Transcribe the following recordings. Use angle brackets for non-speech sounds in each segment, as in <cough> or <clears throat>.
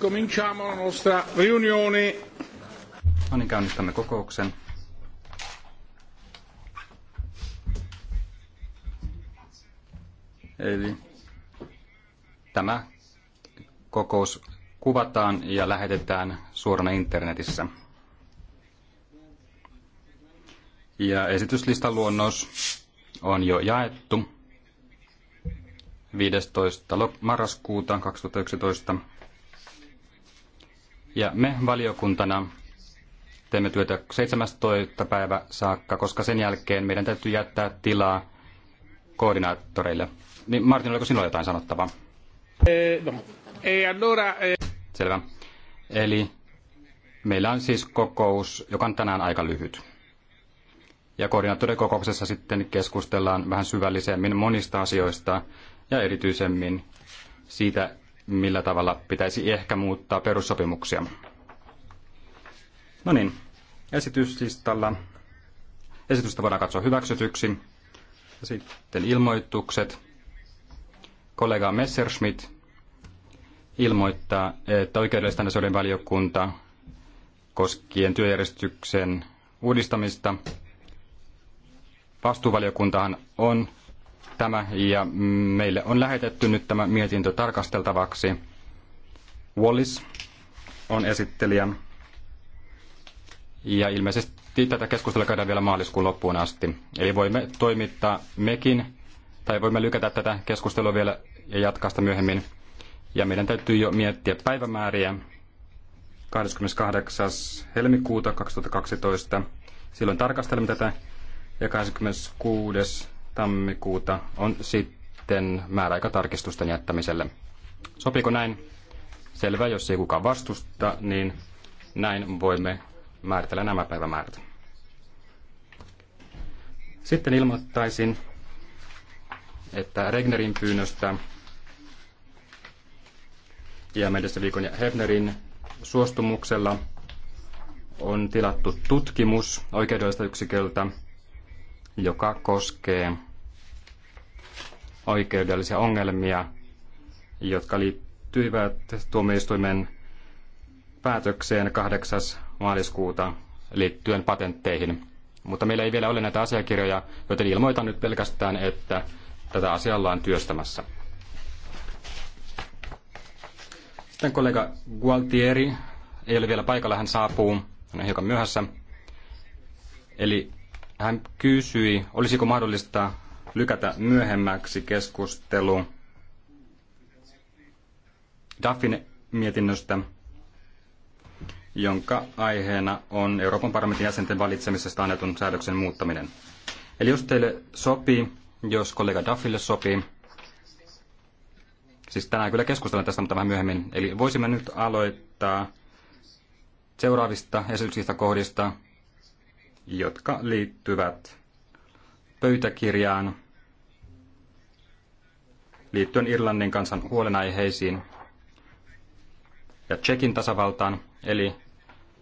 Cominciamo la nostra riunione. No niin, käynnistämme kokouksen. Eli tämä kokous kuvataan ja lähetetään suorana internetissä. Ja esityslistan luonnos on jo jaettu. 15. marraskuuta 2011. Ja me valiokuntana teemme työtä 17. päivä saakka, koska sen jälkeen meidän täytyy jättää tilaa koordinaattoreille. Niin Martin, oliko sinulla jotain sanottavaa? Ei, eh, no. Ei, eh, eh. Selvä. Eli meillä on siis kokous, joka on tänään aika lyhyt. Ja koordinaattorikokouksessa sitten keskustellaan vähän syvällisemmin monista asioista, ja erityisemmin siitä, millä tavalla pitäisi ehkä muuttaa perussopimuksia. No niin, esityslistalla. Esitystä voidaan katsoa hyväksytyksi. Ja sitten ilmoitukset. Kollega Messerschmidt ilmoittaa, että oikeudellisten asioiden valiokunta koskien työjärjestyksen uudistamista. Vastuuvaliokuntahan on tämä ja meille on lähetetty nyt tämä mietintö tarkasteltavaksi. Wallis on esittelijän ja ilmeisesti tätä keskustelua käydään vielä maaliskuun loppuun asti. Eli voimme toimittaa mekin tai voimme lykätä tätä keskustelua vielä ja jatkaa sitä myöhemmin. Ja meidän täytyy jo miettiä päivämääriä 28. helmikuuta 2012. Silloin tarkastelemme tätä ja 26 tammikuuta on sitten määräaika tarkistusten jättämiselle. Sopiiko näin? Selvä, jos ei kukaan vastusta, niin näin voimme määritellä nämä päivämäärät. Sitten ilmoittaisin, että Regnerin pyynnöstä ja Mendes viikon ja Hefnerin suostumuksella on tilattu tutkimus oikeudellista yksiköltä – joka koskee oikeudellisia ongelmia, jotka liittyivät tuomioistuimen päätökseen 8. maaliskuuta liittyen patentteihin. Mutta meillä ei vielä ole näitä asiakirjoja, joten ilmoitan nyt pelkästään, että tätä asiaa ollaan työstämässä. Sitten kollega Gualtieri ei ole vielä paikalla, hän saapuu, hän on hiukan myöhässä. Eli hän kysyi, olisiko mahdollista lykätä myöhemmäksi keskustelu Duffin mietinnöstä, jonka aiheena on Euroopan parlamentin jäsenten valitsemisesta annetun säädöksen muuttaminen. Eli jos teille sopii, jos kollega Duffille sopii, siis tänään kyllä keskustellaan tästä, mutta vähän myöhemmin. Eli voisimme nyt aloittaa seuraavista esityksistä kohdista jotka liittyvät pöytäkirjaan liittyen Irlannin kansan huolenaiheisiin ja Tsekin tasavaltaan. Eli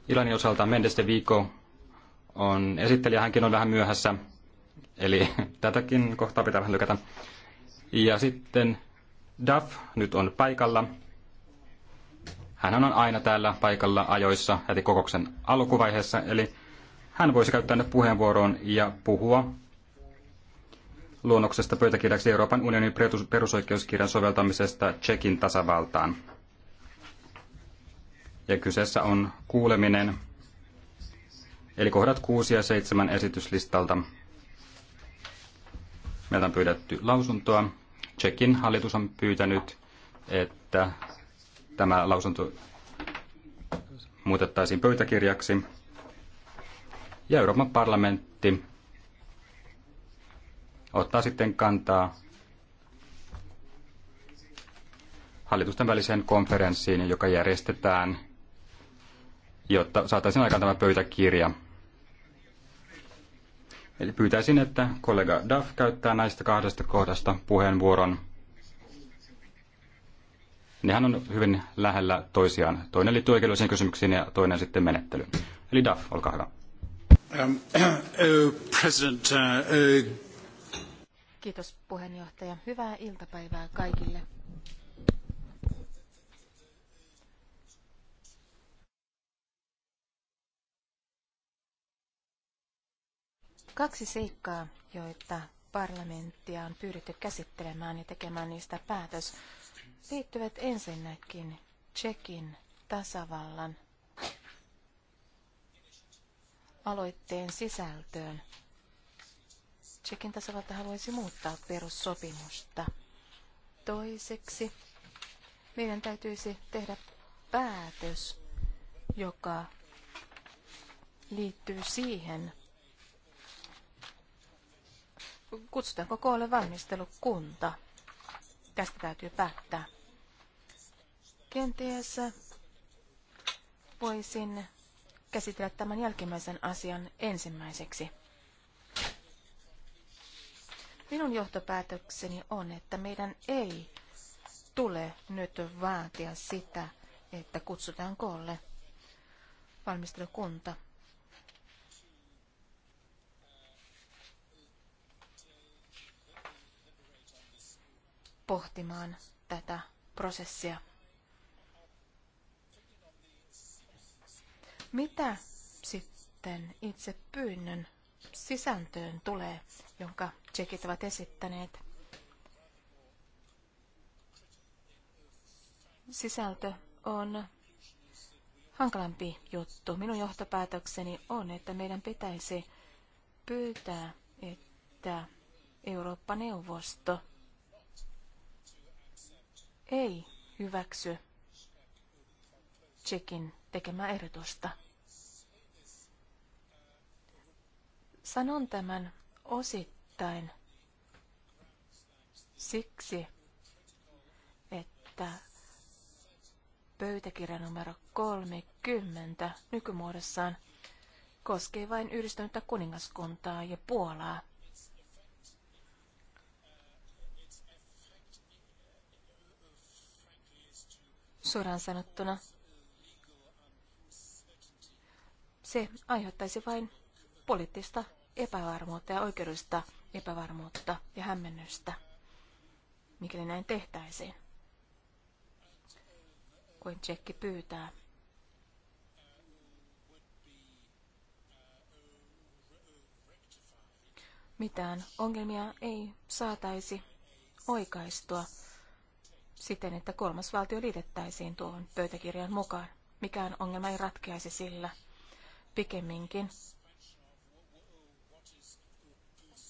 Irlannin osalta Mendes Vico on esittelijä, hänkin on vähän myöhässä, eli <laughs> tätäkin kohtaa pitää vähän lykätä. Ja sitten Duff nyt on paikalla. Hän on aina täällä paikalla ajoissa heti kokouksen alkuvaiheessa, eli hän voisi käyttää nyt puheenvuoron ja puhua luonnoksesta pöytäkirjaksi Euroopan unionin perusoikeuskirjan soveltamisesta Tsekin tasavaltaan. Ja kyseessä on kuuleminen, eli kohdat 6 ja 7 esityslistalta. Meiltä on pyydetty lausuntoa. Tsekin hallitus on pyytänyt, että tämä lausunto muutettaisiin pöytäkirjaksi. Ja Euroopan parlamentti ottaa sitten kantaa hallitusten väliseen konferenssiin, joka järjestetään, jotta saataisiin aikaan tämä pöytäkirja. Eli pyytäisin, että kollega Duff käyttää näistä kahdesta kohdasta puheenvuoron. Nehän on hyvin lähellä toisiaan. Toinen liittyy oikeudellisiin kysymyksiin ja toinen sitten menettelyyn. Eli Duff, olkaa hyvä. Um, <clears throat> uh, uh, uh, Kiitos puheenjohtaja. Hyvää iltapäivää kaikille. Kaksi seikkaa, joita parlamenttia on pyydetty käsittelemään ja tekemään niistä päätös, liittyvät ensinnäkin Tsekin tasavallan aloitteen sisältöön. Tsekin tasavalta haluaisi muuttaa perussopimusta. Toiseksi meidän täytyisi tehdä päätös, joka liittyy siihen, kutsutaanko koolle valmistelukunta. Tästä täytyy päättää. Kenties voisin käsitellä tämän jälkimmäisen asian ensimmäiseksi. Minun johtopäätökseni on, että meidän ei tule nyt vaatia sitä, että kutsutaan koolle valmistelukunta. pohtimaan tätä prosessia. Mitä sitten itse pyynnön sisältöön tulee, jonka tsekit ovat esittäneet? Sisältö on hankalampi juttu. Minun johtopäätökseni on, että meidän pitäisi pyytää, että Eurooppa-neuvosto ei hyväksy Tsekin tekemää ehdotusta. Sanon tämän osittain siksi, että pöytäkirja numero 30 nykymuodossaan koskee vain yhdistynyttä kuningaskuntaa ja Puolaa. Suoraan sanottuna se aiheuttaisi vain poliittista epävarmuutta ja oikeudellista epävarmuutta ja hämmennystä, mikäli näin tehtäisiin, kuin tsekki pyytää. Mitään ongelmia ei saataisi oikaistua siten, että kolmas valtio liitettäisiin tuohon pöytäkirjan mukaan. Mikään ongelma ei ratkeaisi sillä. Pikemminkin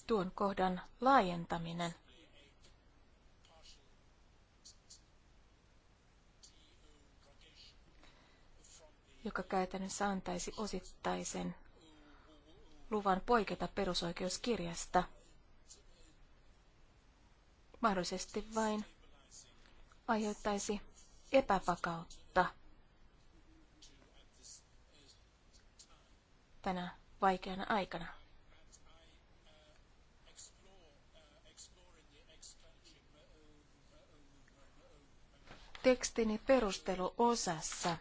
tuon kohdan laajentaminen. joka käytännössä antaisi osittaisen luvan poiketa perusoikeuskirjasta. Mahdollisesti vain aiheuttaisi epävakautta tänä vaikeana aikana. tekstini perusteluosassa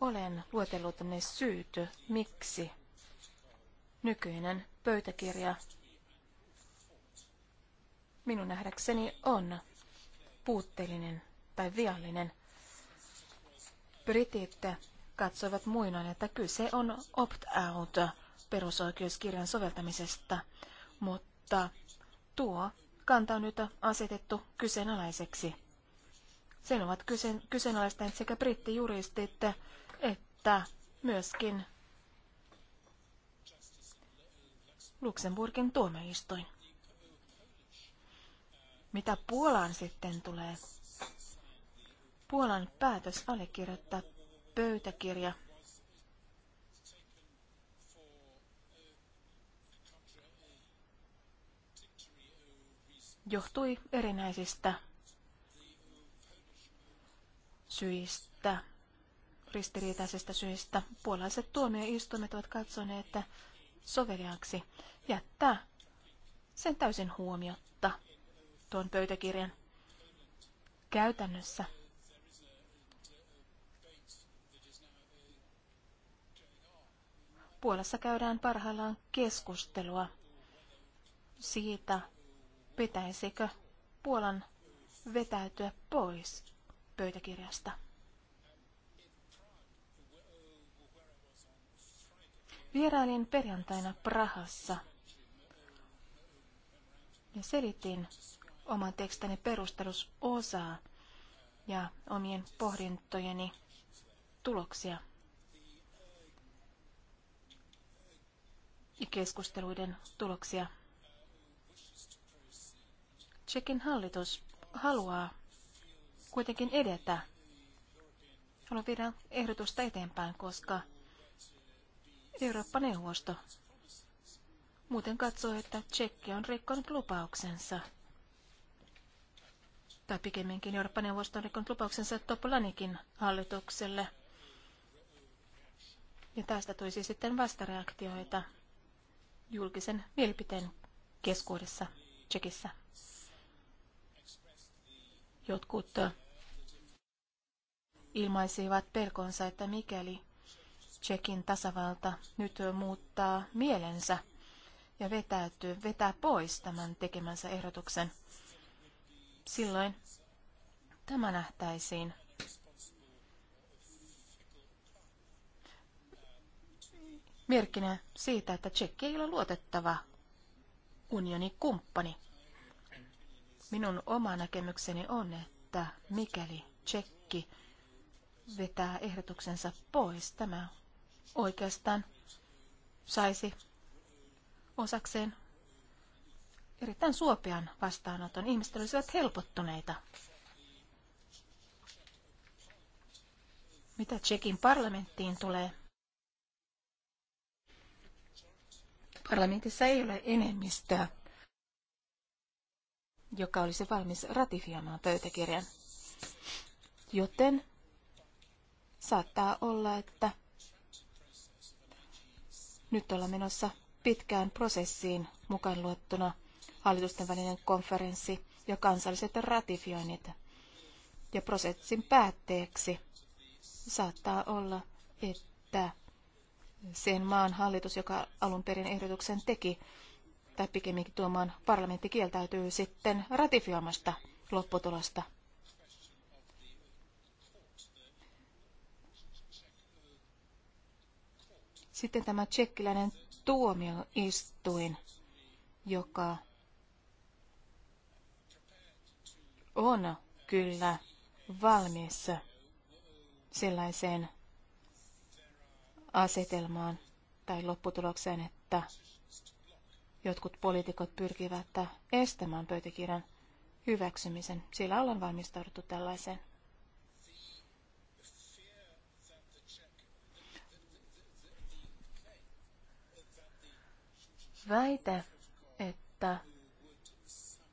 olen luetellut ne syyt, miksi nykyinen pöytäkirja minun nähdäkseni on puutteellinen tai viallinen. Britit katsoivat muinoin, että kyse on opt-out perusoikeuskirjan soveltamisesta, mutta tuo kanta on nyt asetettu kyseenalaiseksi. Sen ovat kyse, kyseenalaistaneet sekä brittijuristit että myöskin Luxemburgin tuomioistuin. Mitä Puolaan sitten tulee? Puolan päätös allekirjoittaa pöytäkirja johtui erinäisistä syistä, ristiriitaisista syistä. Puolalaiset tuomioistuimet ovat katsoneet, että soveliaaksi jättää sen täysin huomiotta tuon pöytäkirjan käytännössä. Puolassa käydään parhaillaan keskustelua siitä, pitäisikö Puolan vetäytyä pois pöytäkirjasta. Vierailin perjantaina Prahassa ja selitin oman tekstäni perustelusosaa ja omien pohdintojeni tuloksia ja keskusteluiden tuloksia. Tsekin hallitus haluaa kuitenkin edetä. Haluan viedä ehdotusta eteenpäin, koska Eurooppa-neuvosto muuten katsoo, että Tsekki on rikkonut lupauksensa. Tai pikemminkin Eurooppa-neuvosto on rikkonut lupauksensa Topolanikin hallitukselle. Ja tästä tulisi sitten vastareaktioita julkisen mielipiteen keskuudessa Tsekissä. Jotkut ilmaisivat pelkonsa, että mikäli Tsekin tasavalta nyt muuttaa mielensä ja vetäytyy, vetää pois tämän tekemänsä ehdotuksen, silloin tämä nähtäisiin merkkinä siitä, että Tsekki ei ole luotettava unionikumppani. Minun oma näkemykseni on, että mikäli Tsekki vetää ehdotuksensa pois. Tämä oikeastaan saisi osakseen erittäin suopean vastaanoton. Ihmiset olisivat helpottuneita. Mitä Tsekin parlamenttiin tulee? Parlamentissa ei ole enemmistöä, joka olisi valmis ratifioimaan pöytäkirjan. Joten Saattaa olla, että nyt ollaan menossa pitkään prosessiin mukaan luettuna hallitusten välinen konferenssi ja kansalliset ratifioinnit. Ja prosessin päätteeksi saattaa olla, että sen maan hallitus, joka alun perin ehdotuksen teki, tai pikemminkin tuomaan parlamentti kieltäytyy sitten ratifioimasta lopputulosta. Sitten tämä tsekkiläinen tuomioistuin, joka on kyllä valmis sellaiseen asetelmaan tai lopputulokseen, että jotkut poliitikot pyrkivät estämään pöytäkirjan hyväksymisen. Sillä ollaan valmistauduttu tällaiseen. väite, että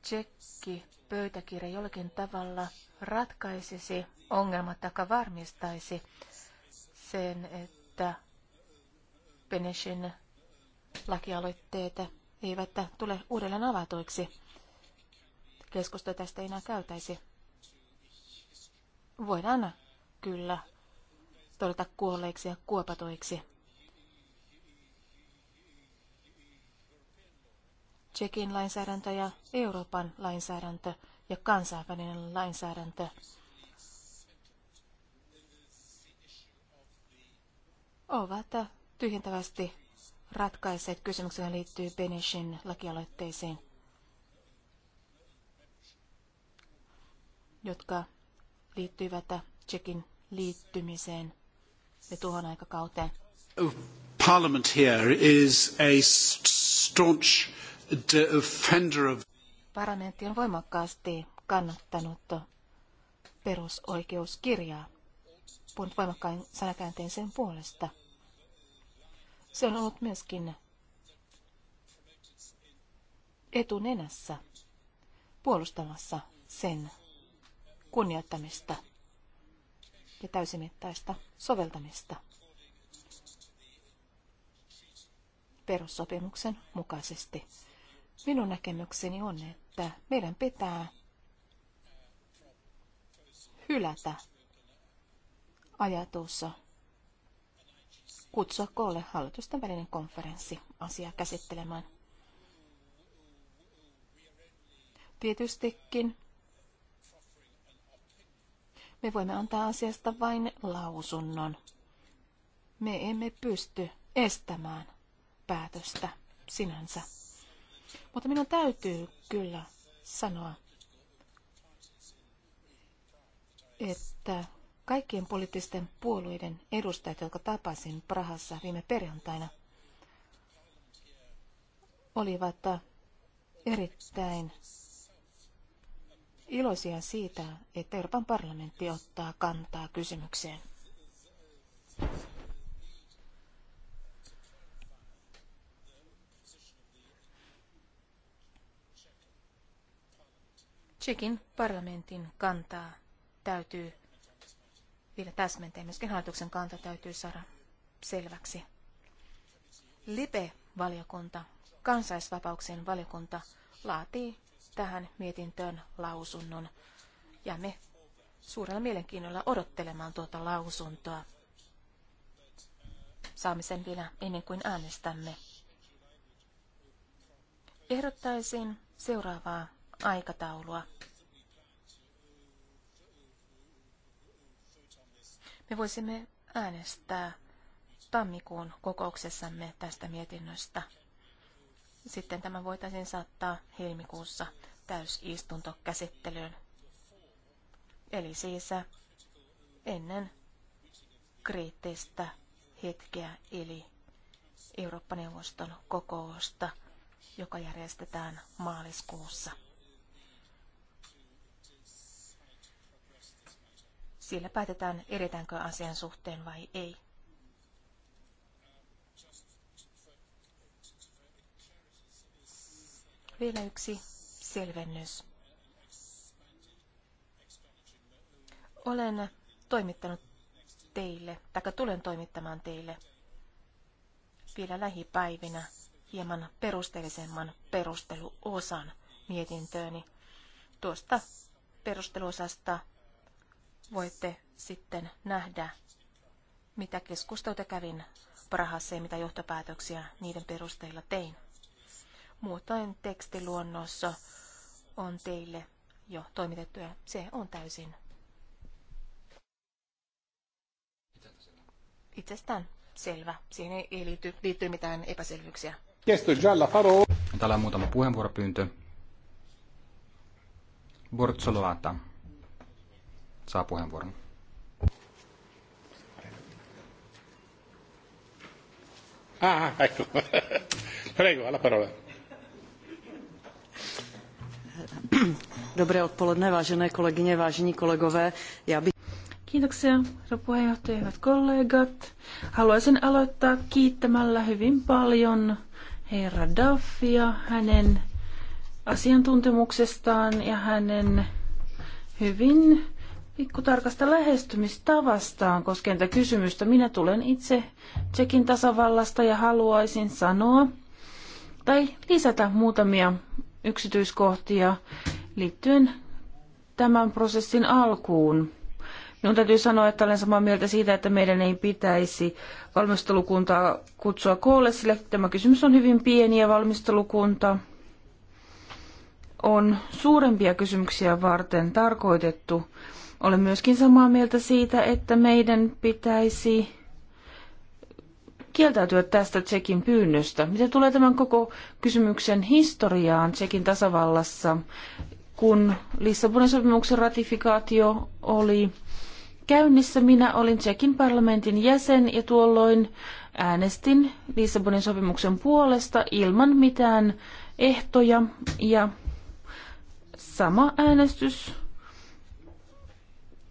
tsekki pöytäkirja jollakin tavalla ratkaisisi ongelmat tai varmistaisi sen, että Benesin lakialoitteet eivät tule uudelleen avatuiksi. Keskustelu tästä ei enää käytäisi. Voidaan kyllä todeta kuolleiksi ja kuopatoiksi Tsekin lainsäädäntö ja Euroopan lainsäädäntö ja kansainvälinen lainsäädäntö. ovat tyhjentävästi ratkaiseet kysymyksen liittyy Benishin lakialoitteisiin, jotka liittyivät Tsekin liittymiseen ja tuohon aikakauteen. Parliament here is a staunch Parlamentti on voimakkaasti kannattanut perusoikeuskirjaa, puhunut voimakkain sanakäänteen sen puolesta. Se on ollut myöskin etunenässä puolustamassa sen kunnioittamista ja täysimittaista soveltamista perussopimuksen mukaisesti. Minun näkemykseni on, että meidän pitää hylätä ajatus kutsua koolle hallitusten välinen konferenssi asiaa käsittelemään. Tietystikin me voimme antaa asiasta vain lausunnon. Me emme pysty estämään päätöstä sinänsä. Mutta minun täytyy kyllä sanoa, että kaikkien poliittisten puolueiden edustajat, jotka tapasin Prahassa viime perjantaina, olivat erittäin iloisia siitä, että Euroopan parlamentti ottaa kantaa kysymykseen. Tsekin parlamentin kantaa täytyy vielä täsmentää. Myöskin hallituksen kanta täytyy saada selväksi. LIPE-valiokunta, kansaisvapauksien valiokunta, laatii tähän mietintöön lausunnon. Ja me suurella mielenkiinnolla odottelemaan tuota lausuntoa. Saamme sen vielä ennen kuin äänestämme. Ehdottaisin seuraavaa aikataulua. Me voisimme äänestää tammikuun kokouksessamme tästä mietinnöstä. Sitten tämä voitaisiin saattaa helmikuussa täysistuntokäsittelyyn. Eli siis ennen kriittistä hetkeä, eli Eurooppa-neuvoston kokousta, joka järjestetään maaliskuussa. Siellä päätetään, edetäänkö asian suhteen vai ei. Vielä yksi selvennys. Olen toimittanut teille, tai tulen toimittamaan teille vielä lähipäivinä hieman perusteellisemman perusteluosan mietintööni. Tuosta perusteluosasta voitte sitten nähdä, mitä keskusteluita kävin Prahassa ja mitä johtopäätöksiä niiden perusteella tein. Muutoin tekstiluonnossa on teille jo toimitettu ja se on täysin itsestään selvä. Siihen ei, ei liity, liittyy mitään epäselvyyksiä. Täällä on muutama puheenvuoropyyntö. Borzolovata saa puheenvuoron. Ah, ah ecco. <laughs> Prego, alla parola. Dobré odpoledne, vážené kolegyně, vážení kolegové. Já bych... Kiitoksia, herra puheenjohtaja, hyvät kollegat. Haluaisin aloittaa kiittämällä hyvin paljon herra Daffia hänen asiantuntemuksestaan ja hänen hyvin pikku tarkasta lähestymistavastaan koskien tätä kysymystä. Minä tulen itse Tsekin tasavallasta ja haluaisin sanoa tai lisätä muutamia yksityiskohtia liittyen tämän prosessin alkuun. Minun täytyy sanoa, että olen samaa mieltä siitä, että meidän ei pitäisi valmistelukuntaa kutsua koolle, sillä tämä kysymys on hyvin pieni ja valmistelukunta on suurempia kysymyksiä varten tarkoitettu. Olen myöskin samaa mieltä siitä, että meidän pitäisi kieltäytyä tästä Tsekin pyynnöstä. Mitä tulee tämän koko kysymyksen historiaan Tsekin tasavallassa, kun Lissabonin sopimuksen ratifikaatio oli käynnissä, minä olin Tsekin parlamentin jäsen ja tuolloin äänestin Lissabonin sopimuksen puolesta ilman mitään ehtoja ja sama äänestys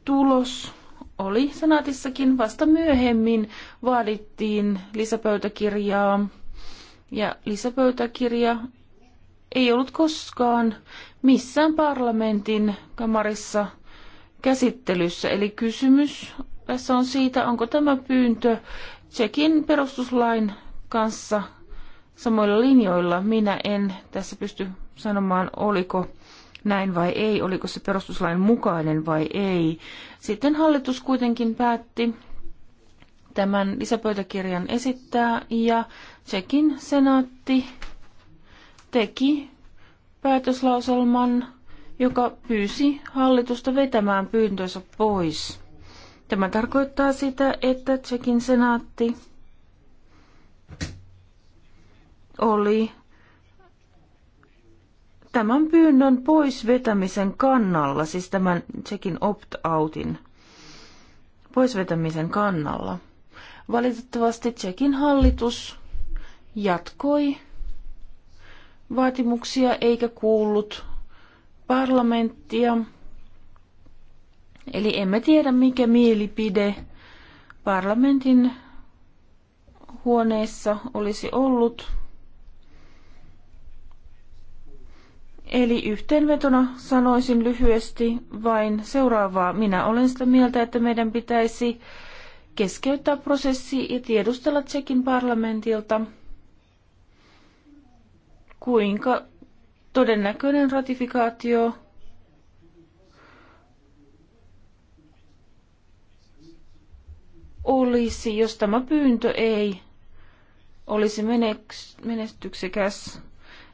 tulos oli senaatissakin vasta myöhemmin vaadittiin lisäpöytäkirjaa ja lisäpöytäkirja ei ollut koskaan missään parlamentin kamarissa käsittelyssä. Eli kysymys tässä on siitä, onko tämä pyyntö Tsekin perustuslain kanssa samoilla linjoilla. Minä en tässä pysty sanomaan, oliko näin vai ei, oliko se perustuslain mukainen vai ei. Sitten hallitus kuitenkin päätti tämän lisäpöytäkirjan esittää ja Tsekin senaatti teki päätöslauselman, joka pyysi hallitusta vetämään pyyntönsä pois. Tämä tarkoittaa sitä, että Tsekin senaatti oli tämän pyynnön pois vetämisen kannalla, siis tämän sekin opt-outin pois vetämisen kannalla. Valitettavasti Tsekin hallitus jatkoi vaatimuksia eikä kuullut parlamenttia. Eli emme tiedä, mikä mielipide parlamentin huoneessa olisi ollut Eli yhteenvetona sanoisin lyhyesti vain seuraavaa. Minä olen sitä mieltä, että meidän pitäisi keskeyttää prosessi ja tiedustella Tsekin parlamentilta, kuinka todennäköinen ratifikaatio olisi, jos tämä pyyntö ei olisi menestyksekäs.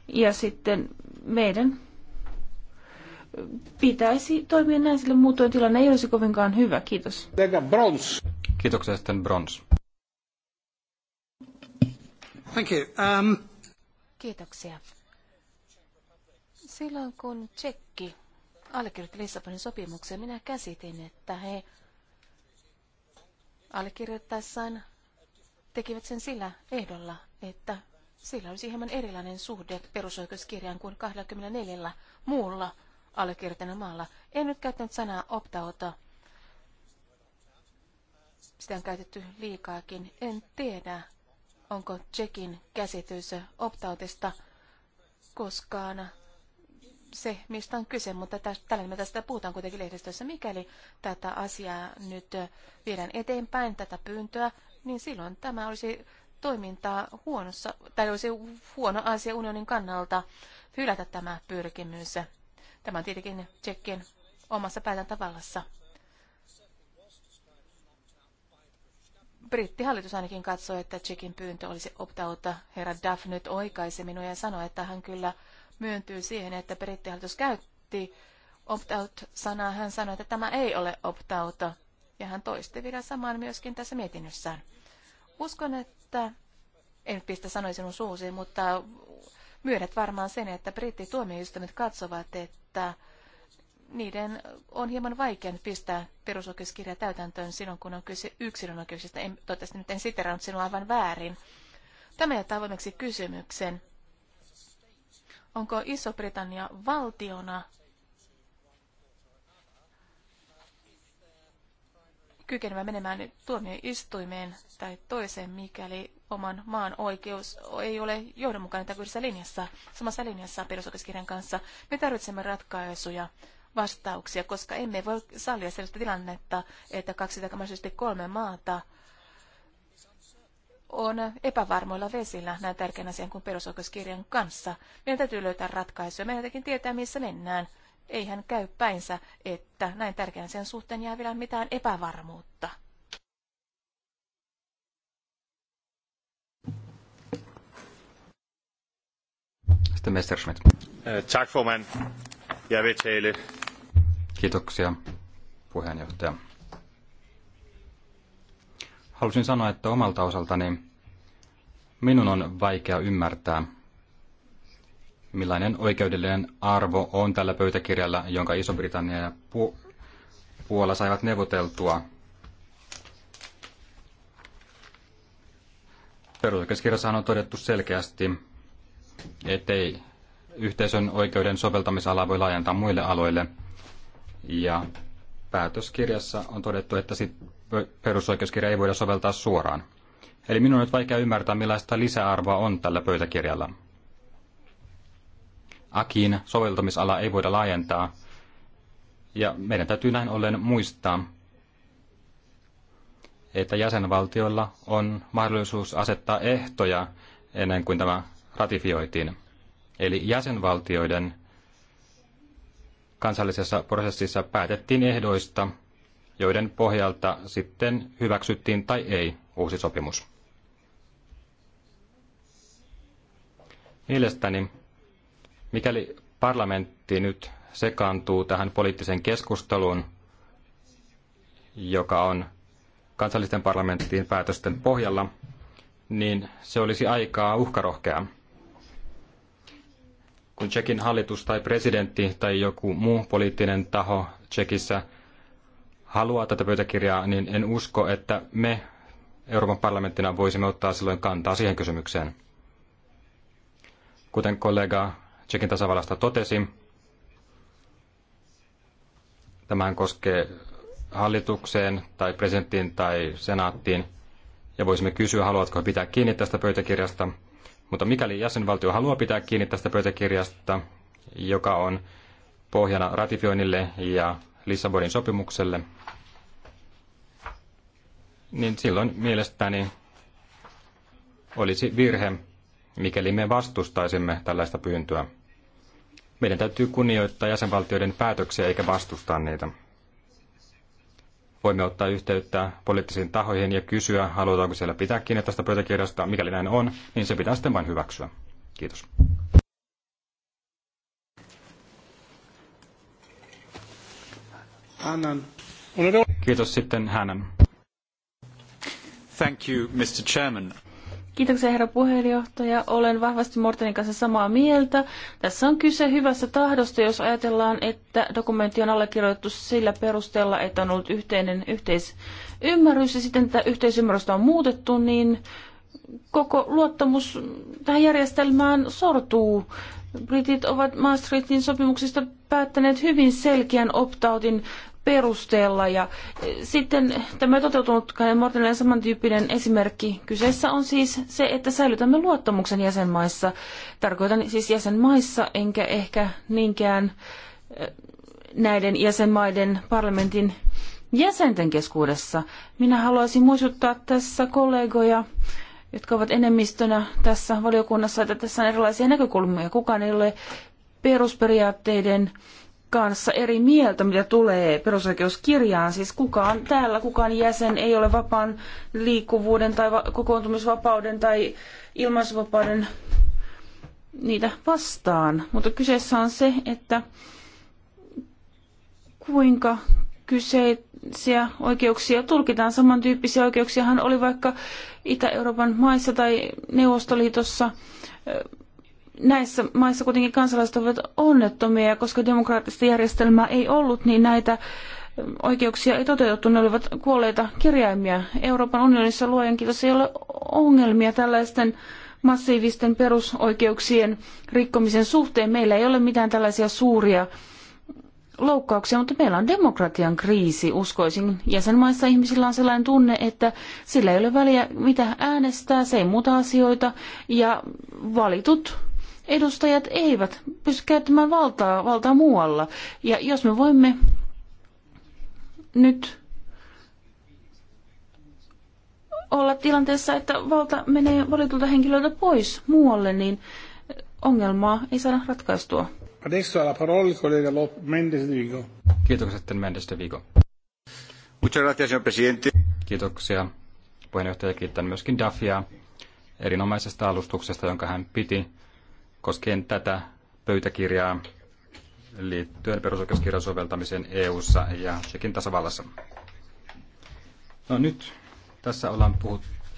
Ja sitten meidän pitäisi toimia näin, sillä muutoin tilanne ei olisi kovinkaan hyvä. Kiitos. Brons. Kiitoksia sitten Brons. Thank you. Um... Kiitoksia. Silloin kun Tsekki allekirjoitti Lissabonin sopimuksen, minä käsitin, että he allekirjoittaessaan tekivät sen sillä ehdolla, että sillä olisi hieman erilainen suhde perusoikeuskirjaan kuin 24 muulla allekirjoittajana maalla. En nyt käyttänyt sanaa optauta. Sitä on käytetty liikaakin. En tiedä, onko Tsekin käsitys optautista koskaan se, mistä on kyse, mutta tällä me tästä puhutaan kuitenkin lehdistössä. Mikäli tätä asiaa nyt viedään eteenpäin, tätä pyyntöä, niin silloin tämä olisi toimintaa huonossa, tai olisi huono asia unionin kannalta hylätä tämä pyrkimys. Tämä on tietenkin Tsekkien omassa päätäntävallassa. Brittihallitus ainakin katsoi, että Tsekin pyyntö olisi optauta. Herra Duff nyt oikaisi minua ja sanoi, että hän kyllä myöntyy siihen, että brittihallitus käytti opt-out-sanaa. Hän sanoi, että tämä ei ole opt-out. Ja hän toisti vielä saman myöskin tässä mietinnössään. Uskon, että että, en pistä sanoi sinun suusi, mutta myönnät varmaan sen, että brittituomioistuimet katsovat, että niiden on hieman vaikea nyt pistää perusoikeuskirja täytäntöön silloin, kun on kyse yksilön oikeuksista. En, toivottavasti nyt en siteraanut sinua aivan väärin. Tämä jättää avoimeksi kysymyksen. Onko Iso-Britannia valtiona kykenevä menemään tuomioistuimeen tai toiseen, mikäli oman maan oikeus ei ole johdonmukainen tai linjassa, samassa linjassa perusoikeuskirjan kanssa. Me tarvitsemme ratkaisuja, vastauksia, koska emme voi sallia sellaista tilannetta, että kaksi tai kolme maata on epävarmoilla vesillä näin tärkeän asian kuin perusoikeuskirjan kanssa. Meidän täytyy löytää ratkaisuja. Meidän täytyy tietää, missä mennään. Ei hän käy päinsä, että näin tärkeän sen suhteen jää vielä mitään epävarmuutta. Sitten Messerschmidt. Eh, tack formen. Kiitoksia, puheenjohtaja. Halusin sanoa, että omalta osaltani minun on vaikea ymmärtää, millainen oikeudellinen arvo on tällä pöytäkirjalla, jonka Iso-Britannia ja Pu- Puola saivat neuvoteltua Perusoikeuskirjassa on todettu selkeästi, ettei yhteisön oikeuden soveltamisala voi laajentaa muille aloille. Ja päätöskirjassa on todettu, että sit perusoikeuskirja ei voida soveltaa suoraan. Eli minun on nyt vaikea ymmärtää, millaista lisäarvoa on tällä pöytäkirjalla. Akiin soveltamisala ei voida laajentaa. Ja meidän täytyy näin ollen muistaa, että jäsenvaltioilla on mahdollisuus asettaa ehtoja ennen kuin tämä ratifioitiin. Eli jäsenvaltioiden kansallisessa prosessissa päätettiin ehdoista, joiden pohjalta sitten hyväksyttiin tai ei uusi sopimus. Mielestäni Mikäli parlamentti nyt sekaantuu tähän poliittiseen keskusteluun, joka on kansallisten parlamenttien päätösten pohjalla, niin se olisi aikaa uhkarohkea. Kun Tsekin hallitus tai presidentti tai joku muu poliittinen taho Tsekissä haluaa tätä pöytäkirjaa, niin en usko, että me Euroopan parlamenttina voisimme ottaa silloin kantaa siihen kysymykseen. Kuten kollega Tsekin tasavallasta totesi. Tämä koskee hallitukseen tai presidenttiin tai senaattiin. Ja voisimme kysyä, haluatko pitää kiinni tästä pöytäkirjasta. Mutta mikäli jäsenvaltio haluaa pitää kiinni tästä pöytäkirjasta, joka on pohjana ratifioinnille ja Lissabonin sopimukselle, niin silloin mielestäni olisi virhe mikäli me vastustaisimme tällaista pyyntöä. Meidän täytyy kunnioittaa jäsenvaltioiden päätöksiä eikä vastustaa niitä. Voimme ottaa yhteyttä poliittisiin tahoihin ja kysyä, halutaanko siellä pitää kiinni tästä pöytäkirjasta. Mikäli näin on, niin se pitää sitten vain hyväksyä. Kiitos. Annan. Kiitos sitten hänen. Thank you, Mr. Chairman. Kiitoksia herra puheenjohtaja. Olen vahvasti Mortenin kanssa samaa mieltä. Tässä on kyse hyvästä tahdosta, jos ajatellaan, että dokumentti on allekirjoitettu sillä perusteella, että on ollut yhteinen yhteisymmärrys ja sitten tätä yhteisymmärrystä on muutettu, niin koko luottamus tähän järjestelmään sortuu. Britit ovat Maastrichtin sopimuksista päättäneet hyvin selkeän optautin perusteella. Ja eh, sitten tämä toteutunut Kaja Mortinen samantyyppinen esimerkki. Kyseessä on siis se, että säilytämme luottamuksen jäsenmaissa. Tarkoitan siis jäsenmaissa, enkä ehkä niinkään eh, näiden jäsenmaiden parlamentin jäsenten keskuudessa. Minä haluaisin muistuttaa tässä kollegoja, jotka ovat enemmistönä tässä valiokunnassa, että tässä on erilaisia näkökulmia. Kukaan ei ole perusperiaatteiden kanssa eri mieltä, mitä tulee perusoikeuskirjaan. Siis kukaan täällä, kukaan jäsen ei ole vapaan liikkuvuuden tai kokoontumisvapauden tai ilmaisuvapauden niitä vastaan. Mutta kyseessä on se, että kuinka kyseisiä oikeuksia tulkitaan. Samantyyppisiä oikeuksiahan oli vaikka Itä-Euroopan maissa tai Neuvostoliitossa näissä maissa kuitenkin kansalaiset ovat onnettomia, ja koska demokraattista järjestelmää ei ollut, niin näitä ähm, oikeuksia ei toteutettu, ne olivat kuolleita kirjaimia. Euroopan unionissa luojan kiitos ei ole ongelmia tällaisten massiivisten perusoikeuksien rikkomisen suhteen. Meillä ei ole mitään tällaisia suuria loukkauksia, mutta meillä on demokratian kriisi, uskoisin. Jäsenmaissa ihmisillä on sellainen tunne, että sillä ei ole väliä, mitä äänestää, se ei muuta asioita, ja valitut edustajat eivät pysty käyttämään valtaa, valtaa muualla. Ja jos me voimme nyt olla tilanteessa, että valta menee valitulta henkilöltä pois muualle, niin ongelmaa ei saada ratkaistua. Adesso la parola il collega Mendes de Vigo. Kiitokset, Mendes de Vigo. Muchas gracias, señor presidente. Kiitoksia. Puheenjohtaja kiittää myöskin Dafia erinomaisesta alustuksesta, jonka hän piti koskien tätä pöytäkirjaa liittyen perusoikeuskirjan soveltamiseen EU:ssa ja Tsekin tasavallassa. No nyt tässä ollaan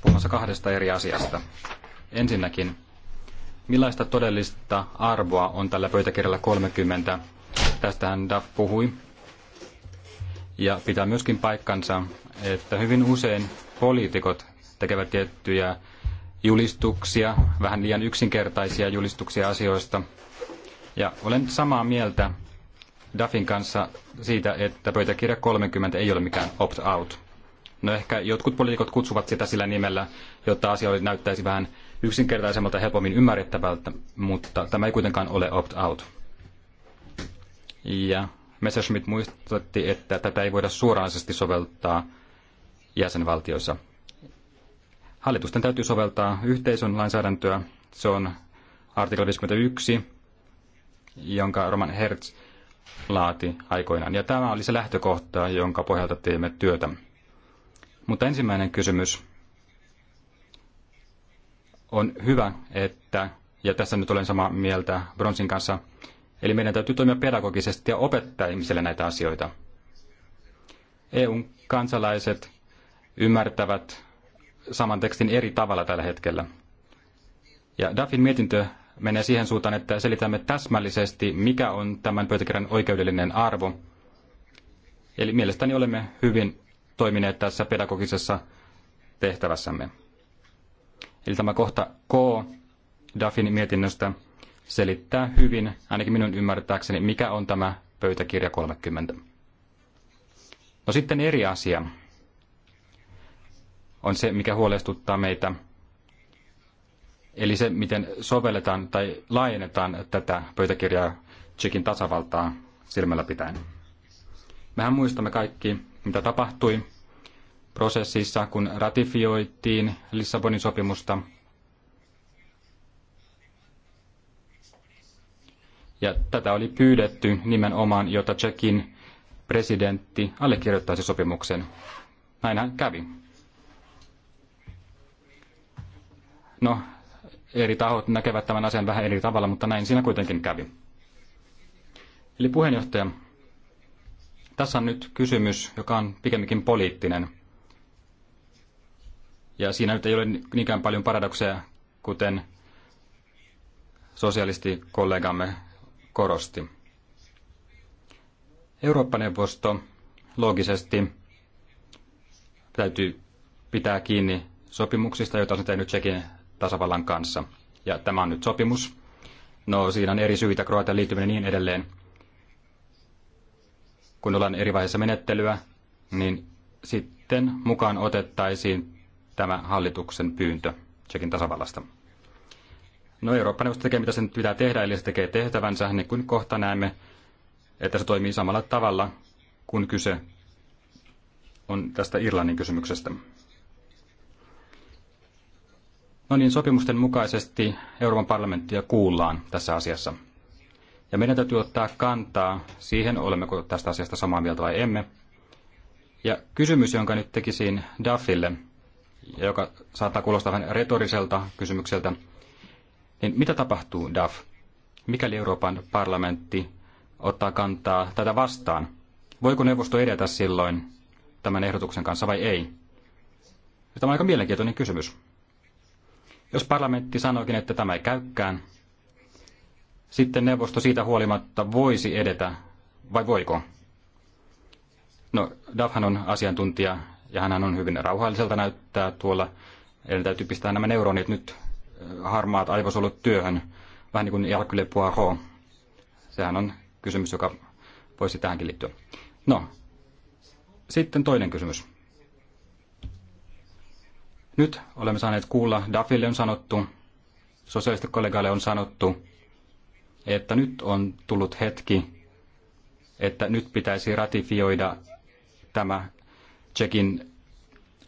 puhumassa kahdesta eri asiasta. Ensinnäkin, millaista todellista arvoa on tällä pöytäkirjalla 30? Tästähän Duff puhui. Ja pitää myöskin paikkansa, että hyvin usein poliitikot tekevät tiettyjä julistuksia, vähän liian yksinkertaisia julistuksia asioista. Ja olen samaa mieltä Duffin kanssa siitä, että pöytäkirja 30 ei ole mikään opt-out. No ehkä jotkut poliitikot kutsuvat sitä sillä nimellä, jotta asia näyttäisi vähän yksinkertaisemmalta ja helpommin ymmärrettävältä, mutta tämä ei kuitenkaan ole opt-out. Ja Messerschmitt muistutti, että tätä ei voida suoranaisesti soveltaa jäsenvaltioissa. Hallitusten täytyy soveltaa yhteisön lainsäädäntöä. Se on artikla 51, jonka Roman Hertz laati aikoinaan. Ja tämä oli se lähtökohta, jonka pohjalta teimme työtä. Mutta ensimmäinen kysymys on hyvä, että, ja tässä nyt olen samaa mieltä Bronsin kanssa, eli meidän täytyy toimia pedagogisesti ja opettaa ihmisille näitä asioita. EUn kansalaiset ymmärtävät saman tekstin eri tavalla tällä hetkellä. Ja Duffin mietintö menee siihen suuntaan, että selitämme täsmällisesti, mikä on tämän pöytäkirjan oikeudellinen arvo. Eli mielestäni olemme hyvin toimineet tässä pedagogisessa tehtävässämme. Eli tämä kohta K Duffin mietinnöstä selittää hyvin, ainakin minun ymmärtääkseni, mikä on tämä pöytäkirja 30. No sitten eri asia on se, mikä huolestuttaa meitä. Eli se, miten sovelletaan tai laajennetaan tätä pöytäkirjaa Tsekin tasavaltaa silmällä pitäen. Mehän muistamme kaikki, mitä tapahtui prosessissa, kun ratifioitiin Lissabonin sopimusta. Ja tätä oli pyydetty nimenomaan, jotta Tsekin presidentti allekirjoittaisi sopimuksen. Näinhän kävi. No, eri tahot näkevät tämän asian vähän eri tavalla, mutta näin siinä kuitenkin kävi. Eli puheenjohtaja, tässä on nyt kysymys, joka on pikemminkin poliittinen. Ja siinä nyt ei ole niinkään paljon paradokseja, kuten sosialistikollegamme korosti. Eurooppa-neuvosto loogisesti täytyy pitää kiinni sopimuksista, joita on tehnyt Tsekin tasavallan kanssa. Ja tämä on nyt sopimus. No siinä on eri syitä, Kroatian liittyminen niin edelleen. Kun ollaan eri vaiheessa menettelyä, niin sitten mukaan otettaisiin tämä hallituksen pyyntö Tsekin tasavallasta. No Eurooppa-neuvosto tekee mitä sen pitää tehdä, eli se tekee tehtävänsä, niin kuin kohta näemme, että se toimii samalla tavalla kuin kyse on tästä Irlannin kysymyksestä. No niin, sopimusten mukaisesti Euroopan parlamenttia kuullaan tässä asiassa. Ja meidän täytyy ottaa kantaa siihen, olemmeko tästä asiasta samaa mieltä vai emme. Ja kysymys, jonka nyt tekisin Duffille, joka saattaa kuulostaa vähän retoriselta kysymykseltä, niin mitä tapahtuu, Duff, mikäli Euroopan parlamentti ottaa kantaa tätä vastaan? Voiko neuvosto edetä silloin tämän ehdotuksen kanssa vai ei? Tämä on aika mielenkiintoinen kysymys. Jos parlamentti sanoikin, että tämä ei käykään, sitten neuvosto siitä huolimatta voisi edetä, vai voiko? No, Davhan on asiantuntija ja hän on hyvin rauhalliselta näyttää tuolla. Eli täytyy pistää nämä neuronit nyt äh, harmaat aivosolut työhön, vähän niin kuin Jalkyle Poirot. Sehän on kysymys, joka voisi tähänkin liittyä. No, sitten toinen kysymys. Nyt olemme saaneet kuulla, Dafille on sanottu, sosialistikollegaille on sanottu, että nyt on tullut hetki, että nyt pitäisi ratifioida tämä Tsekin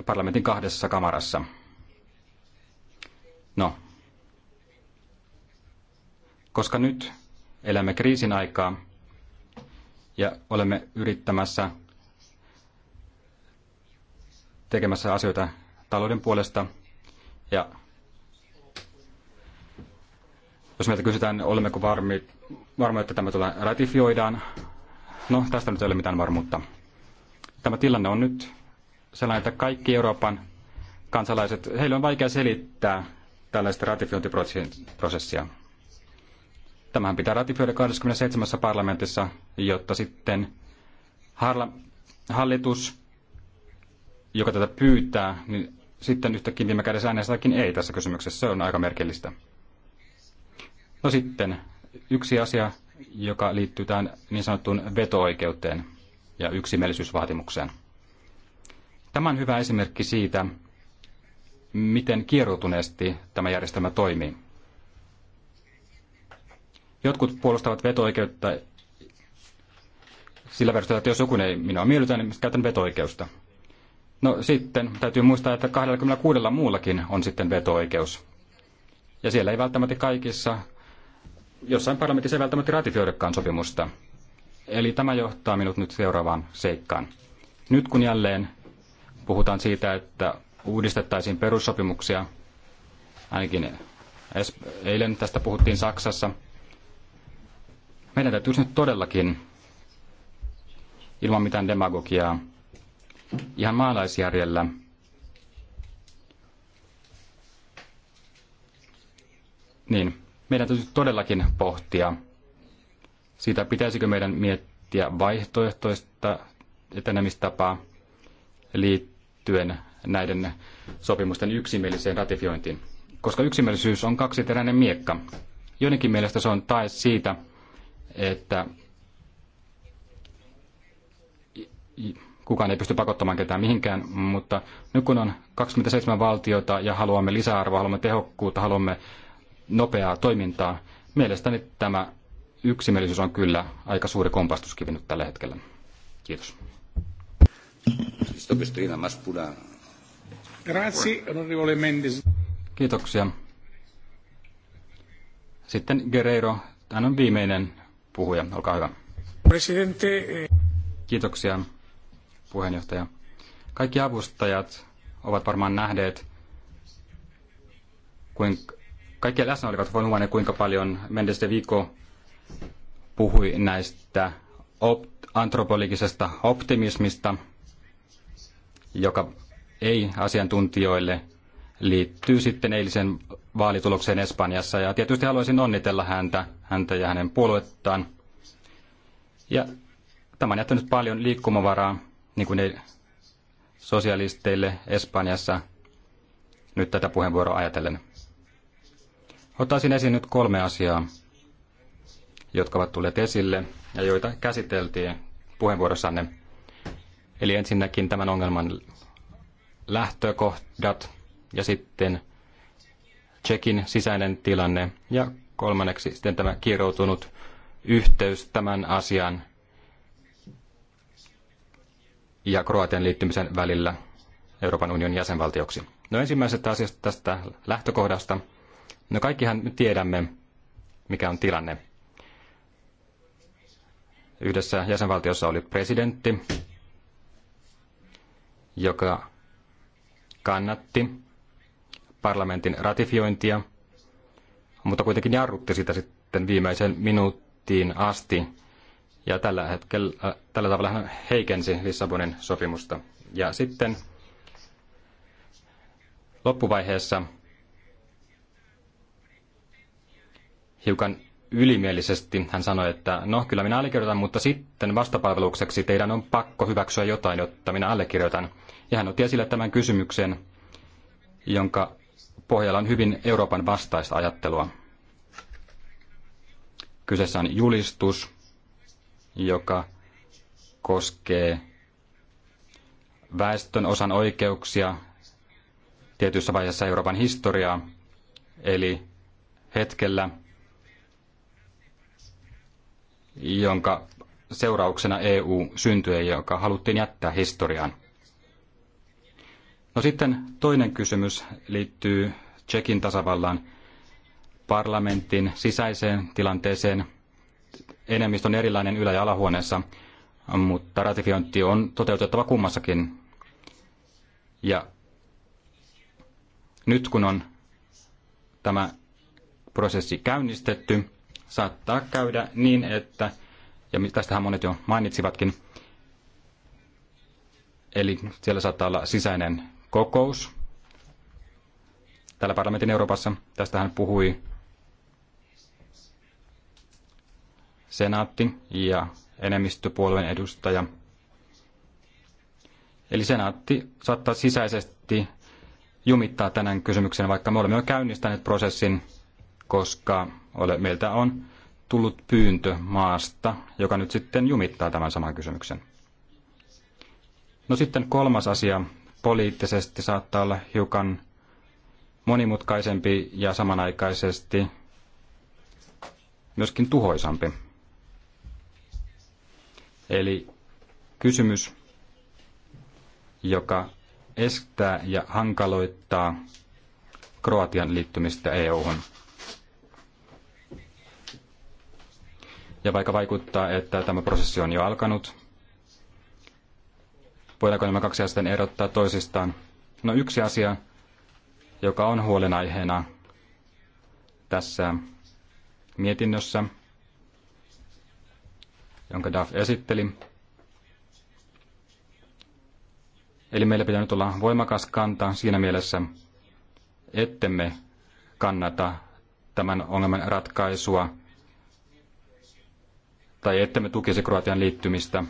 parlamentin kahdessa kamarassa. No, koska nyt elämme kriisin aikaa ja olemme yrittämässä tekemässä asioita talouden puolesta. Ja jos meiltä kysytään, niin olemmeko varmi, varmoja, että tämä tulee ratifioidaan, no tästä nyt ei ole mitään varmuutta. Tämä tilanne on nyt sellainen, että kaikki Euroopan kansalaiset, heille on vaikea selittää tällaista ratifiointiprosessia. Tämähän pitää ratifioida 27. parlamentissa, jotta sitten hallitus, joka tätä pyytää, niin sitten yhtäkkiä viime kädessä äänestääkin ei tässä kysymyksessä. Se on aika merkillistä. No sitten yksi asia, joka liittyy tähän niin sanottuun veto-oikeuteen ja yksimielisyysvaatimukseen. Tämä on hyvä esimerkki siitä, miten kieroutuneesti tämä järjestelmä toimii. Jotkut puolustavat veto-oikeutta sillä verran, että jos joku ei minua miellytä, niin käytän veto No sitten täytyy muistaa, että 26 muullakin on sitten veto-oikeus. Ja siellä ei välttämättä kaikissa, jossain parlamentissa ei välttämättä ratifioidakaan sopimusta. Eli tämä johtaa minut nyt seuraavaan seikkaan. Nyt kun jälleen puhutaan siitä, että uudistettaisiin perussopimuksia, ainakin eilen tästä puhuttiin Saksassa, meidän täytyy nyt todellakin ilman mitään demagogiaa ihan maalaisjärjellä. Niin, meidän täytyy todellakin pohtia sitä, pitäisikö meidän miettiä vaihtoehtoista etenemistapaa liittyen näiden sopimusten yksimieliseen ratifiointiin. Koska yksimielisyys on kaksiteräinen miekka. Joidenkin mielestä se on tae siitä, että Kukaan ei pysty pakottamaan ketään mihinkään, mutta nyt kun on 27 valtiota ja haluamme lisäarvoa, haluamme tehokkuutta, haluamme nopeaa toimintaa, mielestäni tämä yksimielisyys on kyllä aika suuri kompastuskivi nyt tällä hetkellä. Kiitos. Kiitoksia. Sitten Guerreiro, hän on viimeinen puhuja. Olkaa hyvä. Presidente. Eh. Kiitoksia puheenjohtaja. Kaikki avustajat ovat varmaan nähneet, kuinka kaikki läsnä olivat huomanneet, kuinka paljon Mendes de Vico puhui näistä op- antropologisesta optimismista, joka ei asiantuntijoille liittyy sitten eilisen vaalitulokseen Espanjassa. Ja tietysti haluaisin onnitella häntä, häntä ja hänen puoluettaan. Ja tämä on jättänyt paljon liikkumavaraa niin kuin ne sosialisteille Espanjassa nyt tätä puheenvuoroa ajatellen. Ottaisin esiin nyt kolme asiaa, jotka ovat tulleet esille ja joita käsiteltiin puheenvuorossanne. Eli ensinnäkin tämän ongelman lähtökohdat ja sitten Tsekin sisäinen tilanne ja kolmanneksi sitten tämä kiroutunut yhteys tämän asian ja Kroatian liittymisen välillä Euroopan unionin jäsenvaltioksi. No ensimmäisestä asiasta tästä lähtökohdasta. No kaikkihan tiedämme, mikä on tilanne. Yhdessä jäsenvaltiossa oli presidentti, joka kannatti parlamentin ratifiointia, mutta kuitenkin jarrutti sitä sitten viimeisen minuuttiin asti ja tällä, hetkellä, äh, tällä tavalla hän heikensi Lissabonin sopimusta. Ja sitten loppuvaiheessa hiukan ylimielisesti hän sanoi, että no kyllä minä allekirjoitan, mutta sitten vastapalvelukseksi teidän on pakko hyväksyä jotain, jotta minä allekirjoitan. Ja hän otti esille tämän kysymyksen, jonka pohjalla on hyvin Euroopan vastaista ajattelua. Kyseessä on julistus, joka koskee väestön osan oikeuksia tietyssä vaiheessa Euroopan historiaa, eli hetkellä, jonka seurauksena EU syntyi ja joka haluttiin jättää historiaan. No sitten toinen kysymys liittyy Tsekin tasavallan parlamentin sisäiseen tilanteeseen enemmistö on erilainen ylä- ja alahuoneessa, mutta ratifiointi on toteutettava kummassakin. Ja nyt kun on tämä prosessi käynnistetty, saattaa käydä niin, että, ja tästähän monet jo mainitsivatkin, eli siellä saattaa olla sisäinen kokous täällä parlamentin Euroopassa. Tästähän puhui senaatti ja enemmistöpuolueen edustaja. Eli senaatti saattaa sisäisesti jumittaa tänään kysymyksen, vaikka me olemme jo käynnistäneet prosessin, koska ole, meiltä on tullut pyyntö maasta, joka nyt sitten jumittaa tämän saman kysymyksen. No sitten kolmas asia poliittisesti saattaa olla hiukan monimutkaisempi ja samanaikaisesti myöskin tuhoisampi. Eli kysymys, joka estää ja hankaloittaa Kroatian liittymistä EU-hun. Ja vaikka vaikuttaa, että tämä prosessi on jo alkanut, voidaanko nämä kaksi asiaa erottaa toisistaan? No yksi asia, joka on huolenaiheena tässä mietinnössä – jonka DAF esitteli. Eli meillä pitää nyt olla voimakas kanta siinä mielessä, ettemme kannata tämän ongelman ratkaisua tai ettemme tukisi Kroatian liittymistä.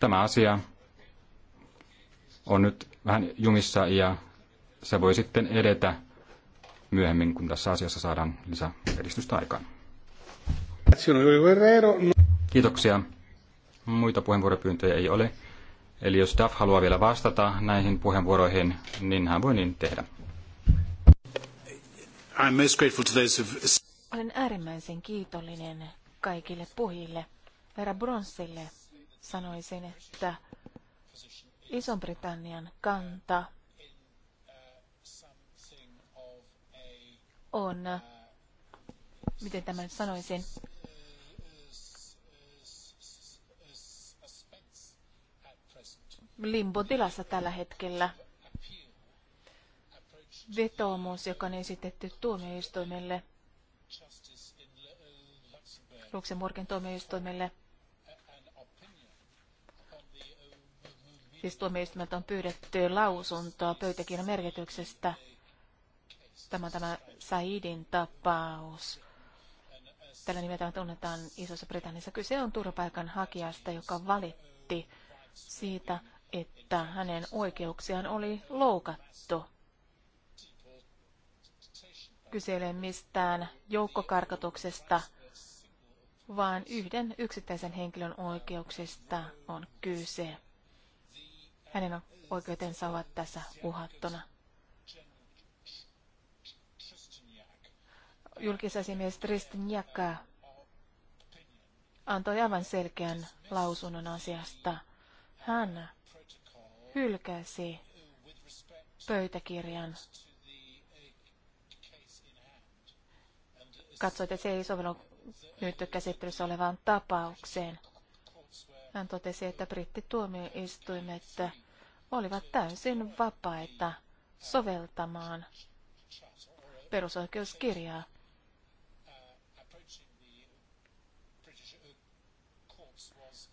Tämä asia on nyt vähän jumissa ja se voi sitten edetä myöhemmin, kun tässä asiassa saadaan lisää edistystä aikaan. Kiitoksia. Muita puheenvuoropyyntöjä ei ole. Eli jos Daf haluaa vielä vastata näihin puheenvuoroihin, niin hän voi niin tehdä. I'm most grateful to those who've... Olen äärimmäisen kiitollinen kaikille puhille. Herra Bronsille sanoisin, että Iso britannian kanta on, miten tämän sanoisin, limbotilassa tällä hetkellä. Vetoomus, joka on esitetty tuomioistuimelle, Luxemburgin tuomioistuimelle, siis tuomioistuimelta on pyydetty lausuntoa pöytäkirjan merkityksestä. Tämä on tämä Saidin tapaus. Tällä nimetään tunnetaan Isossa Britanniassa. Kyse on turvapaikanhakijasta, hakijasta, joka valitti siitä, että hänen oikeuksiaan oli loukattu. Kyselen mistään joukkokarkotuksesta, vaan yhden yksittäisen henkilön oikeuksista on kyse. Hänen oikeutensa ovat tässä uhattuna. Julkisasimies Tristinjak antoi aivan selkeän lausunnon asiasta. Hän hylkäsi pöytäkirjan. Katsoit, että se ei sovellu nyt käsittelyssä olevaan tapaukseen. Hän totesi, että brittituomioistuimet olivat täysin vapaita soveltamaan perusoikeuskirjaa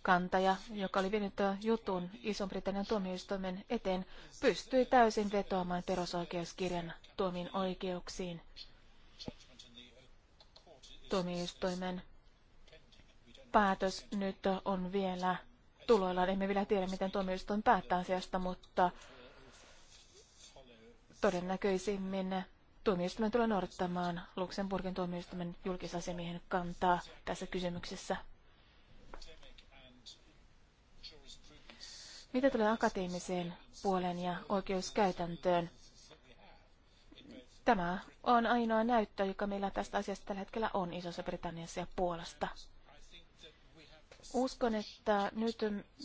kantaja, joka oli vienyt äh, jutun Iso-Britannian tuomioistuimen eteen, pystyi täysin vetoamaan perusoikeuskirjan tuomiin oikeuksiin. Tuomioistuimen päätös nyt on vielä tuloilla. Emme vielä tiedä, miten tuomioistuin päättää asiasta, mutta todennäköisimmin tuomioistuimen tulee noudattamaan Luxemburgin tuomioistuimen julkisasiamiehen kantaa tässä kysymyksessä. Mitä tulee akateemiseen puolen ja oikeuskäytäntöön? Tämä on ainoa näyttö, joka meillä tästä asiasta tällä hetkellä on Isossa Britanniassa ja Puolasta. Uskon, että nyt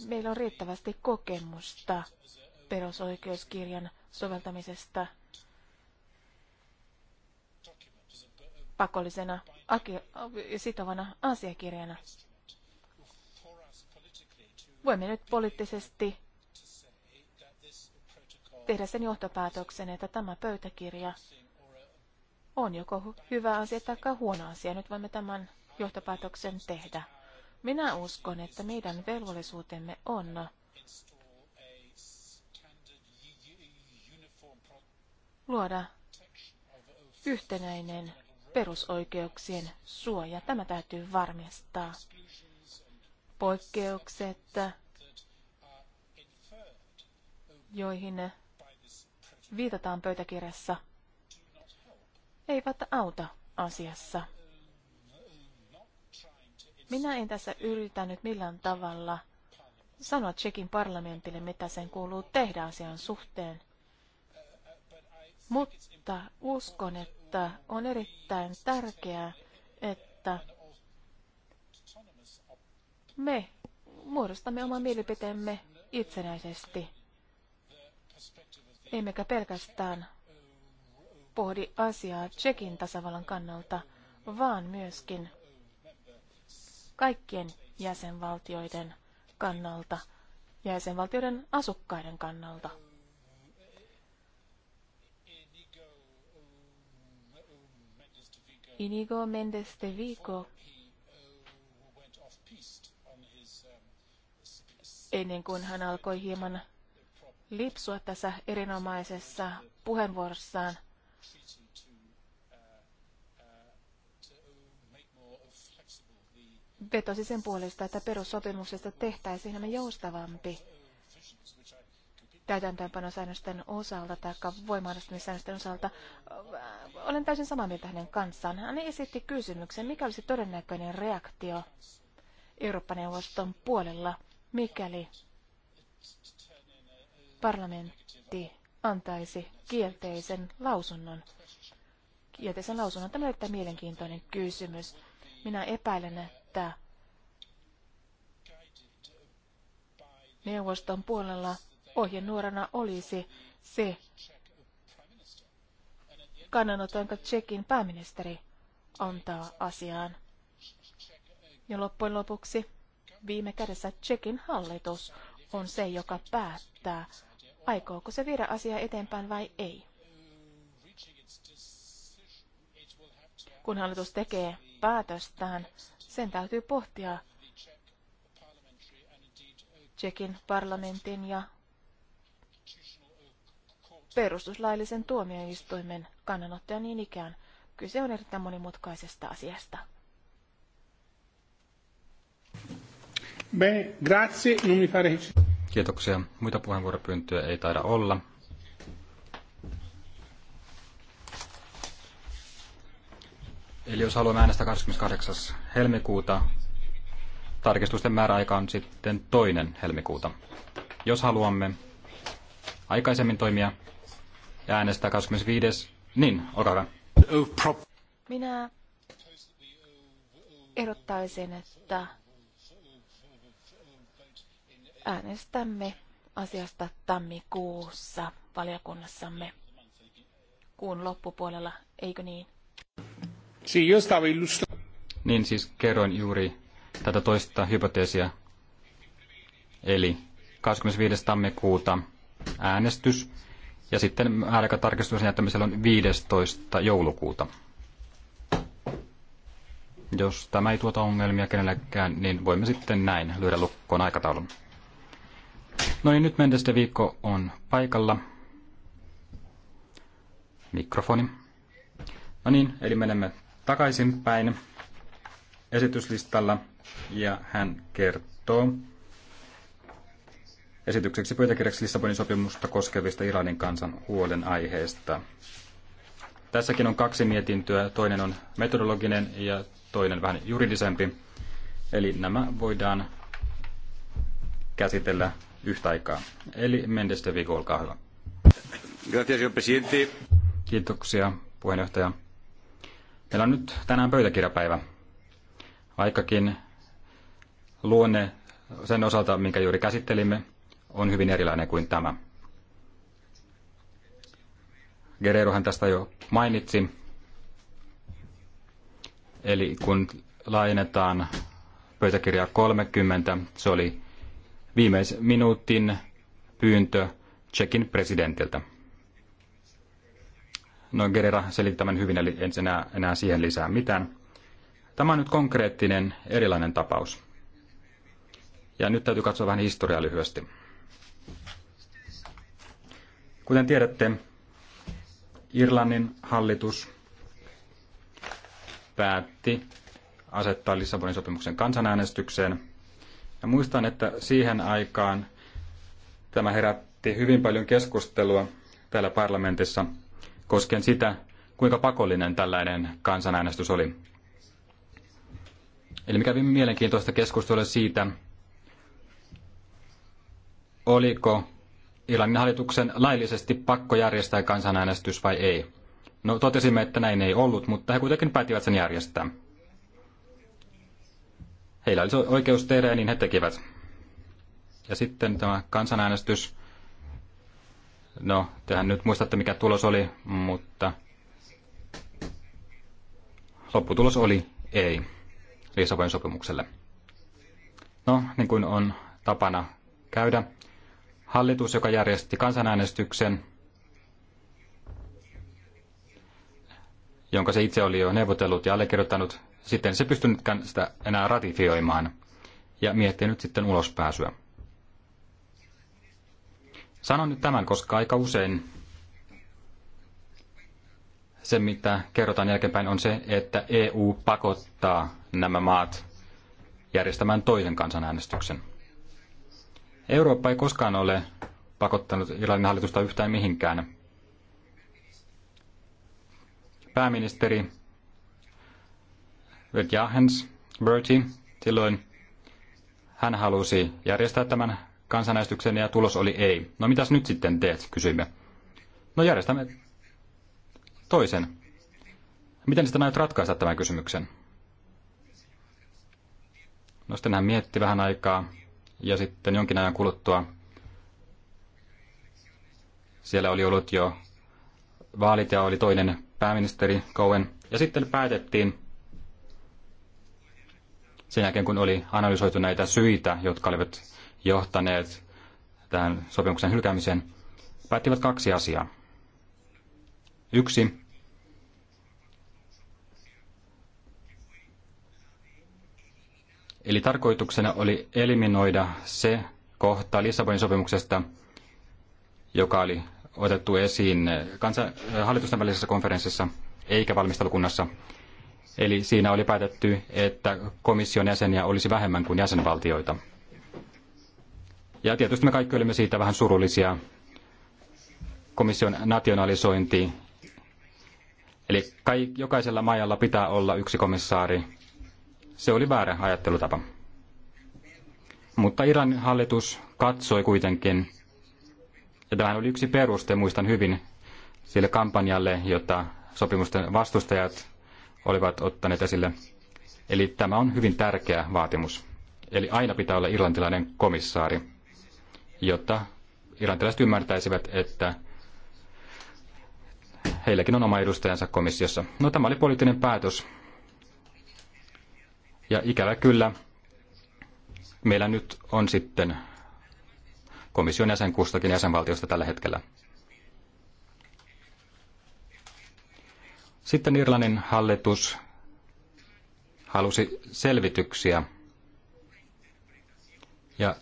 meillä on riittävästi kokemusta perusoikeuskirjan soveltamisesta pakollisena sitovana asiakirjana Voimme nyt poliittisesti tehdä sen johtopäätöksen, että tämä pöytäkirja on joko hyvä asia tai huono asia. Nyt voimme tämän johtopäätöksen tehdä. Minä uskon, että meidän velvollisuutemme on luoda yhtenäinen perusoikeuksien suoja. Tämä täytyy varmistaa poikkeukset, joihin viitataan pöytäkirjassa, eivät auta asiassa. Minä en tässä yritänyt millään tavalla sanoa Tsekin parlamentille, mitä sen kuuluu tehdä asian suhteen. Mutta uskon, että on erittäin tärkeää, että me muodostamme oman mielipiteemme itsenäisesti, emmekä pelkästään pohdi asiaa Tsekin tasavallan kannalta, vaan myöskin kaikkien jäsenvaltioiden kannalta ja jäsenvaltioiden asukkaiden kannalta. Inigo Mendes de Vico ennen kuin hän alkoi hieman lipsua tässä erinomaisessa puheenvuorossaan. Vetosi sen puolesta, että perussopimuksesta tehtäisiin enemmän joustavampi täytäntöönpanosäännösten osalta tai voimaanastamissäännösten osalta. Olen täysin samaa mieltä hänen kanssaan. Hän esitti kysymyksen, mikä olisi todennäköinen reaktio Eurooppa-neuvoston puolella – mikäli parlamentti antaisi kielteisen lausunnon. Kielteisen lausunnon. Tämä on erittäin mielenkiintoinen kysymys. Minä epäilen, että neuvoston puolella ohjenuorana olisi se kannanotto, jonka Tsekin pääministeri antaa asiaan. Ja loppujen lopuksi viime kädessä Tsekin hallitus on se, joka päättää, aikooko se viedä asiaa eteenpäin vai ei. Kun hallitus tekee päätöstään, sen täytyy pohtia Tsekin parlamentin ja perustuslaillisen tuomioistuimen kannanottoja niin ikään. Kyse on erittäin monimutkaisesta asiasta. Bene, grazie, non mi Kiitoksia. Muita puheenvuoropyyntöjä ei taida olla. Eli jos haluamme äänestää 28. helmikuuta, tarkistusten määräaika on sitten toinen helmikuuta. Jos haluamme aikaisemmin toimia ja äänestää 25. Niin, olkaa hyvä. Minä ehdottaisin, että Äänestämme asiasta tammikuussa valiokunnassamme kuun loppupuolella, eikö niin? Niin siis kerroin juuri tätä toista hypoteesia. Eli 25. tammikuuta äänestys ja sitten määräaikatarkistuksen jättämisellä on 15. joulukuuta. Jos tämä ei tuota ongelmia kenellekään, niin voimme sitten näin lyödä lukkoon aikataulun. No niin, nyt Mendes viikko on paikalla. Mikrofoni. No niin, eli menemme takaisinpäin esityslistalla ja hän kertoo esitykseksi pöytäkirjaksi Lissabonin sopimusta koskevista Iranin kansan huolen aiheesta. Tässäkin on kaksi mietintöä, toinen on metodologinen ja toinen vähän juridisempi. Eli nämä voidaan käsitellä yhtä aikaa. Eli Mendes viikolla. Vigo, olkaa hyvä. Kiitoksia, puheenjohtaja. Meillä on nyt tänään pöytäkirjapäivä, vaikkakin luonne sen osalta, minkä juuri käsittelimme, on hyvin erilainen kuin tämä. Gereruhan tästä jo mainitsi. Eli kun laajennetaan pöytäkirjaa 30, se oli viimeisen minuutin pyyntö Tsekin presidentiltä. No Gerera selitti tämän hyvin, eli en enää, enää siihen lisää mitään. Tämä on nyt konkreettinen erilainen tapaus. Ja nyt täytyy katsoa vähän historiaa lyhyesti. Kuten tiedätte, Irlannin hallitus päätti asettaa Lissabonin sopimuksen kansanäänestykseen – ja muistan, että siihen aikaan tämä herätti hyvin paljon keskustelua täällä parlamentissa koskien sitä, kuinka pakollinen tällainen kansanäänestys oli. Eli mikä kävimme mielenkiintoista keskustelua siitä, oliko Iranin hallituksen laillisesti pakko järjestää kansanäänestys vai ei. No totesimme, että näin ei ollut, mutta he kuitenkin päätivät sen järjestää heillä olisi oikeus tehdä ja niin he tekivät. Ja sitten tämä kansanäänestys. No, tehän nyt muistatte mikä tulos oli, mutta lopputulos oli ei Lissabonin sopimukselle. No, niin kuin on tapana käydä, hallitus, joka järjesti kansanäänestyksen, jonka se itse oli jo neuvotellut ja allekirjoittanut, sitten se pystynytkään sitä enää ratifioimaan ja miettii nyt sitten ulospääsyä. Sanon nyt tämän, koska aika usein se, mitä kerrotaan jälkeenpäin, on se, että EU pakottaa nämä maat järjestämään toisen kansanäänestyksen. Eurooppa ei koskaan ole pakottanut Irlannin hallitusta yhtään mihinkään. Pääministeri Rick Jahens, Bertie, silloin hän halusi järjestää tämän kansanäistyksen ja tulos oli ei. No mitäs nyt sitten teet, kysyimme. No järjestämme toisen. Miten sitä aiot ratkaista tämän kysymyksen? No sitten hän mietti vähän aikaa ja sitten jonkin ajan kuluttua siellä oli ollut jo vaalit ja oli toinen pääministeri Cohen. Ja sitten päätettiin, sen jälkeen, kun oli analysoitu näitä syitä, jotka olivat johtaneet tähän sopimuksen hylkäämiseen, päättivät kaksi asiaa. Yksi, Eli tarkoituksena oli eliminoida se kohta Lissabonin sopimuksesta, joka oli otettu esiin kansan, hallitusten välisessä konferenssissa eikä valmistelukunnassa. Eli siinä oli päätetty, että komission jäseniä olisi vähemmän kuin jäsenvaltioita. Ja tietysti me kaikki olimme siitä vähän surullisia. Komission nationalisointi. Eli jokaisella maajalla pitää olla yksi komissaari. Se oli väärä ajattelutapa. Mutta Iranin hallitus katsoi kuitenkin, ja tämähän oli yksi peruste, muistan hyvin, sille kampanjalle, jota sopimusten vastustajat olivat ottaneet esille. Eli tämä on hyvin tärkeä vaatimus. Eli aina pitää olla irlantilainen komissaari, jotta irlantilaiset ymmärtäisivät, että heilläkin on oma edustajansa komissiossa. No tämä oli poliittinen päätös. Ja ikävä kyllä, meillä nyt on sitten komission jäsen kustakin jäsenvaltiosta tällä hetkellä. Sitten Irlannin hallitus halusi selvityksiä ja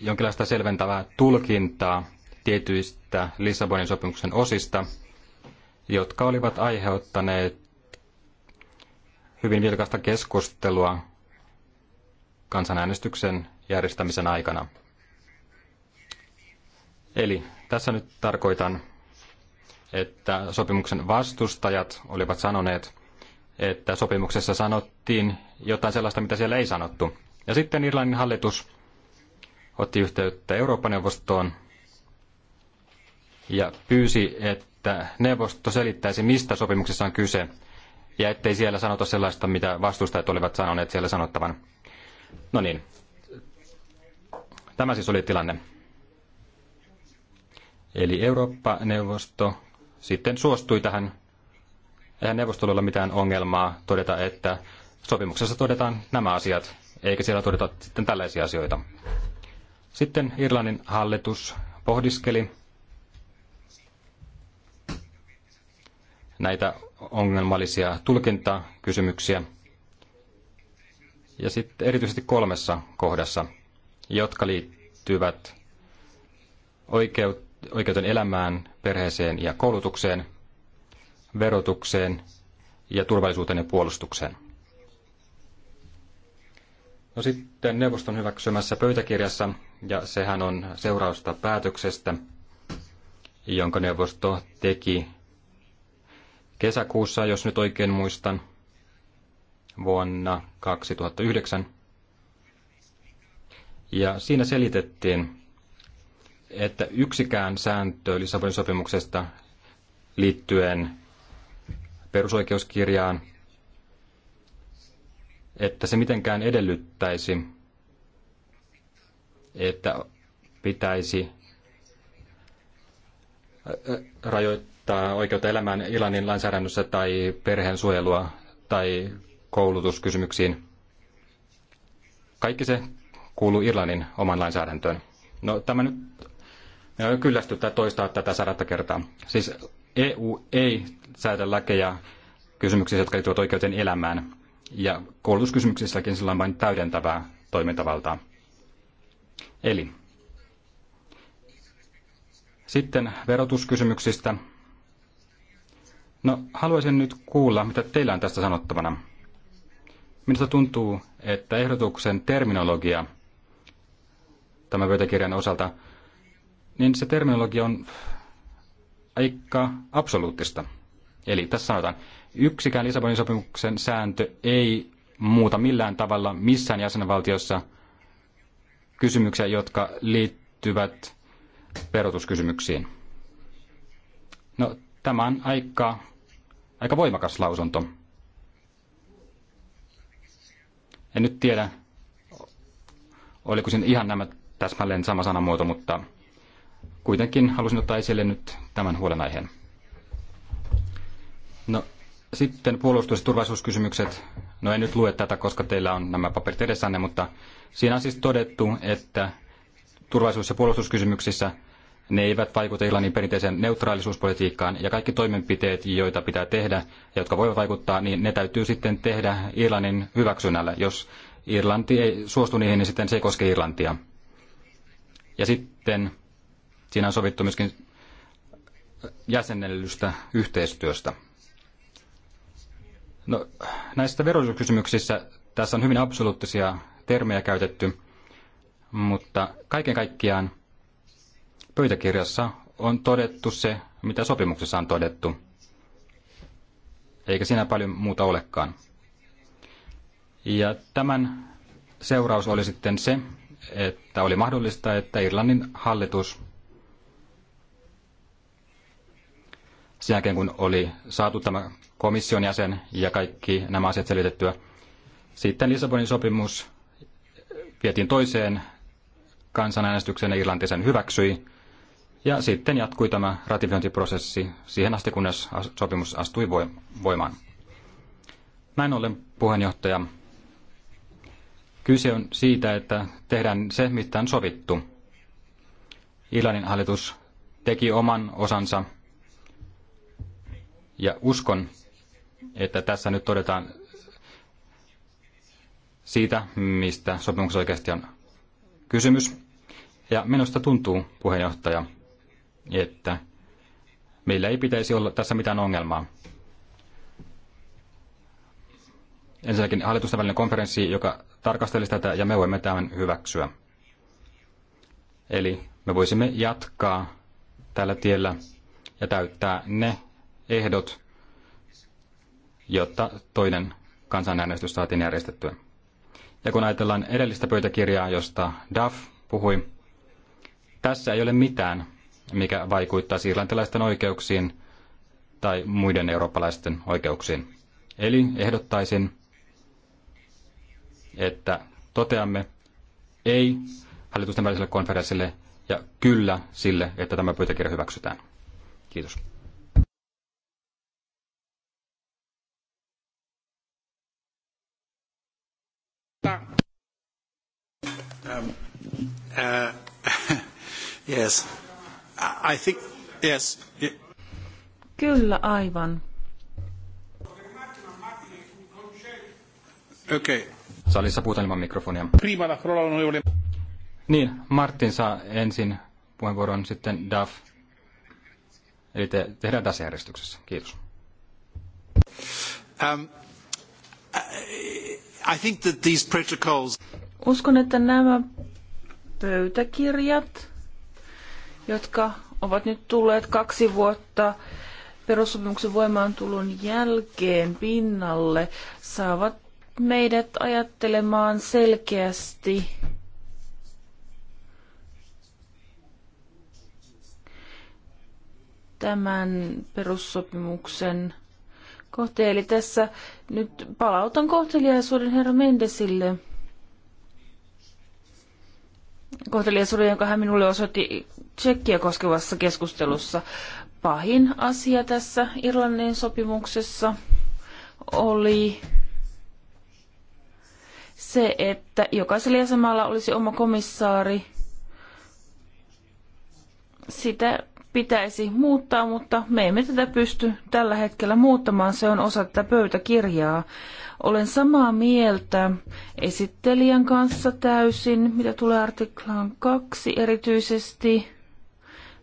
jonkinlaista selventävää tulkintaa tietyistä Lissabonin sopimuksen osista, jotka olivat aiheuttaneet hyvin vilkasta keskustelua kansanäänestyksen järjestämisen aikana. Eli tässä nyt tarkoitan että sopimuksen vastustajat olivat sanoneet, että sopimuksessa sanottiin jotain sellaista, mitä siellä ei sanottu. Ja sitten Irlannin hallitus otti yhteyttä Eurooppa-neuvostoon ja pyysi, että neuvosto selittäisi, mistä sopimuksessa on kyse, ja ettei siellä sanota sellaista, mitä vastustajat olivat sanoneet siellä sanottavan. No niin, tämä siis oli tilanne. Eli Eurooppa-neuvosto sitten suostui tähän. Eihän neuvostolla ole mitään ongelmaa todeta, että sopimuksessa todetaan nämä asiat, eikä siellä todeta sitten tällaisia asioita. Sitten Irlannin hallitus pohdiskeli näitä ongelmallisia tulkintakysymyksiä. Ja sitten erityisesti kolmessa kohdassa, jotka liittyvät oikeuteen oikeuden elämään, perheeseen ja koulutukseen, verotukseen ja turvallisuuteen ja puolustukseen. No sitten neuvoston hyväksymässä pöytäkirjassa, ja sehän on seurausta päätöksestä, jonka neuvosto teki kesäkuussa, jos nyt oikein muistan, vuonna 2009. Ja siinä selitettiin, että yksikään sääntö Lissabonin sopimuksesta liittyen perusoikeuskirjaan, että se mitenkään edellyttäisi, että pitäisi rajoittaa oikeutta elämään Ilanin lainsäädännössä tai perheen suojelua tai koulutuskysymyksiin. Kaikki se kuuluu Irlannin oman lainsäädäntöön. No, tämä nyt kyllästyttää toistaa tätä sadatta kertaa. Siis EU ei säädä lakeja kysymyksissä, jotka liittyvät oikeuteen elämään. Ja koulutuskysymyksissäkin sillä on vain täydentävää toimintavaltaa. Eli sitten verotuskysymyksistä. No, haluaisin nyt kuulla, mitä teillä on tästä sanottavana. Minusta tuntuu, että ehdotuksen terminologia tämän pöytäkirjan osalta – niin se terminologia on aika absoluuttista. Eli tässä sanotaan, yksikään Lissabonin sopimuksen sääntö ei muuta millään tavalla missään jäsenvaltiossa kysymyksiä, jotka liittyvät perutuskysymyksiin. No, tämä on aika, aika voimakas lausunto. En nyt tiedä, oliko siinä ihan nämä täsmälleen sama sanamuoto, mutta kuitenkin halusin ottaa esille nyt tämän huolenaiheen. No, sitten puolustus- ja turvallisuuskysymykset. No en nyt lue tätä, koska teillä on nämä paperit edessänne, mutta siinä on siis todettu, että turvallisuus- ja puolustuskysymyksissä ne eivät vaikuta Irlannin perinteiseen neutraalisuuspolitiikkaan ja kaikki toimenpiteet, joita pitää tehdä, jotka voivat vaikuttaa, niin ne täytyy sitten tehdä Irlannin hyväksynnällä. Jos Irlanti ei suostu niihin, niin sitten se ei koske Irlantia. Ja sitten Siinä on sovittu myöskin jäsennellystä yhteistyöstä. No, näissä verotuskysymyksissä tässä on hyvin absoluuttisia termejä käytetty, mutta kaiken kaikkiaan pöytäkirjassa on todettu se, mitä sopimuksessa on todettu. Eikä siinä paljon muuta olekaan. Ja tämän seuraus oli sitten se, että oli mahdollista, että Irlannin hallitus sen jälkeen kun oli saatu tämä komission jäsen ja kaikki nämä asiat selitettyä. Sitten Lissabonin sopimus vietiin toiseen kansanäänestykseen ja Irlanti sen hyväksyi. Ja sitten jatkui tämä ratifiointiprosessi siihen asti, kunnes sopimus astui voimaan. Näin ollen puheenjohtaja, kyse on siitä, että tehdään se, mitä on sovittu. Irlannin hallitus teki oman osansa ja uskon, että tässä nyt todetaan siitä, mistä sopimuksessa oikeasti on kysymys. Ja minusta tuntuu, puheenjohtaja, että meillä ei pitäisi olla tässä mitään ongelmaa. Ensinnäkin hallitusten välinen konferenssi, joka tarkasteli tätä, ja me voimme tämän hyväksyä. Eli me voisimme jatkaa tällä tiellä ja täyttää ne ehdot, jotta toinen kansanäänestys saatiin järjestettyä. Ja kun ajatellaan edellistä pöytäkirjaa, josta Duff puhui, tässä ei ole mitään, mikä vaikuttaa irlantilaisten oikeuksiin tai muiden eurooppalaisten oikeuksiin. Eli ehdottaisin, että toteamme ei hallitusten väliselle konferenssille ja kyllä sille, että tämä pöytäkirja hyväksytään. Kiitos. Um, uh, <laughs> yes. I think, yes. Kyllä, aivan. Okei. Okay. Salissa puhutaan ilman mikrofonia. Prima la Niin, Martin saa ensin puheenvuoron, sitten Daf. Eli te, tehdään tässä järjestyksessä. Kiitos. Um, I think that these protocols... Uskon, että nämä pöytäkirjat, jotka ovat nyt tulleet kaksi vuotta perussopimuksen voimaantulon jälkeen pinnalle, saavat meidät ajattelemaan selkeästi tämän perussopimuksen kohteen. Eli tässä nyt palautan kohteliaisuuden herra Mendesille kohteliaisuuden, jonka hän minulle osoitti tsekkiä koskevassa keskustelussa. Pahin asia tässä Irlannin sopimuksessa oli se, että jokaisella jäsenmaalla olisi oma komissaari. Sitä pitäisi muuttaa, mutta me emme tätä pysty tällä hetkellä muuttamaan. Se on osa tätä pöytäkirjaa. Olen samaa mieltä esittelijän kanssa täysin, mitä tulee artiklaan kaksi erityisesti.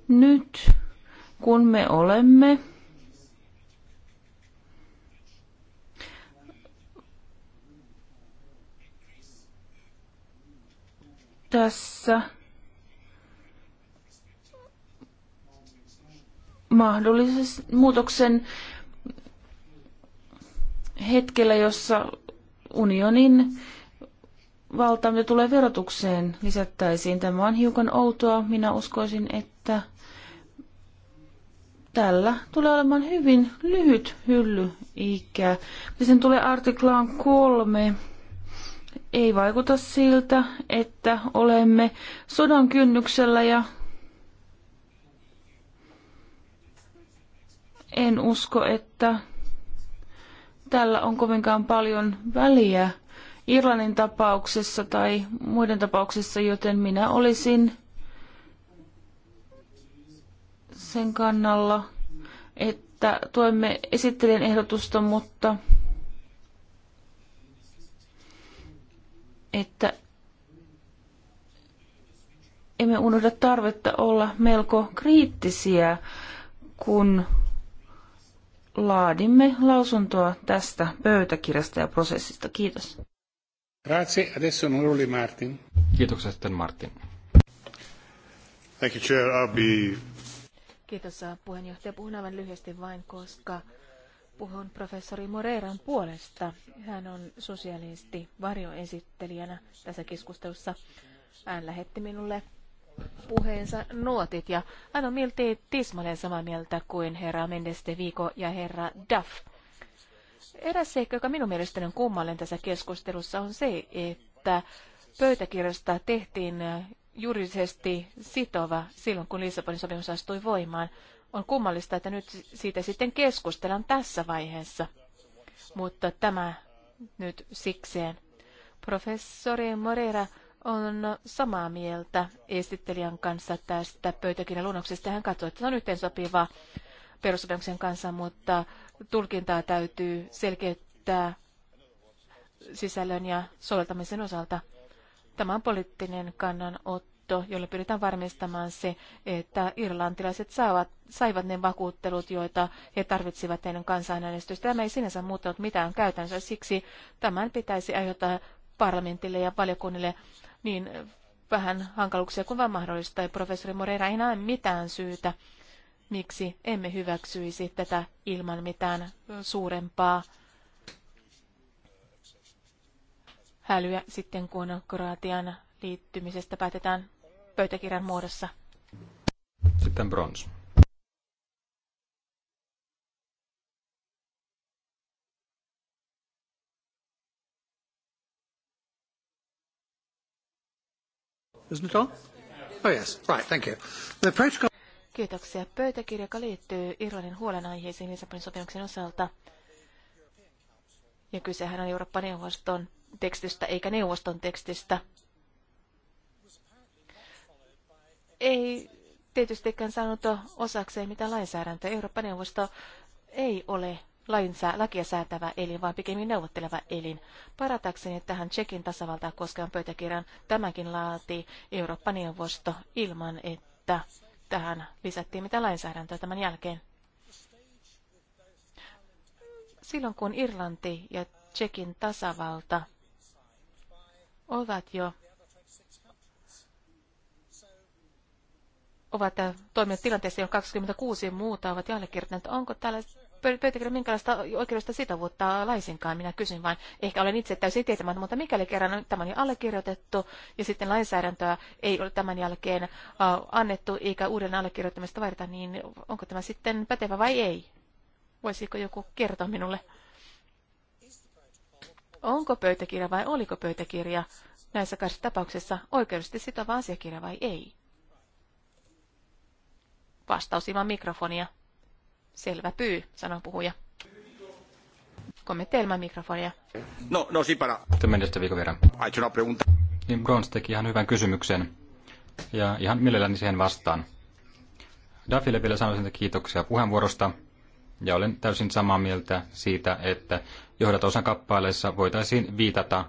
Nyt kun me olemme tässä mahdollisen muutoksen hetkellä, jossa unionin valtaamme tulee verotukseen lisättäisiin. Tämä on hiukan outoa. Minä uskoisin, että tällä tulee olemaan hyvin lyhyt hyllyikä. Sen tulee artiklaan kolme. Ei vaikuta siltä, että olemme sodan kynnyksellä ja en usko, että tällä on kovinkaan paljon väliä Irlannin tapauksessa tai muiden tapauksessa, joten minä olisin sen kannalla, että tuemme esittelijän ehdotusta, mutta että emme unohda tarvetta olla melko kriittisiä, kun laadimme lausuntoa tästä pöytäkirjasta ja prosessista. Kiitos. Grazie. Adesso onorevole Martin. Kiitoksia sitten Martin. Thank you, Chair. I'll be... Kiitos puheenjohtaja. Puhun aivan lyhyesti vain, koska puhun professori Moreiran puolesta. Hän on sosiaalisti varjoesittelijänä tässä keskustelussa. Hän lähetti minulle puheensa nuotit ja hän on miltei tismalleen samaa mieltä kuin herra Mendeste Vigo ja herra Duff. Eräs seikka, joka minun mielestäni on kummallinen tässä keskustelussa, on se, että pöytäkirjasta tehtiin äh, juridisesti sitova silloin, kun Lissabonin sopimus astui voimaan. On kummallista, että nyt siitä sitten keskustellaan tässä vaiheessa. Mutta tämä nyt sikseen. Professori Moreira on samaa mieltä esittelijän kanssa tästä pöytäkirjan luonnoksesta. Hän katsoi, että se on sopiva perussopimuksen kanssa, mutta tulkintaa täytyy selkeyttää sisällön ja soveltamisen osalta. Tämä on poliittinen kannanotto, jolla pyritään varmistamaan se, että irlantilaiset saavat, saivat ne vakuuttelut, joita he tarvitsivat ennen kansanäänestystä. Tämä ei sinänsä muuttanut mitään käytännössä, siksi tämän pitäisi aiheuttaa parlamentille ja valiokunnille niin vähän hankaluuksia kuin vain mahdollista. Ja professori Moreira ei näe mitään syytä, miksi emme hyväksyisi tätä ilman mitään suurempaa hälyä sitten, kun Kroatian liittymisestä päätetään pöytäkirjan muodossa. Sitten brons. Kiitoksia. Pöytäkirja, joka liittyy Irlannin huolenaiheisiin Lissabonin sopimuksen osalta. Ja kysehän on Euroopan neuvoston tekstistä eikä neuvoston tekstistä. Ei tietystikään saanut osakseen mitään lainsäädäntöä. Euroopan neuvosto ei ole lainsää, lakia säätävä elin, vaan pikemmin neuvotteleva elin. Paratakseni tähän Tsekin tasavaltaa koskevan pöytäkirjan tämäkin laati Eurooppa-neuvosto ilman, että tähän lisättiin mitä lainsäädäntöä tämän jälkeen. Silloin kun Irlanti ja Tsekin tasavalta ovat jo ovat toimineet tilanteessa, jo 26 muuta ovat jo allekirjoittaneet. Onko tällä pöytäkirja minkälaista oikeudesta vuotta laisinkaan, minä kysyn vain. Ehkä olen itse täysin tietämättä, mutta mikäli kerran tämä on jo allekirjoitettu ja sitten lainsäädäntöä ei ole tämän jälkeen annettu eikä uuden allekirjoittamista varta, niin onko tämä sitten pätevä vai ei? Voisiko joku kertoa minulle? Onko pöytäkirja vai oliko pöytäkirja näissä kahdessa tapauksessa oikeudellisesti sitova asiakirja vai ei? Vastaus ilman mikrofonia. Selvä pyy, sanoo puhuja. Kommentti mikrofonia. No, no sipara. Tämmöistä viikon verran. una pregunta. Niin Brons teki ihan hyvän kysymyksen. Ja ihan mielelläni siihen vastaan. Dafille vielä sanoisin, että kiitoksia puheenvuorosta. Ja olen täysin samaa mieltä siitä, että johdatosan kappaleissa voitaisiin viitata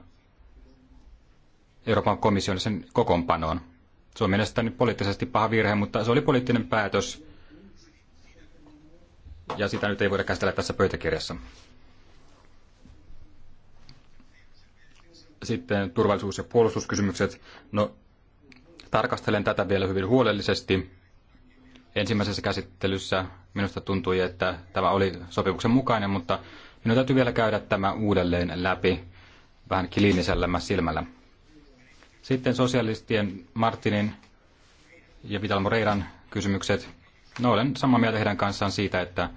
Euroopan komission sen kokoonpanoon. Se on mielestäni poliittisesti paha virhe, mutta se oli poliittinen päätös, ja sitä nyt ei voida käsitellä tässä pöytäkirjassa. Sitten turvallisuus- ja puolustuskysymykset. No, tarkastelen tätä vielä hyvin huolellisesti. Ensimmäisessä käsittelyssä minusta tuntui, että tämä oli sopimuksen mukainen, mutta minun täytyy vielä käydä tämä uudelleen läpi vähän kliinisellämmällä silmällä. Sitten sosialistien Martinin ja Vital Moreiran kysymykset No olen samaa mieltä heidän kanssaan siitä, että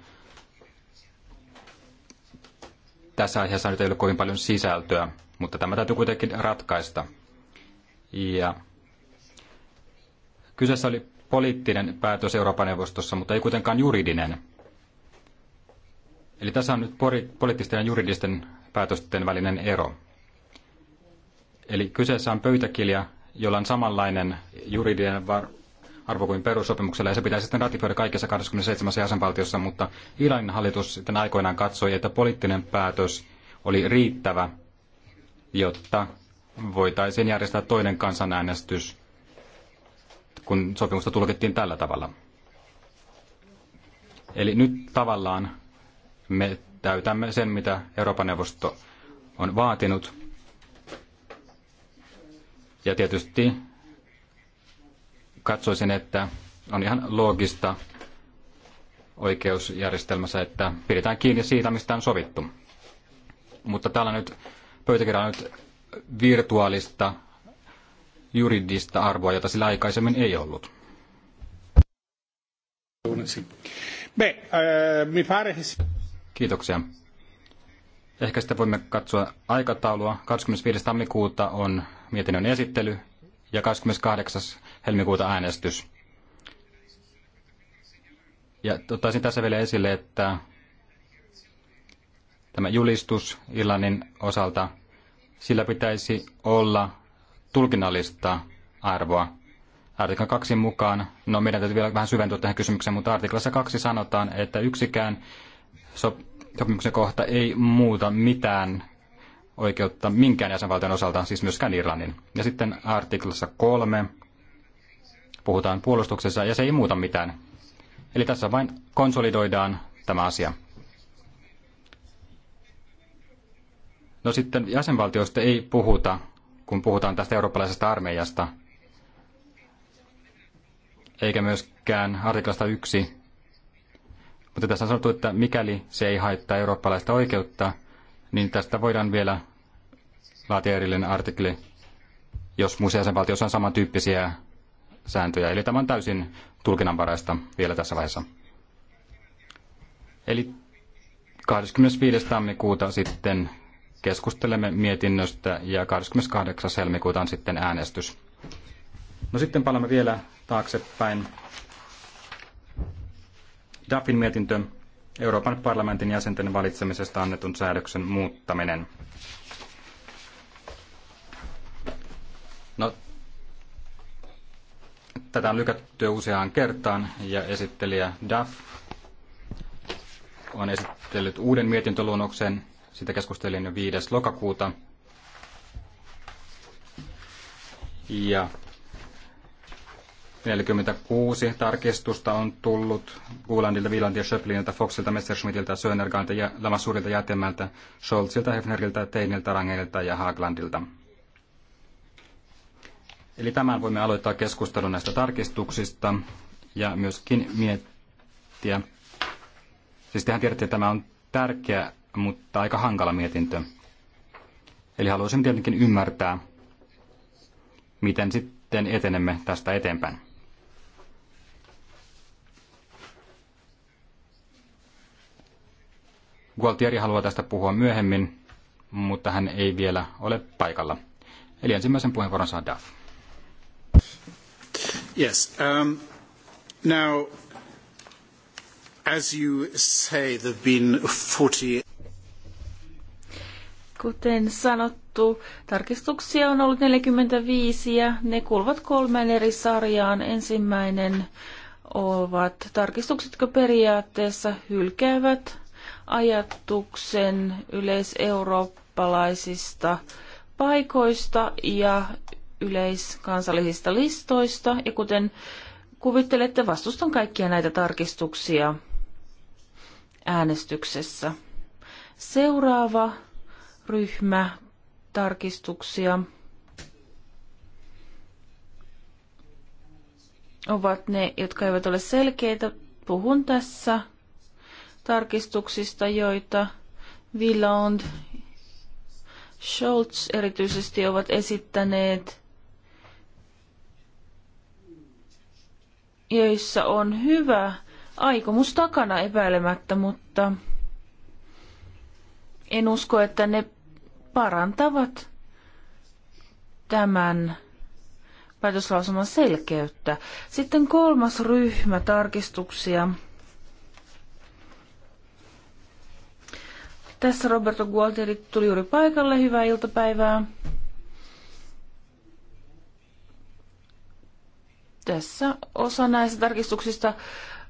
tässä aiheessa nyt ei ole kovin paljon sisältöä, mutta tämä täytyy kuitenkin ratkaista. Ja kyseessä oli poliittinen päätös Euroopan neuvostossa, mutta ei kuitenkaan juridinen. Eli tässä on nyt poliittisten ja juridisten päätösten välinen ero. Eli kyseessä on pöytäkirja, jolla on samanlainen juridinen var- arvo kuin perussopimuksella, ja se pitäisi sitten ratifioida kaikissa 27 jäsenvaltiossa, mutta Iranin hallitus sitten aikoinaan katsoi, että poliittinen päätös oli riittävä, jotta voitaisiin järjestää toinen kansanäänestys, kun sopimusta tulkittiin tällä tavalla. Eli nyt tavallaan me täytämme sen, mitä Euroopan neuvosto on vaatinut. Ja tietysti katsoisin, että on ihan loogista oikeusjärjestelmässä, että pidetään kiinni siitä, mistä on sovittu. Mutta täällä nyt pöytäkirja on nyt virtuaalista juridista arvoa, jota sillä aikaisemmin ei ollut. Eh, Kiitoksia. Ehkä sitten voimme katsoa aikataulua. 25. tammikuuta on mietinnön esittely ja 28 helmikuuta äänestys. Ja ottaisin tässä vielä esille, että tämä julistus Irlannin osalta, sillä pitäisi olla tulkinnallista arvoa. Artikla 2 mukaan, no meidän täytyy vielä vähän syventyä tähän kysymykseen, mutta artiklassa 2 sanotaan, että yksikään sopimuksen kohta ei muuta mitään oikeutta minkään jäsenvaltion osalta, siis myöskään Irlannin. Ja sitten artiklassa 3 puhutaan puolustuksessa ja se ei muuta mitään. Eli tässä vain konsolidoidaan tämä asia. No sitten jäsenvaltioista ei puhuta, kun puhutaan tästä eurooppalaisesta armeijasta, eikä myöskään artiklasta yksi. Mutta tässä on sanottu, että mikäli se ei haittaa eurooppalaista oikeutta, niin tästä voidaan vielä laatia erillinen artikli, jos muissa jäsenvaltioissa on samantyyppisiä sääntöjä. Eli tämä on täysin tulkinnanvaraista vielä tässä vaiheessa. Eli 25. tammikuuta sitten keskustelemme mietinnöstä ja 28. helmikuuta on sitten äänestys. No sitten palaamme vielä taaksepäin. DAFin mietintö Euroopan parlamentin jäsenten valitsemisesta annetun säädöksen muuttaminen. Tätä on lykätty useaan kertaan ja esittelijä Duff on esitellyt uuden mietintöluonnoksen. Sitä keskustelin jo 5. lokakuuta. Ja 46 tarkistusta on tullut Gulandilta, Wielandilta, Schöpliniltä, Foxilta, Messerschmittiltä, Sönergaanilta, Lamassuurilta, Jätemältä, Scholzilta, Hefneriltä, Teiniltä, Rangelilta ja Haaglandilta. Eli tämän voimme aloittaa keskustelun näistä tarkistuksista ja myöskin miettiä. Siis tehän tiedätte, että tämä on tärkeä, mutta aika hankala mietintö. Eli haluaisin tietenkin ymmärtää, miten sitten etenemme tästä eteenpäin. Gualtieri haluaa tästä puhua myöhemmin, mutta hän ei vielä ole paikalla. Eli ensimmäisen puheenvuoron saa Duff. Yes. Um, now, as you say, there have been 40... Kuten sanottu, tarkistuksia on ollut 45 ja ne kuuluvat kolmeen eri sarjaan. Ensimmäinen ovat tarkistukset, jotka periaatteessa hylkäävät ajatuksen yleiseurooppalaisista paikoista ja yleiskansallisista listoista ja kuten kuvittelette, vastustan kaikkia näitä tarkistuksia äänestyksessä. Seuraava ryhmä tarkistuksia ovat ne, jotka eivät ole selkeitä. Puhun tässä tarkistuksista, joita Villand Scholz erityisesti ovat esittäneet joissa on hyvä aikomus takana epäilemättä, mutta en usko, että ne parantavat tämän päätöslausuman selkeyttä. Sitten kolmas ryhmä tarkistuksia. Tässä Roberto Gualteri tuli juuri paikalle. Hyvää iltapäivää. tässä osa näistä tarkistuksista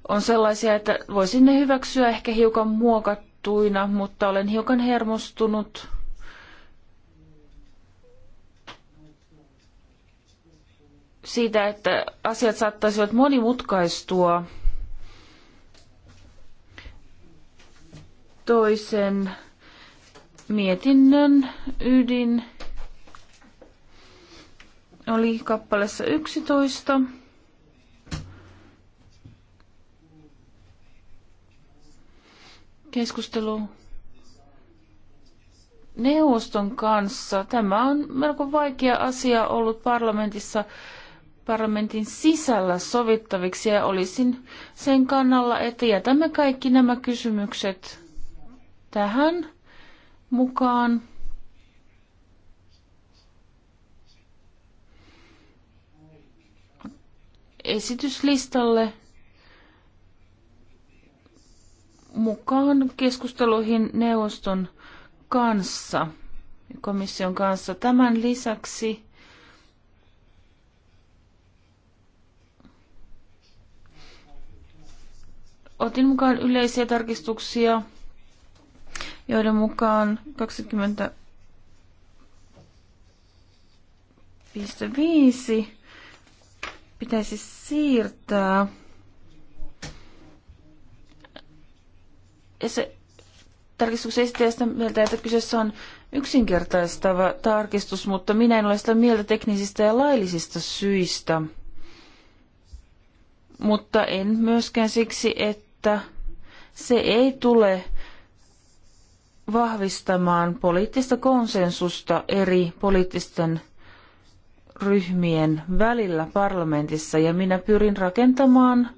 on sellaisia, että voisin ne hyväksyä ehkä hiukan muokattuina, mutta olen hiukan hermostunut siitä, että asiat saattaisivat monimutkaistua toisen mietinnön ydin oli kappaleessa 11. keskustelu neuvoston kanssa. Tämä on melko vaikea asia ollut parlamentissa parlamentin sisällä sovittaviksi ja olisin sen kannalla, että jätämme kaikki nämä kysymykset tähän mukaan. esityslistalle mukaan keskusteluihin neuvoston kanssa, komission kanssa. Tämän lisäksi otin mukaan yleisiä tarkistuksia, joiden mukaan 5 pitäisi siirtää Ja se tarkistuksen esittäjä sitä mieltä, että kyseessä on yksinkertaistava tarkistus, mutta minä en ole sitä mieltä teknisistä ja laillisista syistä. Mutta en myöskään siksi, että se ei tule vahvistamaan poliittista konsensusta eri poliittisten ryhmien välillä parlamentissa ja minä pyrin rakentamaan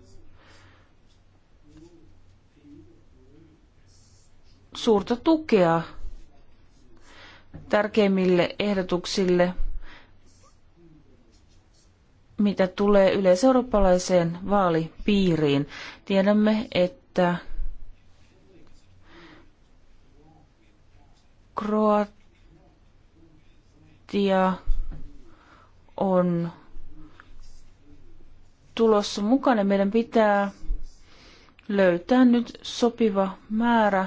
suurta tukea tärkeimmille ehdotuksille, mitä tulee yleiseurooppalaiseen vaalipiiriin. Tiedämme, että Kroatia on tulossa mukana. Meidän pitää löytää nyt sopiva määrä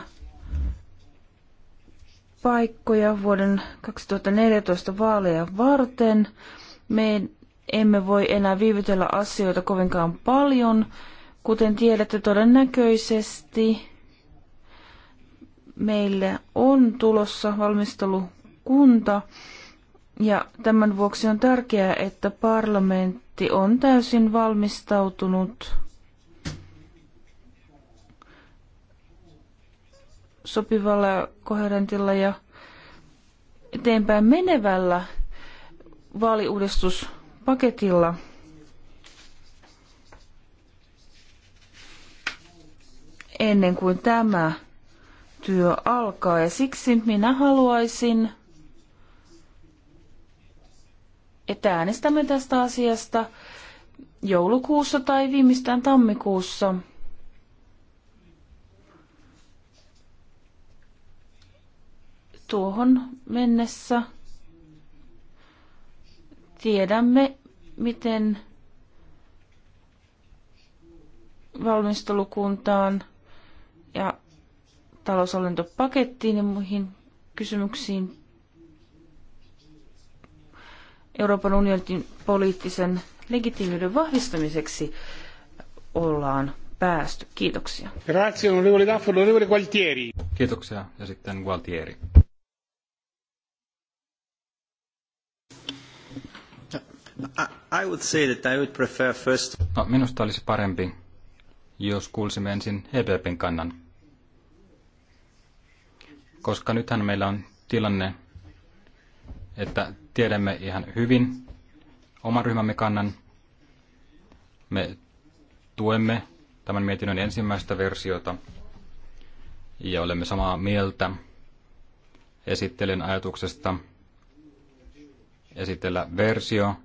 paikkoja vuoden 2014 vaaleja varten. Me emme voi enää viivytellä asioita kovinkaan paljon. Kuten tiedätte, todennäköisesti meille on tulossa valmistelukunta. Ja tämän vuoksi on tärkeää, että parlamentti on täysin valmistautunut sopivalla, koherentilla ja eteenpäin menevällä vaaliuudistuspaketilla ennen kuin tämä työ alkaa. Ja siksi minä haluaisin, että äänestämme tästä asiasta joulukuussa tai viimeistään tammikuussa – tuohon mennessä tiedämme, miten valmistelukuntaan ja taloushallintopakettiin ja muihin kysymyksiin Euroopan unionin poliittisen legitiimiyden vahvistamiseksi ollaan päästy. Kiitoksia. Grazie, onorevole Daffo, onorevole Gualtieri. Kiitoksia ja sitten Gualtieri. I would say that I would prefer first... No, minusta olisi parempi, jos kuulisimme ensin EPPn kannan. Koska nythän meillä on tilanne, että tiedämme ihan hyvin oman ryhmämme kannan. Me tuemme tämän mietinnön ensimmäistä versiota ja olemme samaa mieltä esittelyn ajatuksesta esitellä versio,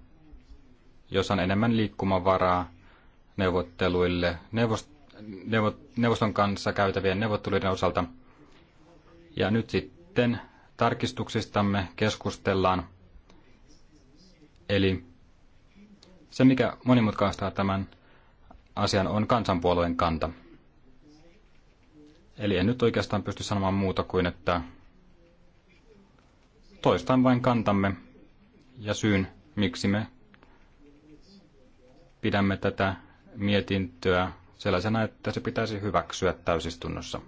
jos on enemmän liikkumavaraa neuvotteluille neuvost- neuvo- neuvoston kanssa käytävien neuvotteluiden osalta. Ja nyt sitten tarkistuksistamme keskustellaan. Eli se, mikä monimutkaistaa tämän asian, on kansanpuolueen kanta. Eli en nyt oikeastaan pysty sanomaan muuta kuin, että toistan vain kantamme ja syyn, miksi me pidämme tätä mietintöä sellaisena, että se pitäisi hyväksyä täysistunnossa.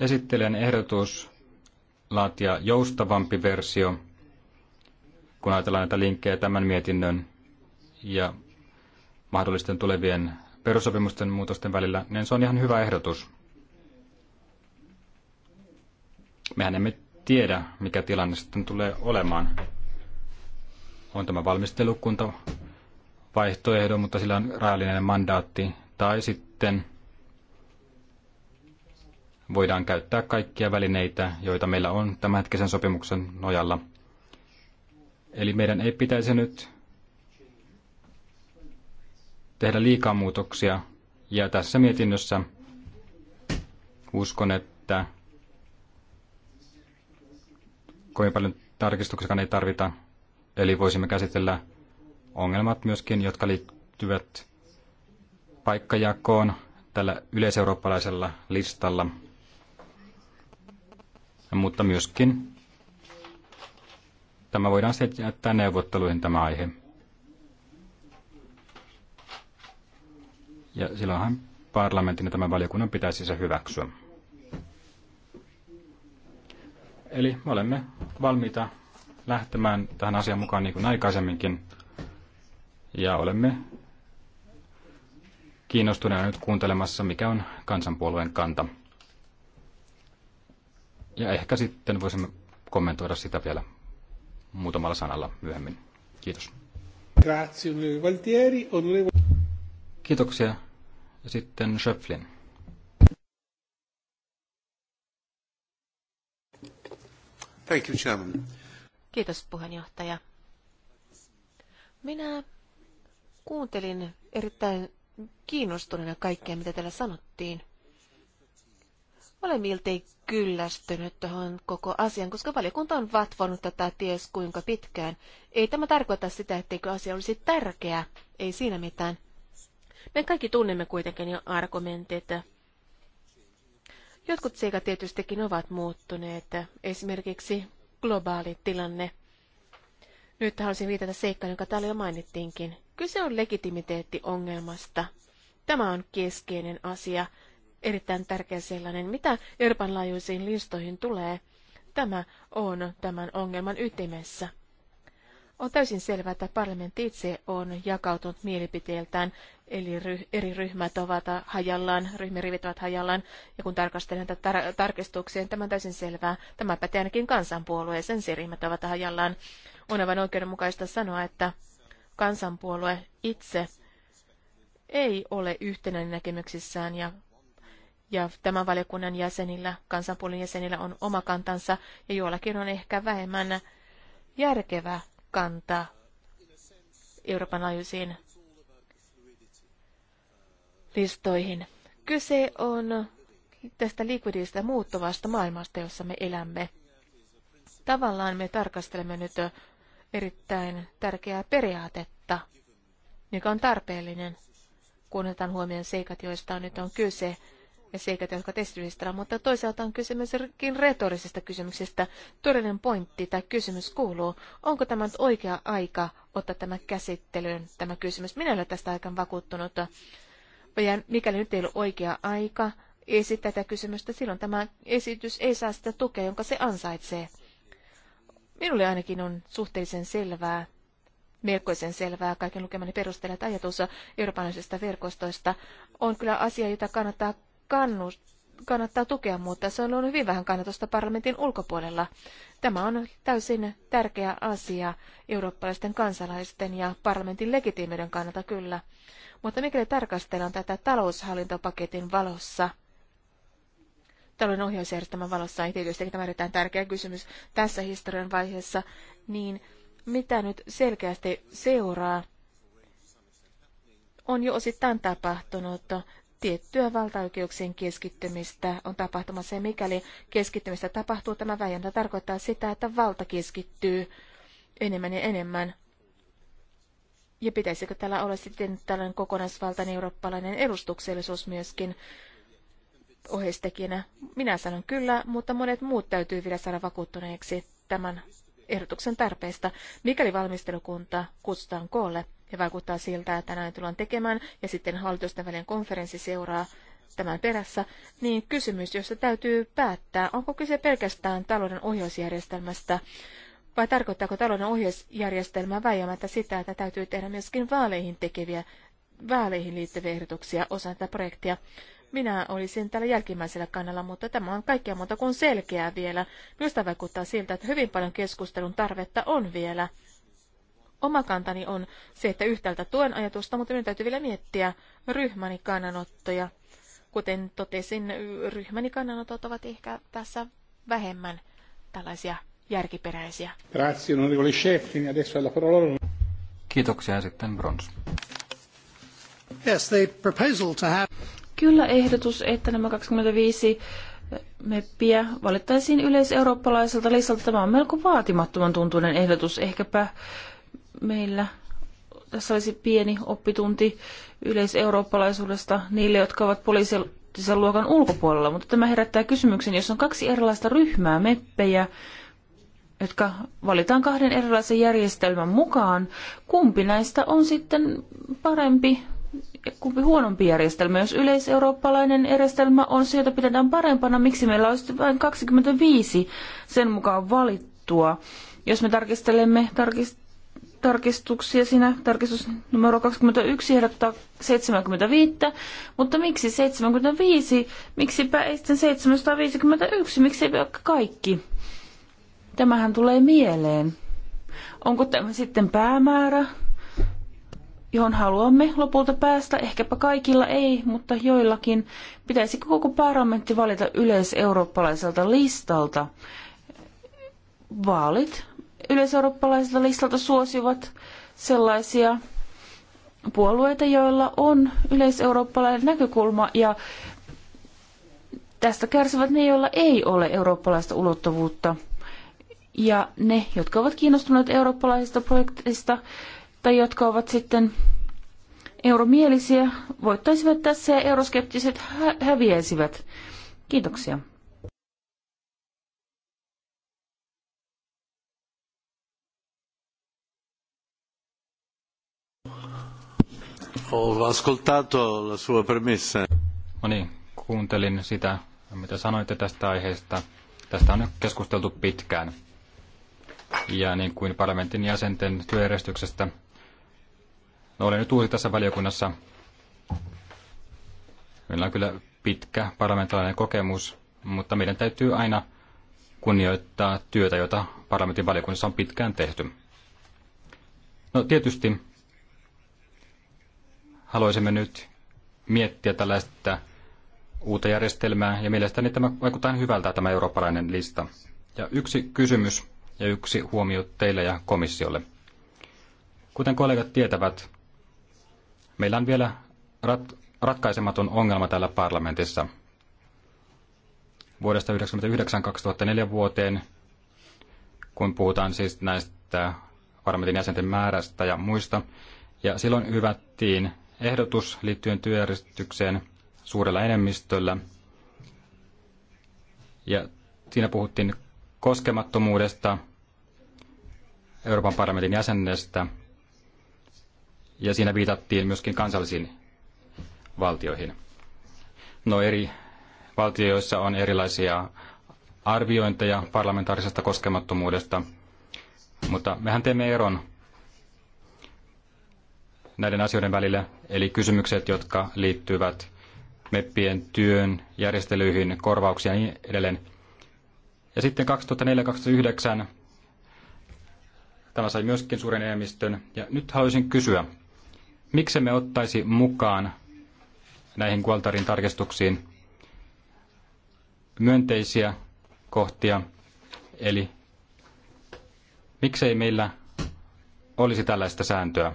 Esittelen ehdotus laatia joustavampi versio, kun ajatellaan näitä linkkejä tämän mietinnön ja mahdollisten tulevien perussopimusten muutosten välillä, niin se on ihan hyvä ehdotus. Mehän emme tiedä, mikä tilanne sitten tulee olemaan. On tämä valmistelukunta vaihtoehdo, mutta sillä on rajallinen mandaatti. Tai sitten voidaan käyttää kaikkia välineitä, joita meillä on tämänhetkisen sopimuksen nojalla. Eli meidän ei pitäisi nyt tehdä liikaa muutoksia. Ja tässä mietinnössä uskon, että kovin paljon tarkistuksia ei tarvita, eli voisimme käsitellä ongelmat myöskin, jotka liittyvät paikkajakoon tällä yleiseurooppalaisella listalla, mutta myöskin tämä voidaan jättää neuvotteluihin tämä aihe. Ja silloinhan parlamentin ja tämän valiokunnan pitäisi se hyväksyä. Eli me olemme valmiita lähtemään tähän asian mukaan niin kuin aikaisemminkin. Ja olemme kiinnostuneena nyt kuuntelemassa, mikä on kansanpuolueen kanta. Ja ehkä sitten voisimme kommentoida sitä vielä muutamalla sanalla myöhemmin. Kiitos. Grazie, Valtieri. Kiitoksia. Ja sitten Schöpflin. Thank you, Chairman. Kiitos puheenjohtaja. Minä kuuntelin erittäin kiinnostuneena kaikkea, mitä täällä sanottiin. Olen miltei kyllästynyt tuohon koko asian, koska valiokunta on vatvonut tätä ties kuinka pitkään. Ei tämä tarkoita sitä, etteikö asia olisi tärkeä. Ei siinä mitään. Me kaikki tunnemme kuitenkin jo argumentit Jotkut seikat tietystikin ovat muuttuneet, esimerkiksi globaali tilanne. Nyt haluaisin viitata seikkaan, joka täällä jo mainittiinkin. Kyse on legitimiteettiongelmasta. Tämä on keskeinen asia, erittäin tärkeä sellainen. Mitä Euroopan laajuisiin listoihin tulee, tämä on tämän ongelman ytimessä. On täysin selvää, että parlamentti itse on jakautunut mielipiteeltään Eli ry- eri ryhmät ovat hajallaan, ryhmärivit ovat hajallaan, ja kun tarkastelen tätä tar- tarkistuksia, niin tämä on täysin selvää. Tämä pätee ainakin kansanpuolueeseen, sen ryhmät ovat hajallaan. On aivan oikeudenmukaista sanoa, että kansanpuolue itse ei ole yhtenäinen näkemyksissään ja ja tämän valiokunnan jäsenillä, kansanpuolen jäsenillä on oma kantansa ja joillakin on ehkä vähemmän järkevä kanta Euroopan laajuisiin listoihin. Kyse on tästä likvidistä muuttuvasta maailmasta, jossa me elämme. Tavallaan me tarkastelemme nyt erittäin tärkeää periaatetta, joka on tarpeellinen, kun otetaan huomioon seikat, joista on nyt on kyse, ja seikat, jotka testilistetään, mutta toisaalta on kyse myöskin retorisesta kysymyksestä. Todellinen pointti tai kysymys kuuluu, onko tämä nyt oikea aika ottaa tämä käsittelyyn, tämä kysymys. Minä olen tästä aika vakuuttunut. Ja mikäli nyt ei ole oikea aika esittää tätä kysymystä, silloin tämä esitys ei saa sitä tukea, jonka se ansaitsee. Minulle ainakin on suhteellisen selvää, melkoisen selvää kaiken lukemani perusteella, että ajatus eurooppalaisista verkostoista on kyllä asia, jota kannattaa kannustaa kannattaa tukea, mutta se on ollut hyvin vähän kannatusta parlamentin ulkopuolella. Tämä on täysin tärkeä asia eurooppalaisten kansalaisten ja parlamentin legitiimiden kannalta kyllä. Mutta mikäli tarkastellaan tätä taloushallintopaketin valossa, talouden ohjausjärjestelmän valossa, ei niin tietysti tämä erittäin tärkeä kysymys tässä historian vaiheessa, niin mitä nyt selkeästi seuraa, on jo osittain tapahtunut tiettyä valtaoikeuksien keskittymistä on tapahtumassa. Ja mikäli keskittymistä tapahtuu, tämä väijäntä tarkoittaa sitä, että valta keskittyy enemmän ja enemmän. Ja pitäisikö täällä olla sitten tällainen kokonaisvaltainen eurooppalainen edustuksellisuus myöskin ohjeistekijänä? Minä sanon kyllä, mutta monet muut täytyy vielä saada vakuuttuneeksi tämän ehdotuksen tarpeesta, mikäli valmistelukunta kutsutaan koolle ja vaikuttaa siltä, että näin tullaan tekemään, ja sitten hallitusten välinen konferenssi seuraa tämän perässä, niin kysymys, josta täytyy päättää, onko kyse pelkästään talouden ohjausjärjestelmästä, vai tarkoittaako talouden ohjausjärjestelmä väijämättä sitä, että täytyy tehdä myöskin vaaleihin tekeviä, vaaleihin liittyviä ehdotuksia osana tätä projektia? Minä olisin tällä jälkimmäisellä kannalla, mutta tämä on kaikkea muuta kuin selkeää vielä. Minusta vaikuttaa siltä, että hyvin paljon keskustelun tarvetta on vielä Oma kantani on se, että yhtäältä tuen ajatusta, mutta minun täytyy vielä miettiä ryhmäni kannanottoja. Kuten totesin, ryhmäni kannanotot ovat ehkä tässä vähemmän tällaisia järkiperäisiä. Grazie, Adesso alla Kiitoksia sitten Brons. Yes, the proposal to have... Kyllä ehdotus, että nämä 25 meppiä valittaisiin yleiseurooppalaiselta listalta. Tämä on melko vaatimattoman tuntuinen ehdotus. Ehkäpä meillä tässä olisi pieni oppitunti yleiseurooppalaisuudesta niille, jotka ovat poliisin luokan ulkopuolella, mutta tämä herättää kysymyksen, jos on kaksi erilaista ryhmää, meppejä, jotka valitaan kahden erilaisen järjestelmän mukaan, kumpi näistä on sitten parempi ja kumpi huonompi järjestelmä? Jos yleiseurooppalainen järjestelmä on se, jota pidetään parempana, miksi meillä olisi vain 25 sen mukaan valittua? Jos me tarkistelemme tarkist- tarkistuksia. Siinä tarkistus numero 21 ehdottaa 75, mutta miksi 75? Miksipä ei sitten 751? Miksi ei vaikka kaikki? Tämähän tulee mieleen. Onko tämä sitten päämäärä, johon haluamme lopulta päästä? Ehkäpä kaikilla ei, mutta joillakin. pitäisi koko parlamentti valita yleiseurooppalaiselta listalta? Vaalit yleiseurooppalaiselta listalta suosivat sellaisia puolueita, joilla on yleiseurooppalainen näkökulma ja tästä kärsivät ne, joilla ei ole eurooppalaista ulottuvuutta. Ja ne, jotka ovat kiinnostuneet eurooppalaisista projekteista tai jotka ovat sitten euromielisiä, voittaisivat tässä ja euroskeptiset hä- häviäisivät. Kiitoksia. Ho ascoltato la sua premessa. No niin, kuuntelin sitä, mitä sanoitte tästä aiheesta. Tästä on keskusteltu pitkään. Ja niin kuin parlamentin jäsenten työjärjestyksestä, no olen nyt uusi tässä valiokunnassa. Meillä on kyllä pitkä parlamentaarinen kokemus, mutta meidän täytyy aina kunnioittaa työtä, jota parlamentin valiokunnassa on pitkään tehty. No tietysti haluaisimme nyt miettiä tällaista uutta järjestelmää, ja mielestäni tämä vaikuttaa hyvältä tämä eurooppalainen lista. Ja yksi kysymys ja yksi huomio teille ja komissiolle. Kuten kollegat tietävät, meillä on vielä rat- ratkaisematon ongelma täällä parlamentissa. Vuodesta 1999-2004 vuoteen, kun puhutaan siis näistä parlamentin jäsenten määrästä ja muista, ja silloin hyvättiin ehdotus liittyen työjärjestykseen suurella enemmistöllä. Ja siinä puhuttiin koskemattomuudesta, Euroopan parlamentin jäsenestä, ja siinä viitattiin myöskin kansallisiin valtioihin. No eri valtioissa on erilaisia arviointeja parlamentaarisesta koskemattomuudesta, mutta mehän teemme eron näiden asioiden välillä, eli kysymykset, jotka liittyvät meppien työn järjestelyihin, korvauksiin ja niin edelleen. Ja sitten 2004-2009 tämä sai myöskin suuren enemmistön. Ja nyt haluaisin kysyä, miksi me ottaisi mukaan näihin Gualtarin tarkistuksiin myönteisiä kohtia, eli miksei meillä olisi tällaista sääntöä.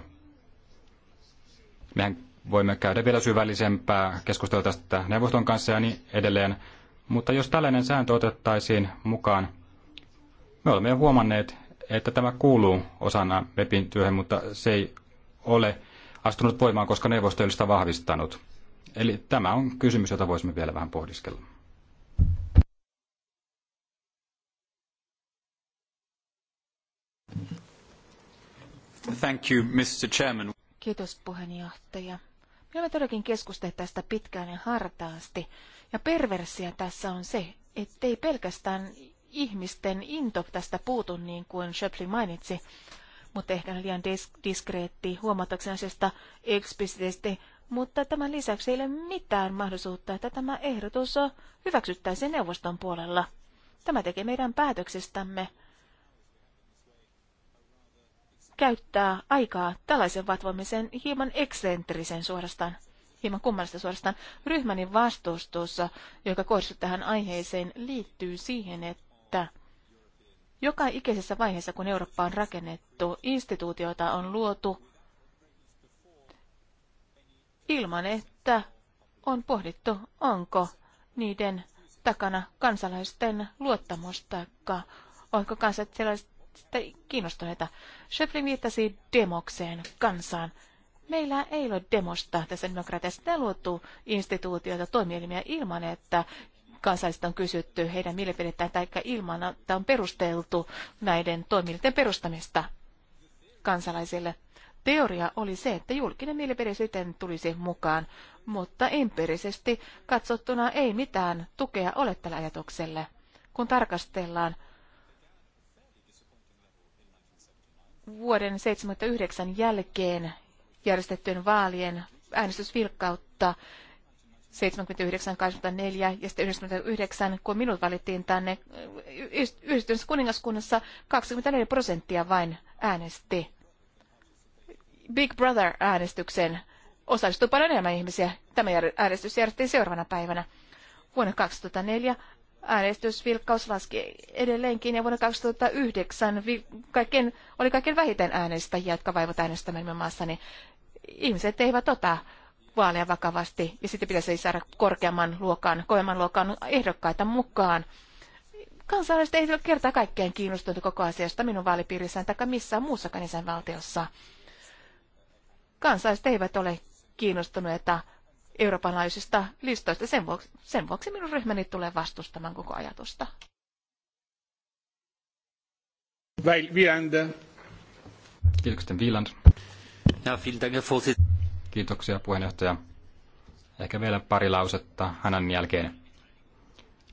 Mehän voimme käydä vielä syvällisempää keskustelua tästä neuvoston kanssa ja niin edelleen. Mutta jos tällainen sääntö otettaisiin mukaan, me olemme jo huomanneet, että tämä kuuluu osana webin työhön, mutta se ei ole astunut voimaan, koska neuvosto ei sitä vahvistanut. Eli tämä on kysymys, jota voisimme vielä vähän pohdiskella. Thank you, Mr. Chairman. Kiitos puheenjohtaja. Me olemme todellakin keskustelleet tästä pitkään ja hartaasti. Ja perversia tässä on se, ettei pelkästään ihmisten into tästä puutu, niin kuin Schöpli mainitsi, mutta ehkä liian dis- diskreetti huomatakseen asiasta eksplisiteesti, mutta tämän lisäksi ei ole mitään mahdollisuutta, että tämä ehdotus hyväksyttäisiin neuvoston puolella. Tämä tekee meidän päätöksestämme käyttää aikaa tällaisen vatvomisen hieman eksentrisen suorastaan, hieman kummallista suorastaan. Ryhmäni vastustus, joka kohdistuu tähän aiheeseen, liittyy siihen, että joka ikisessä vaiheessa, kun Eurooppa on rakennettu, instituutioita on luotu ilman, että on pohdittu, onko niiden takana kansalaisten luottamusta, onko oletko kansalaiset kiinnostuneita. Schöflin viittasi demokseen, kansaan. Meillä ei ole demosta tässä demokratiassa. Ne luotu instituutioita, toimielimiä ilman, että kansalaisista on kysytty heidän mielipidettään tai ilman, että on perusteltu näiden toimielinten perustamista kansalaisille. Teoria oli se, että julkinen mielipide sitten tulisi mukaan, mutta empiirisesti katsottuna ei mitään tukea ole tällä ajatukselle. Kun tarkastellaan vuoden 79 jälkeen järjestettyjen vaalien äänestysvilkkautta 79-84 ja sitten 99, kun minut valittiin tänne, yhdistyneessä kuningaskunnassa 24 prosenttia vain äänesti. Big Brother-äänestyksen osallistui paljon enemmän ihmisiä. Tämä äänestys järjestettiin seuraavana päivänä. Vuonna 2004 äänestysvilkkaus laski edelleenkin ja vuonna 2009 kaikkein, oli kaikkein vähiten äänestäjiä, jotka vaivat äänestämään maassa, niin Ihmiset eivät ota vaaleja vakavasti ja sitten pitäisi saada korkeamman luokan, kovemman luokan ehdokkaita mukaan. Kansalaiset ei ole kertaa kaikkein kiinnostunut koko asiasta minun vaalipiirissään tai missään muussakaan isänvaltiossa. Kansalaiset eivät ole kiinnostuneita Euroopan laajuisista listoista. Sen vuoksi, sen vuoksi minun ryhmäni tulee vastustamaan koko ajatusta. Kiitoksia, Wieland. Kiitoksia, puheenjohtaja. Ehkä vielä pari lausetta hänen jälkeen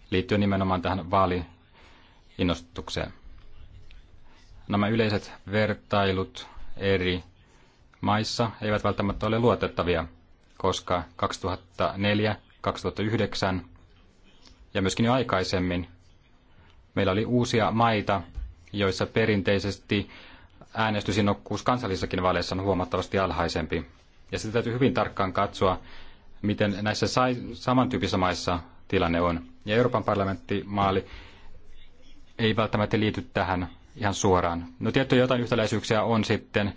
liittyen nimenomaan tähän vaaliinnostukseen. Nämä yleiset vertailut eri maissa eivät välttämättä ole luotettavia – koska 2004, 2009 ja myöskin jo aikaisemmin meillä oli uusia maita, joissa perinteisesti äänestysinnokkuus kansallisissakin vaaleissa on huomattavasti alhaisempi. Ja sitä täytyy hyvin tarkkaan katsoa, miten näissä samantyyppisissä maissa tilanne on. Ja Euroopan parlamenttimaali ei välttämättä liity tähän ihan suoraan. No tiettyjä jotain yhtäläisyyksiä on sitten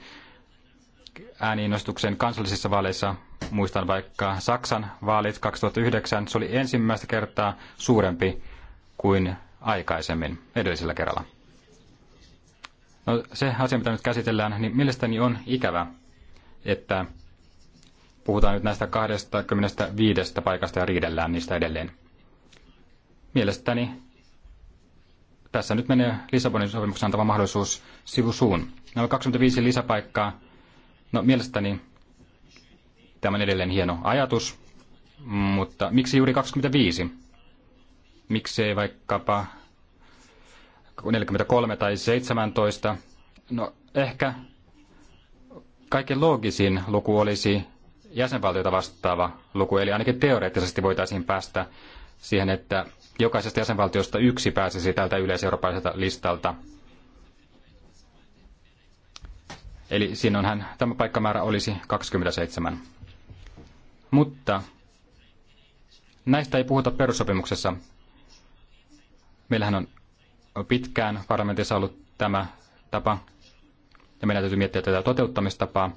ääniinnostuksen kansallisissa vaaleissa. Muistan vaikka Saksan vaalit 2009. Se oli ensimmäistä kertaa suurempi kuin aikaisemmin edellisellä kerralla. No, se asia, mitä nyt käsitellään, niin mielestäni on ikävä, että puhutaan nyt näistä 25 paikasta ja riidellään niistä edelleen. Mielestäni tässä nyt menee Lissabonin sopimuksen antama mahdollisuus sivusuun. Nämä 25 lisäpaikkaa No mielestäni tämä on edelleen hieno ajatus, mutta miksi juuri 25? Miksei vaikkapa 43 tai 17? No ehkä kaiken loogisin luku olisi jäsenvaltiota vastaava luku, eli ainakin teoreettisesti voitaisiin päästä siihen, että jokaisesta jäsenvaltiosta yksi pääsisi tältä yleiseurooppalaiselta listalta Eli silloinhan tämä paikkamäärä olisi 27. Mutta näistä ei puhuta perussopimuksessa. Meillähän on pitkään parlamentissa ollut tämä tapa, ja meidän täytyy miettiä tätä toteuttamistapaa,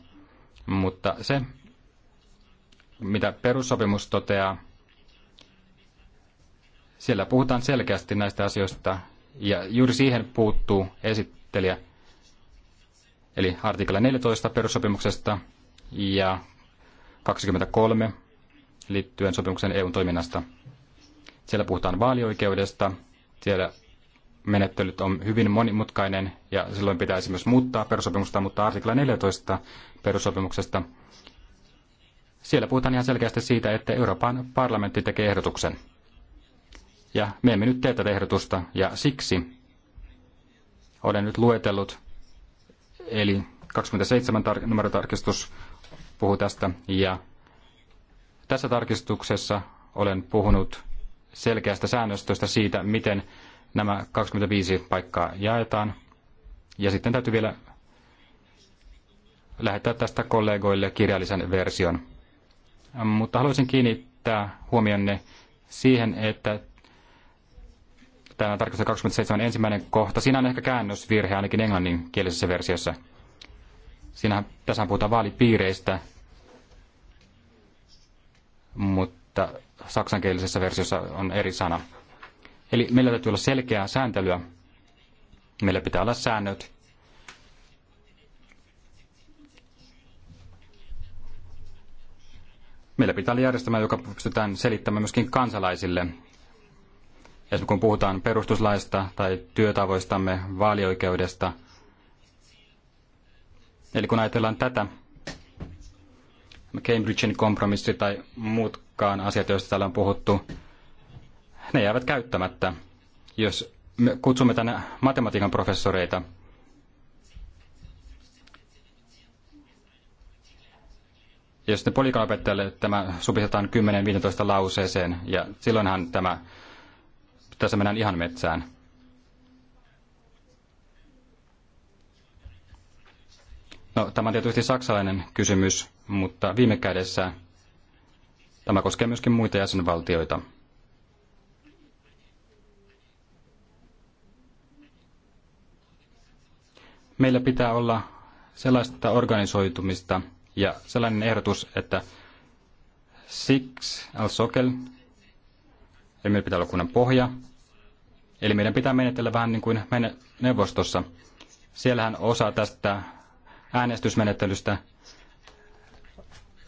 mutta se, mitä perussopimus toteaa, siellä puhutaan selkeästi näistä asioista, ja juuri siihen puuttuu esittelijä – eli artikla 14 perussopimuksesta ja 23 liittyen sopimuksen EUn toiminnasta. Siellä puhutaan vaalioikeudesta, siellä menettelyt on hyvin monimutkainen ja silloin pitäisi myös muuttaa perussopimusta, mutta artikla 14 perussopimuksesta siellä puhutaan ihan selkeästi siitä, että Euroopan parlamentti tekee ehdotuksen. Ja me emme nyt tee tätä ehdotusta, ja siksi olen nyt luetellut Eli 27 tar- numerotarkistus puhuu tästä ja tässä tarkistuksessa olen puhunut selkeästä säännöstöstä siitä, miten nämä 25 paikkaa jaetaan. Ja sitten täytyy vielä lähettää tästä kollegoille kirjallisen version. Mutta haluaisin kiinnittää huomionne siihen, että tämä on 27 ensimmäinen kohta. Siinä on ehkä käännösvirhe ainakin englanninkielisessä versiossa. Siinähän, tässä puhutaan vaalipiireistä, mutta saksankielisessä versiossa on eri sana. Eli meillä täytyy olla selkeää sääntelyä. Meillä pitää olla säännöt. Meillä pitää olla järjestelmä, joka pystytään selittämään myöskin kansalaisille, Esimerkiksi kun puhutaan perustuslaista tai työtavoistamme vaalioikeudesta, eli kun ajatellaan tätä, Cambridgein kompromissi tai muutkaan asiat, joista täällä on puhuttu, ne jäävät käyttämättä. Jos me kutsumme tänne matematiikan professoreita, jos ne poliikan tämä supistetaan 10-15 lauseeseen, ja silloinhan tämä tässä mennään ihan metsään. No, tämä on tietysti saksalainen kysymys, mutta viime kädessä tämä koskee myöskin muita jäsenvaltioita. Meillä pitää olla sellaista organisoitumista ja sellainen ehdotus, että six al sokel, eli meillä pitää olla kunnan pohja, Eli meidän pitää menetellä vähän niin kuin neuvostossa. Siellähän osa tästä äänestysmenettelystä,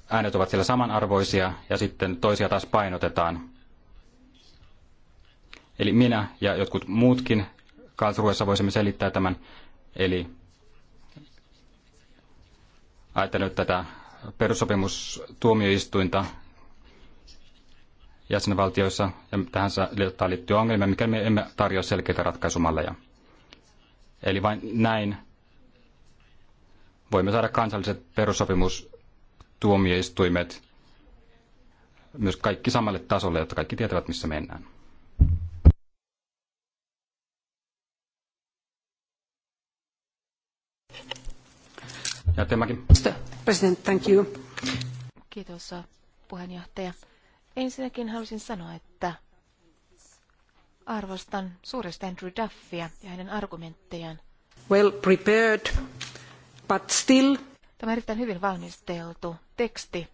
äänet ovat siellä samanarvoisia ja sitten toisia taas painotetaan. Eli minä ja jotkut muutkin Karlsruessa voisimme selittää tämän. Eli ajattelen nyt tätä perussopimustuomioistuinta jäsenvaltioissa, ja tähän liittyy ongelmia, mikä me emme tarjoa selkeitä ratkaisumalleja. Eli vain näin voimme saada kansalliset perussopimustuomioistuimet myös kaikki samalle tasolle, jotta kaikki tietävät, missä mennään. Ja President, thank you. Kiitos äh, puheenjohtaja. Ensinnäkin halusin sanoa, että arvostan suuresti Andrew Duffia ja hänen argumenttejaan. Well prepared, but still... Tämä on erittäin hyvin valmisteltu teksti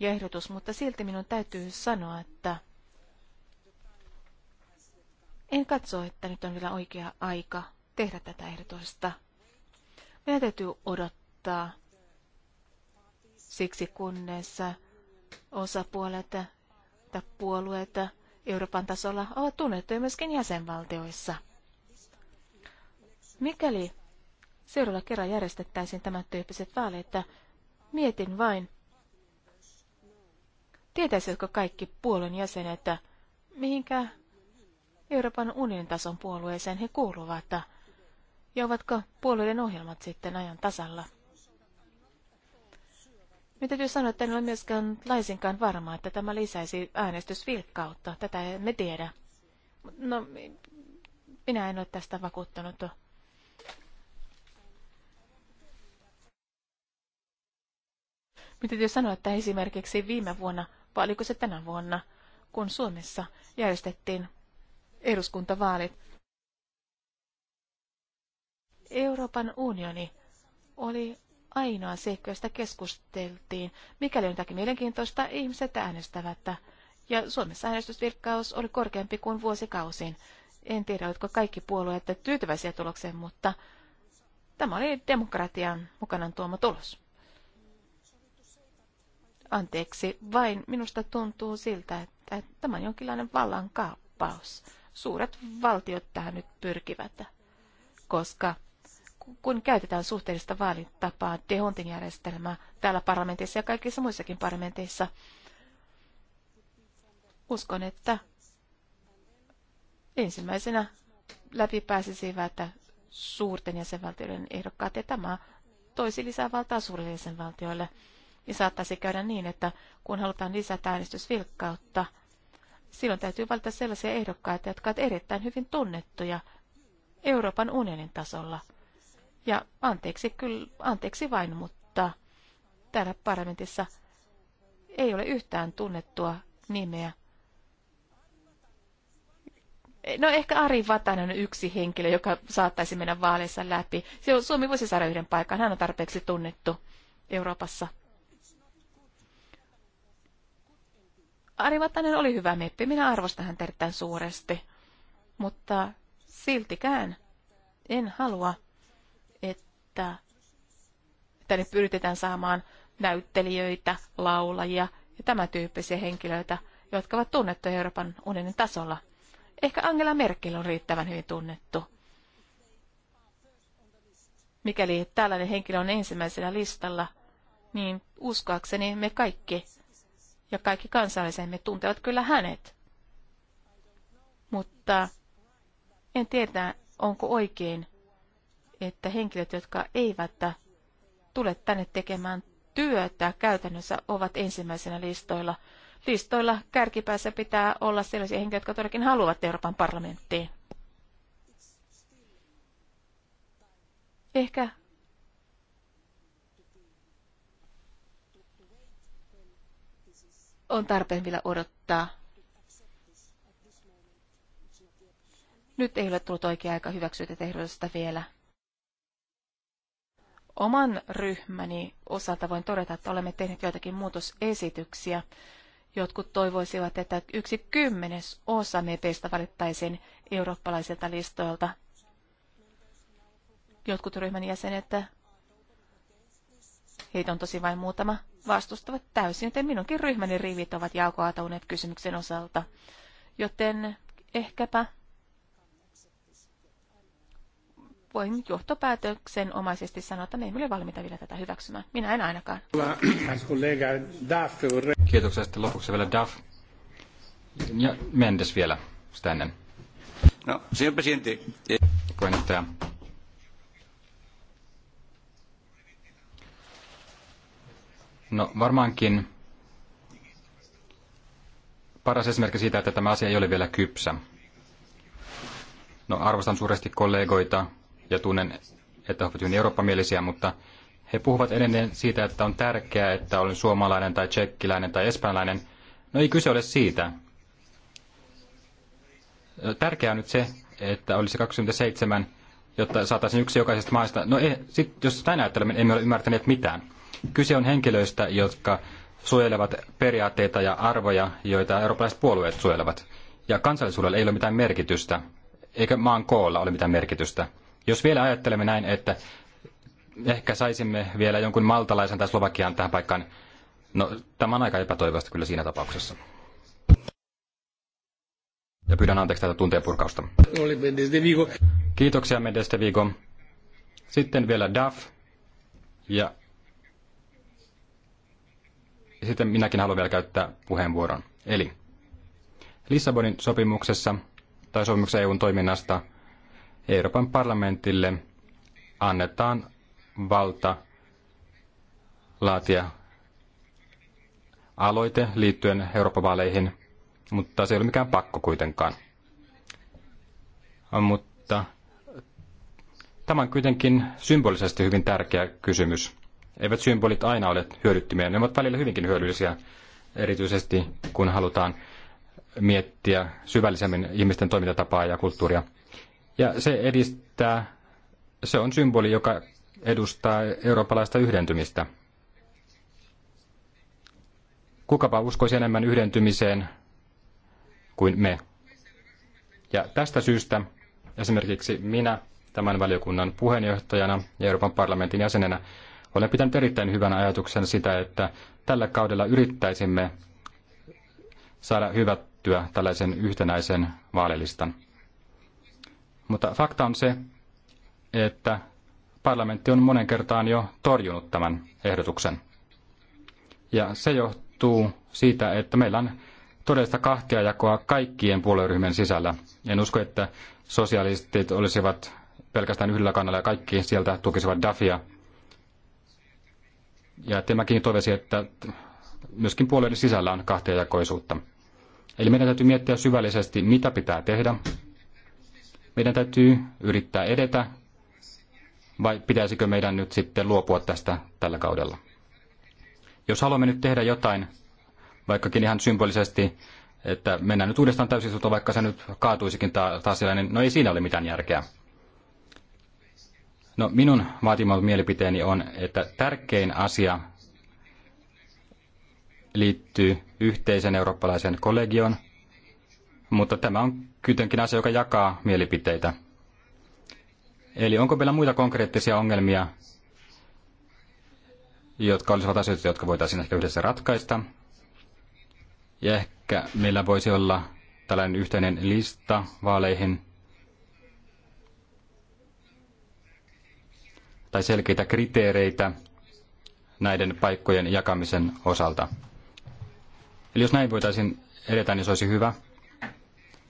ja ehdotus, mutta silti minun täytyy sanoa, että en katso, että nyt on vielä oikea aika tehdä tätä ehdotusta. Meidän täytyy odottaa siksi, kunnes osapuolet että puolueet Euroopan tasolla ovat tunnettuja myöskin jäsenvaltioissa. Mikäli seuraavalla kerran järjestettäisiin tämän tyyppiset vaalit, että mietin vain, tietäisivätkö kaikki puolueen jäsenet, että mihinkä Euroopan unionin tason puolueeseen he kuuluvat, ja ovatko puolueiden ohjelmat sitten ajan tasalla. Minä täytyy sanoa, että en ole myöskään laisinkaan varma, että tämä lisäisi äänestysvilkkautta. Tätä emme tiedä. No, minä en ole tästä vakuuttanut. Minä täytyy sanoa, että esimerkiksi viime vuonna, vai oliko se tänä vuonna, kun Suomessa järjestettiin eduskuntavaalit, Euroopan unioni oli ainoa seikka, josta keskusteltiin. Mikäli on jotakin mielenkiintoista, ihmiset äänestävät. Ja Suomessa äänestysvirkkaus oli korkeampi kuin vuosikausiin. En tiedä, oletko kaikki puolueet tyytyväisiä tulokseen, mutta tämä oli demokratian mukanaan tuoma tulos. Anteeksi, vain minusta tuntuu siltä, että tämä on jonkinlainen vallankaappaus. Suuret valtiot tähän nyt pyrkivät, koska kun käytetään suhteellista vaalitapaa, Dehontin järjestelmää täällä parlamentissa ja kaikissa muissakin parlamenteissa. Uskon, että ensimmäisenä läpi pääsisivät suurten jäsenvaltioiden ehdokkaat ja tämä toisi lisää valtaa suurille jäsenvaltioille. Ja saattaisi käydä niin, että kun halutaan lisätä äänestysvilkkautta, silloin täytyy valita sellaisia ehdokkaita, jotka ovat erittäin hyvin tunnettuja Euroopan unionin tasolla – ja anteeksi, kyllä, anteeksi vain, mutta täällä parlamentissa ei ole yhtään tunnettua nimeä. No ehkä Ari Vatanen on yksi henkilö, joka saattaisi mennä vaaleissa läpi. Suomi voisi saada yhden paikan, hän on tarpeeksi tunnettu Euroopassa. Ari Vatanen oli hyvä meppi, minä arvostan häntä erittäin suuresti. Mutta siltikään en halua, että tänne pyritetään saamaan näyttelijöitä, laulajia ja tämän tyyppisiä henkilöitä, jotka ovat tunnettuja Euroopan unionin tasolla. Ehkä Angela Merkel on riittävän hyvin tunnettu. Mikäli tällainen henkilö on ensimmäisellä listalla, niin uskoakseni me kaikki ja kaikki kansallisemme tuntevat kyllä hänet. Mutta en tiedä, onko oikein, että henkilöt, jotka eivät tule tänne tekemään työtä, käytännössä ovat ensimmäisenä listoilla. Listoilla kärkipäässä pitää olla sellaisia henkilöitä, jotka todellakin haluavat Euroopan parlamenttiin. Ehkä on tarpeen vielä odottaa. Nyt ei ole tullut oikea aika hyväksyä tätä ehdotusta vielä. Oman ryhmäni osalta voin todeta, että olemme tehneet joitakin muutosesityksiä. Jotkut toivoisivat, että yksi kymmenes osa mepeistä valittaisiin eurooppalaisilta listoilta. Jotkut ryhmän jäsenet, heitä on tosi vain muutama, vastustavat täysin, joten minunkin ryhmäni rivit ovat jalkoatauneet kysymyksen osalta. Joten ehkäpä voin johtopäätöksen omaisesti sanoa, että me emme ole valmiita vielä tätä hyväksymään. Minä en ainakaan. Kiitoksia. Sitten lopuksi vielä Duff. Ja Mendes vielä sitä ennen. No, siihen presidente. Eh, Puheenjohtaja. No varmaankin paras esimerkki siitä, että tämä asia ei ole vielä kypsä. No arvostan suuresti kollegoita, ja tunnen, että he ovat hyvin eurooppamielisiä, mutta he puhuvat edelleen siitä, että on tärkeää, että olen suomalainen tai tsekkiläinen tai espanjalainen. No ei kyse ole siitä. Tärkeää on nyt se, että olisi 27, jotta saataisiin yksi jokaisesta maasta. No ei, sit, jos näin ajattelemme, emme ole ymmärtäneet mitään. Kyse on henkilöistä, jotka suojelevat periaatteita ja arvoja, joita eurooppalaiset puolueet suojelevat. Ja kansallisuudella ei ole mitään merkitystä, eikä maan koolla ole mitään merkitystä. Jos vielä ajattelemme näin, että ehkä saisimme vielä jonkun maltalaisen tai Slovakian tähän paikkaan, no tämä on aika epätoivoista kyllä siinä tapauksessa. Ja pyydän anteeksi tätä tunteen purkausta. Kiitoksia Mendes Vigo. Sitten vielä Duff. Ja sitten minäkin haluan vielä käyttää puheenvuoron. Eli Lissabonin sopimuksessa tai sopimuksessa EUn toiminnasta – Euroopan parlamentille annetaan valta laatia aloite liittyen Euroopan vaaleihin, mutta se ei ole mikään pakko kuitenkaan. Mutta tämä on kuitenkin symbolisesti hyvin tärkeä kysymys. Eivät symbolit aina ole hyödyttömiä, ne ovat välillä hyvinkin hyödyllisiä, erityisesti kun halutaan miettiä syvällisemmin ihmisten toimintatapaa ja kulttuuria. Ja se edistää, se on symboli, joka edustaa eurooppalaista yhdentymistä. Kukapa uskoisi enemmän yhdentymiseen kuin me. Ja tästä syystä esimerkiksi minä tämän valiokunnan puheenjohtajana ja Euroopan parlamentin jäsenenä olen pitänyt erittäin hyvän ajatuksen sitä, että tällä kaudella yrittäisimme saada hyvättyä tällaisen yhtenäisen vaalilistan. Mutta fakta on se, että parlamentti on monen kertaan jo torjunut tämän ehdotuksen. Ja se johtuu siitä, että meillä on todellista kahtiajakoa kaikkien puolueryhmien sisällä. En usko, että sosialistit olisivat pelkästään yhdellä kannalla ja kaikki sieltä tukisivat DAFia. Ja tämäkin tovesi, että myöskin puolueiden sisällä on kahtiajakoisuutta. Eli meidän täytyy miettiä syvällisesti, mitä pitää tehdä, meidän täytyy yrittää edetä, vai pitäisikö meidän nyt sitten luopua tästä tällä kaudella? Jos haluamme nyt tehdä jotain, vaikkakin ihan symbolisesti, että mennään nyt uudestaan täysistuntoon, vaikka se nyt kaatuisikin taas siellä, niin no ei siinä ole mitään järkeä. No minun vaatimaton mielipiteeni on, että tärkein asia liittyy yhteisen eurooppalaisen kollegion, mutta tämä on kuitenkin asia, joka jakaa mielipiteitä. Eli onko vielä muita konkreettisia ongelmia, jotka olisivat asioita, jotka voitaisiin ehkä yhdessä ratkaista? Ja ehkä meillä voisi olla tällainen yhteinen lista vaaleihin tai selkeitä kriteereitä näiden paikkojen jakamisen osalta. Eli jos näin voitaisiin edetä, niin se olisi hyvä.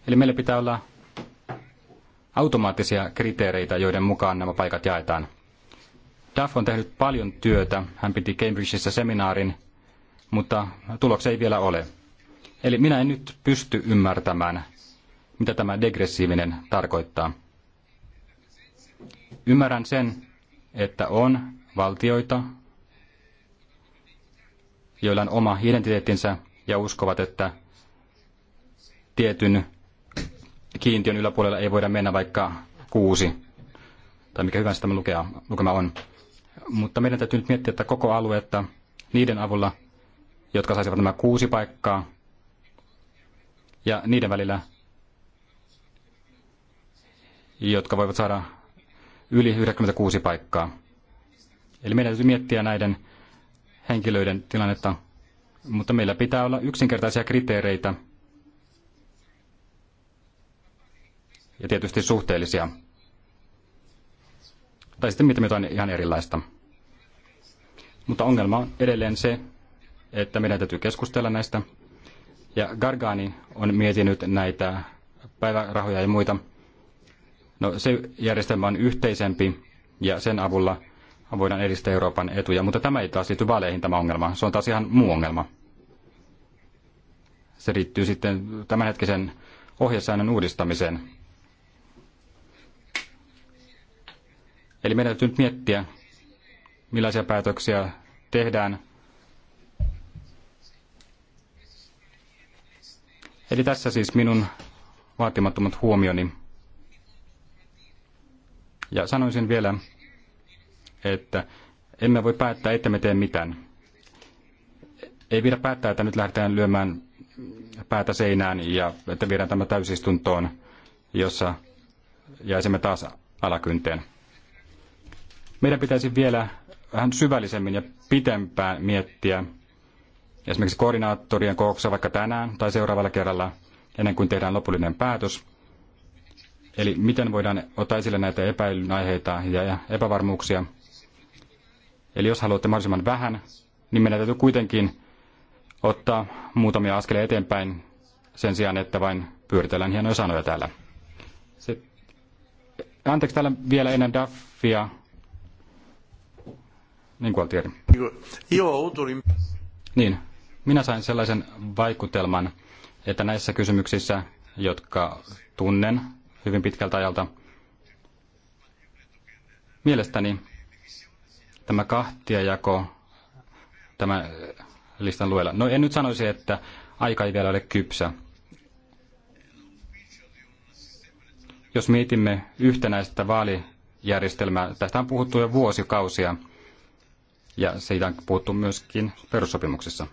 Eli meillä pitää olla automaattisia kriteereitä, joiden mukaan nämä paikat jaetaan. Duff on tehnyt paljon työtä. Hän piti Cambridgeissa seminaarin, mutta tuloksia ei vielä ole. Eli minä en nyt pysty ymmärtämään, mitä tämä degressiivinen tarkoittaa. Ymmärrän sen, että on valtioita, joilla on oma identiteettinsä ja uskovat, että tietyn kiintiön yläpuolella ei voida mennä vaikka kuusi, tai mikä hyvänsä tämä lukea, lukema on. Mutta meidän täytyy nyt miettiä, että koko aluetta niiden avulla, jotka saisivat nämä kuusi paikkaa, ja niiden välillä, jotka voivat saada yli 96 paikkaa. Eli meidän täytyy miettiä näiden henkilöiden tilannetta, mutta meillä pitää olla yksinkertaisia kriteereitä – ja tietysti suhteellisia. Tai sitten mitä jotain ihan erilaista. Mutta ongelma on edelleen se, että meidän täytyy keskustella näistä. Ja Gargani on mietinyt näitä päivärahoja ja muita. No se järjestelmä on yhteisempi ja sen avulla voidaan edistää Euroopan etuja, mutta tämä ei taas liity vaaleihin tämä ongelma. Se on taas ihan muu ongelma. Se liittyy sitten tämänhetkisen ohjesäännön uudistamiseen. Eli meidän täytyy nyt miettiä, millaisia päätöksiä tehdään. Eli tässä siis minun vaatimattomat huomioni. Ja sanoisin vielä, että emme voi päättää, että me teemme mitään. Ei pidä päättää, että nyt lähdetään lyömään päätä seinään ja että viedään tämä täysistuntoon, jossa jäisimme taas alakynteen. Meidän pitäisi vielä vähän syvällisemmin ja pitempään miettiä esimerkiksi koordinaattorien kokouksessa vaikka tänään tai seuraavalla kerralla ennen kuin tehdään lopullinen päätös. Eli miten voidaan ottaa esille näitä epäilyn aiheita ja epävarmuuksia. Eli jos haluatte mahdollisimman vähän, niin meidän täytyy kuitenkin ottaa muutamia askelia eteenpäin sen sijaan, että vain pyöritellään hienoja sanoja täällä. Se, anteeksi, täällä vielä ennen Daffia niin Gualtieri. Joo, tuli. Niin, minä sain sellaisen vaikutelman, että näissä kysymyksissä, jotka tunnen hyvin pitkältä ajalta, mielestäni tämä kahtiajako, tämä listan luella. No en nyt sanoisi, että aika ei vielä ole kypsä. Jos mietimme yhtenäistä vaalijärjestelmää, tästä on puhuttu jo vuosikausia, ja siitä on puhuttu myöskin perussopimuksessa.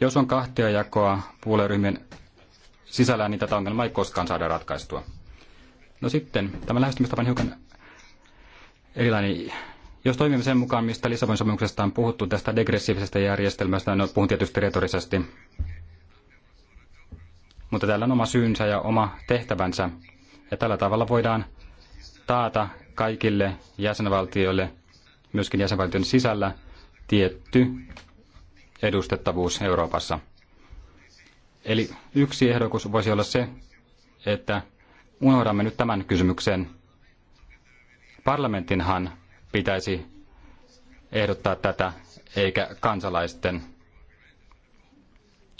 Jos on kahtia jakoa puolueryhmien sisällä, niin tätä ongelmaa ei koskaan saada ratkaistua. No sitten, tämä lähestymistapa on hiukan erilainen. Jos toimimme sen mukaan, mistä Lissabonin sopimuksesta on puhuttu, tästä degressiivisestä järjestelmästä, no puhun tietysti retorisesti, mutta täällä on oma syynsä ja oma tehtävänsä, ja tällä tavalla voidaan taata kaikille jäsenvaltioille, myöskin jäsenvaltion sisällä, tietty edustettavuus Euroopassa. Eli yksi ehdokus voisi olla se, että unohdamme nyt tämän kysymyksen. Parlamentinhan pitäisi ehdottaa tätä, eikä kansalaisten.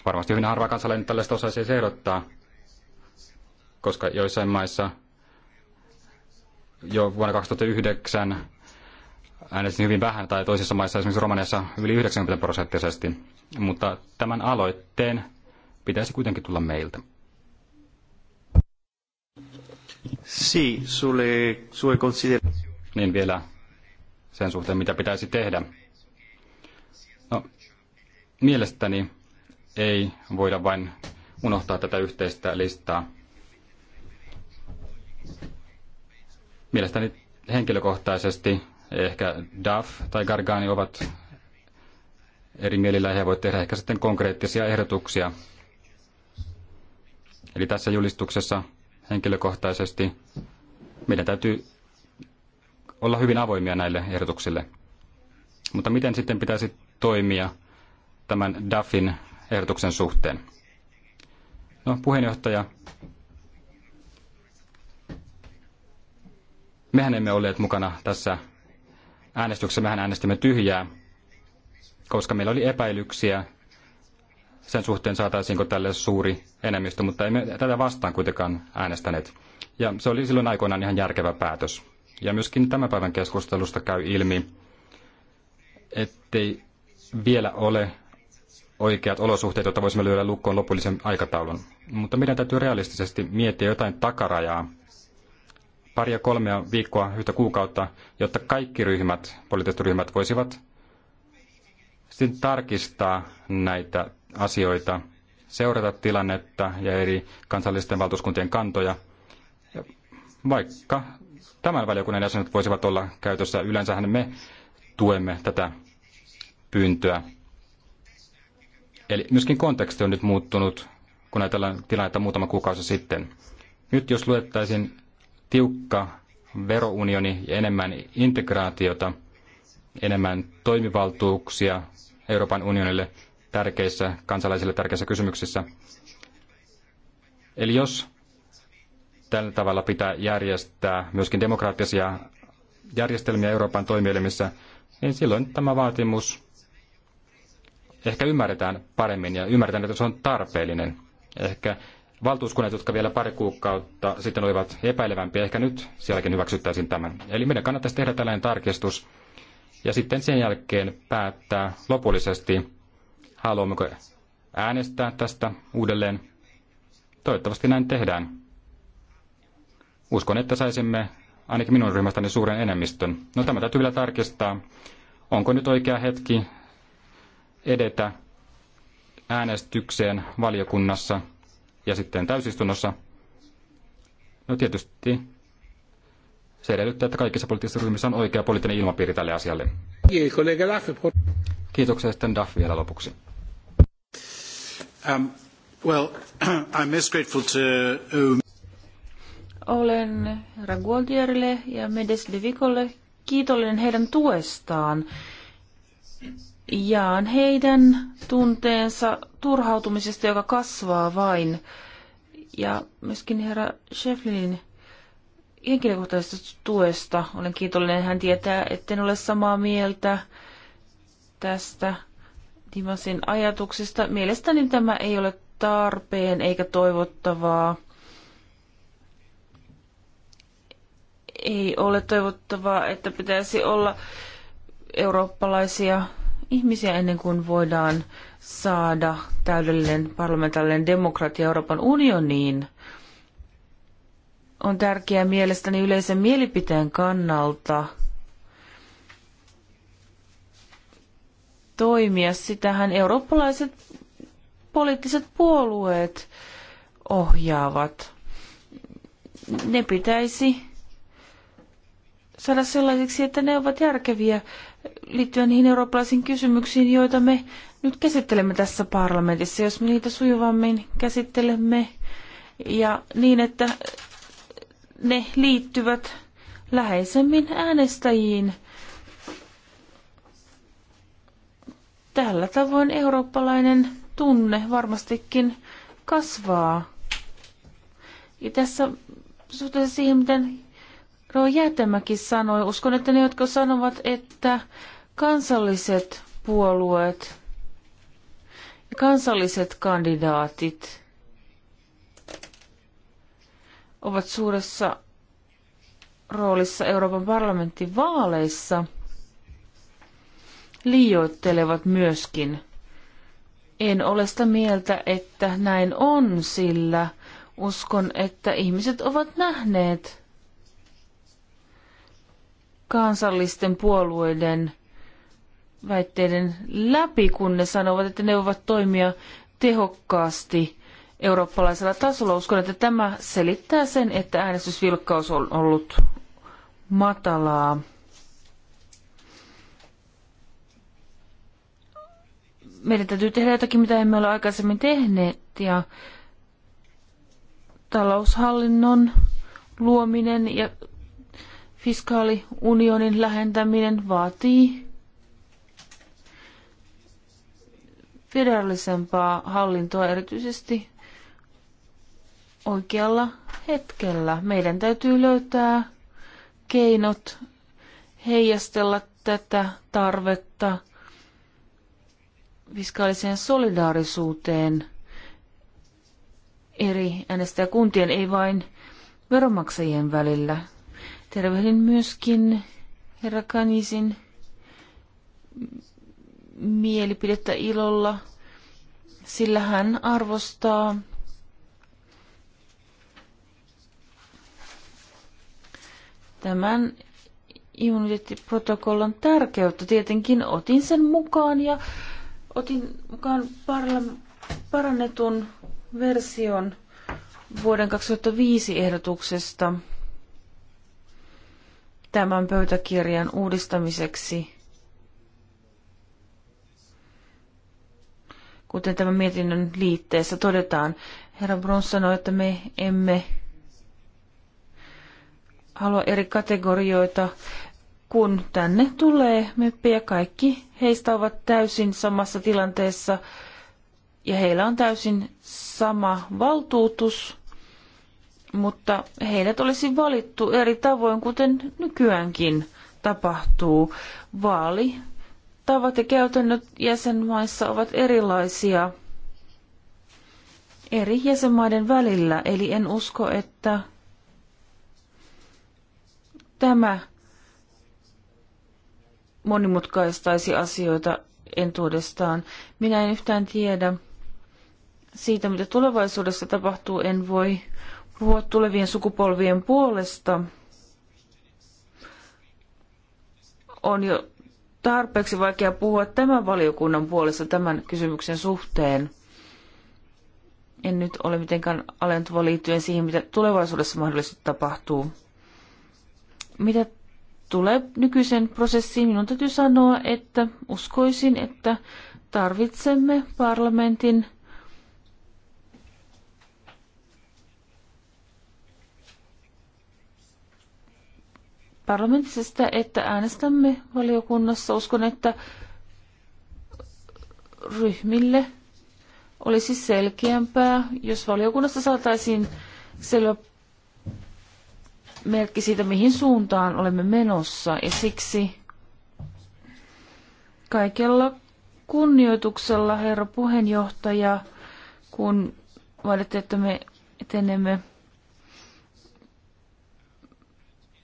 Varmasti hyvin harva kansalainen tällaista osaisi ehdottaa, koska joissain maissa jo vuonna 2009 äänestin hyvin vähän, tai toisissa maissa, esimerkiksi Romaniassa, yli 90 prosenttisesti. Mutta tämän aloitteen pitäisi kuitenkin tulla meiltä. Si, sulle, sue consider. Niin vielä sen suhteen, mitä pitäisi tehdä. No, mielestäni ei voida vain unohtaa tätä yhteistä listaa. Mielestäni henkilökohtaisesti ehkä Duff tai Gargani ovat eri mielillä ja he voivat tehdä ehkä sitten konkreettisia ehdotuksia. Eli tässä julistuksessa henkilökohtaisesti meidän täytyy olla hyvin avoimia näille ehdotuksille. Mutta miten sitten pitäisi toimia tämän DAFin ehdotuksen suhteen? No, puheenjohtaja, mehän emme olleet mukana tässä äänestyksessä, mehän äänestimme tyhjää, koska meillä oli epäilyksiä sen suhteen saataisiinko tälle suuri enemmistö, mutta emme tätä vastaan kuitenkaan äänestäneet. Ja se oli silloin aikoinaan ihan järkevä päätös. Ja myöskin tämän päivän keskustelusta käy ilmi, ettei vielä ole oikeat olosuhteet, jotta voisimme lyödä lukkoon lopullisen aikataulun. Mutta meidän täytyy realistisesti miettiä jotain takarajaa paria kolmea viikkoa, yhtä kuukautta, jotta kaikki ryhmät, poliittiset ryhmät voisivat sitten tarkistaa näitä asioita, seurata tilannetta ja eri kansallisten valtuuskuntien kantoja. Ja vaikka tämän valiokunnan jäsenet voisivat olla käytössä, yleensähän me tuemme tätä pyyntöä. Eli myöskin konteksti on nyt muuttunut, kun ajatellaan tilannetta muutama kuukausi sitten. Nyt jos luettaisiin tiukka verounioni ja enemmän integraatiota, enemmän toimivaltuuksia Euroopan unionille tärkeissä kansalaisille tärkeissä kysymyksissä. Eli jos tällä tavalla pitää järjestää myöskin demokraattisia järjestelmiä Euroopan toimielimissä, niin silloin tämä vaatimus ehkä ymmärretään paremmin ja ymmärretään, että se on tarpeellinen. Ehkä valtuuskunnat, jotka vielä pari kuukautta sitten olivat epäilevämpiä, ehkä nyt sielläkin hyväksyttäisiin tämän. Eli meidän kannattaisi tehdä tällainen tarkistus ja sitten sen jälkeen päättää lopullisesti, haluammeko äänestää tästä uudelleen. Toivottavasti näin tehdään. Uskon, että saisimme ainakin minun ryhmästäni suuren enemmistön. No tämä täytyy vielä tarkistaa. Onko nyt oikea hetki edetä äänestykseen valiokunnassa – ja sitten täysistunnossa. No tietysti se edellyttää, että kaikissa poliittisissa ryhmissä on oikea poliittinen ilmapiiri tälle asialle. Kiitoksia sitten Daff vielä lopuksi. Um, well, <clears throat> I'm grateful to, um... Olen Ragualdierille ja Medes de Vicolle kiitollinen heidän tuestaan jaan heidän tunteensa turhautumisesta, joka kasvaa vain. Ja myöskin herra Sheflinin henkilökohtaisesta tuesta olen kiitollinen. Hän tietää, etten ole samaa mieltä tästä Dimasin ajatuksista. Mielestäni tämä ei ole tarpeen eikä toivottavaa. Ei ole toivottavaa, että pitäisi olla eurooppalaisia ihmisiä ennen kuin voidaan saada täydellinen parlamentaarinen demokratia Euroopan unioniin. On tärkeää mielestäni yleisen mielipiteen kannalta toimia. Sitähän eurooppalaiset poliittiset puolueet ohjaavat. Ne pitäisi saada sellaisiksi, että ne ovat järkeviä liittyen niihin eurooppalaisiin kysymyksiin, joita me nyt käsittelemme tässä parlamentissa, jos me niitä sujuvammin käsittelemme ja niin, että ne liittyvät läheisemmin äänestäjiin. Tällä tavoin eurooppalainen tunne varmastikin kasvaa. Ja tässä suhteessa siihen, miten Roo Jätemäki sanoi, uskon, että ne, jotka sanovat, että kansalliset puolueet ja kansalliset kandidaatit ovat suuressa roolissa Euroopan parlamentin vaaleissa, liioittelevat myöskin. En ole sitä mieltä, että näin on, sillä uskon, että ihmiset ovat nähneet – kansallisten puolueiden väitteiden läpi, kun ne sanovat, että ne ovat toimia tehokkaasti eurooppalaisella tasolla. Uskon, että tämä selittää sen, että äänestysvilkkaus on ollut matalaa. Meidän täytyy tehdä jotakin, mitä emme ole aikaisemmin tehneet, ja taloushallinnon luominen ja Fiskaaliunionin lähentäminen vaatii federaalisempaa hallintoa erityisesti oikealla hetkellä. Meidän täytyy löytää keinot heijastella tätä tarvetta fiskaaliseen solidaarisuuteen eri äänestäjäkuntien, ei vain veronmaksajien välillä. Tervehdin myöskin herra Kanisin mielipidettä ilolla, sillä hän arvostaa tämän immuniteettiprotokollan tärkeyttä. Tietenkin otin sen mukaan ja otin mukaan parannetun version vuoden 2005 ehdotuksesta – tämän pöytäkirjan uudistamiseksi, kuten tämän mietinnön liitteessä todetaan. Herra Brons sanoi, että me emme halua eri kategorioita, kun tänne tulee meppejä. Kaikki heistä ovat täysin samassa tilanteessa ja heillä on täysin sama valtuutus – mutta heidät olisi valittu eri tavoin, kuten nykyäänkin tapahtuu. Vaali tavat ja käytännöt jäsenmaissa ovat erilaisia eri jäsenmaiden välillä, eli en usko, että tämä monimutkaistaisi asioita entuudestaan. Minä en yhtään tiedä siitä, mitä tulevaisuudessa tapahtuu, en voi puhua tulevien sukupolvien puolesta, on jo tarpeeksi vaikea puhua tämän valiokunnan puolesta tämän kysymyksen suhteen. En nyt ole mitenkään alentuva liittyen siihen, mitä tulevaisuudessa mahdollisesti tapahtuu. Mitä tulee nykyisen prosessiin, minun täytyy sanoa, että uskoisin, että tarvitsemme parlamentin parlamentissa että äänestämme valiokunnassa. Uskon, että ryhmille olisi selkeämpää, jos valiokunnassa saataisiin selvä merkki siitä, mihin suuntaan olemme menossa. Ja siksi kaikella kunnioituksella, herra puheenjohtaja, kun vaaditte, että me etenemme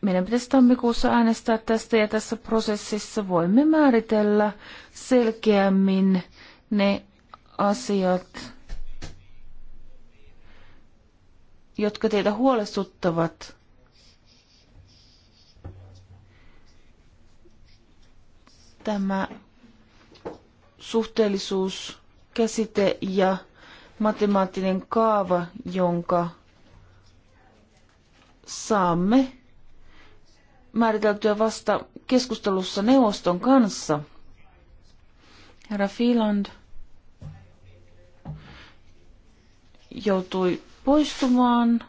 meidän pitäisi tammikuussa äänestää tästä ja tässä prosessissa voimme määritellä selkeämmin ne asiat, jotka teitä huolestuttavat. Tämä suhteellisuuskäsite ja matemaattinen kaava, jonka saamme määriteltyä vasta keskustelussa neuvoston kanssa. Herra Filand joutui poistumaan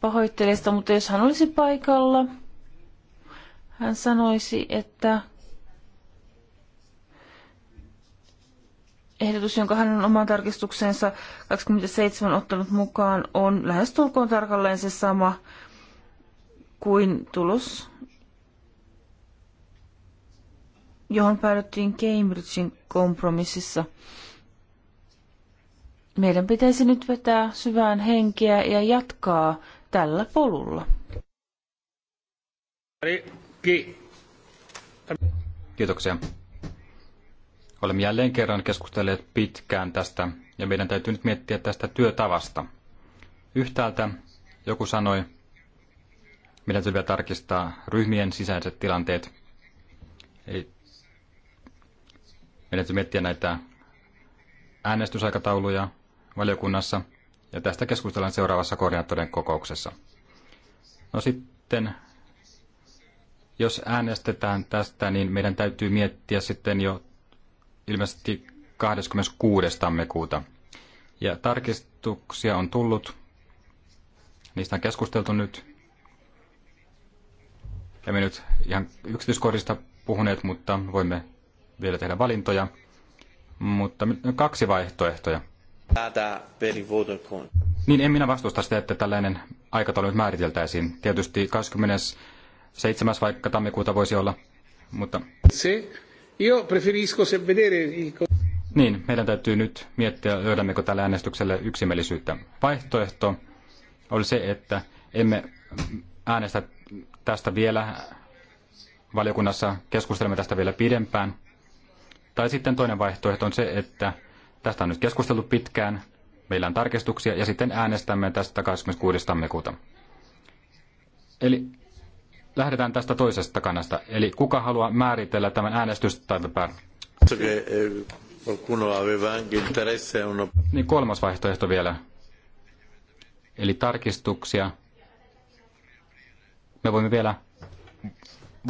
pahoittelijasta, mutta jos hän olisi paikalla, hän sanoisi, että ehdotus, jonka hän on oman tarkistuksensa 27 ottanut mukaan, on lähestulkoon tarkalleen se sama kuin tulos, johon päädyttiin Cambridgein kompromississa. Meidän pitäisi nyt vetää syvään henkeä ja jatkaa tällä polulla. Kiitoksia. Olemme jälleen kerran keskustelleet pitkään tästä ja meidän täytyy nyt miettiä tästä työtavasta. Yhtäältä joku sanoi, meidän tulee tarkistaa ryhmien sisäiset tilanteet. Eli meidän tulee miettiä näitä äänestysaikatauluja valiokunnassa, ja tästä keskustellaan seuraavassa koordinaattorien kokouksessa. No sitten, jos äänestetään tästä, niin meidän täytyy miettiä sitten jo ilmeisesti 26. tammikuuta. Ja tarkistuksia on tullut. Niistä on keskusteltu nyt. Emme nyt ihan yksityiskohdista puhuneet, mutta voimme vielä tehdä valintoja. Mutta kaksi vaihtoehtoja. Niin, en minä vastusta sitä, että tällainen aikataulu nyt määriteltäisiin. Tietysti 27. vaikka tammikuuta voisi olla, mutta... Se, io preferisco se vedere... Niin, meidän täytyy nyt miettiä, löydämmekö tälle äänestykselle yksimielisyyttä. Vaihtoehto oli se, että emme äänestä tästä vielä valiokunnassa keskustelemme tästä vielä pidempään. Tai sitten toinen vaihtoehto on se, että tästä on nyt keskusteltu pitkään, meillä on tarkistuksia ja sitten äänestämme tästä 26. tammikuuta. Eli lähdetään tästä toisesta kannasta. Eli kuka haluaa määritellä tämän äänestystäivän? Eh, eh, niin kolmas vaihtoehto vielä. Eli tarkistuksia me voimme vielä,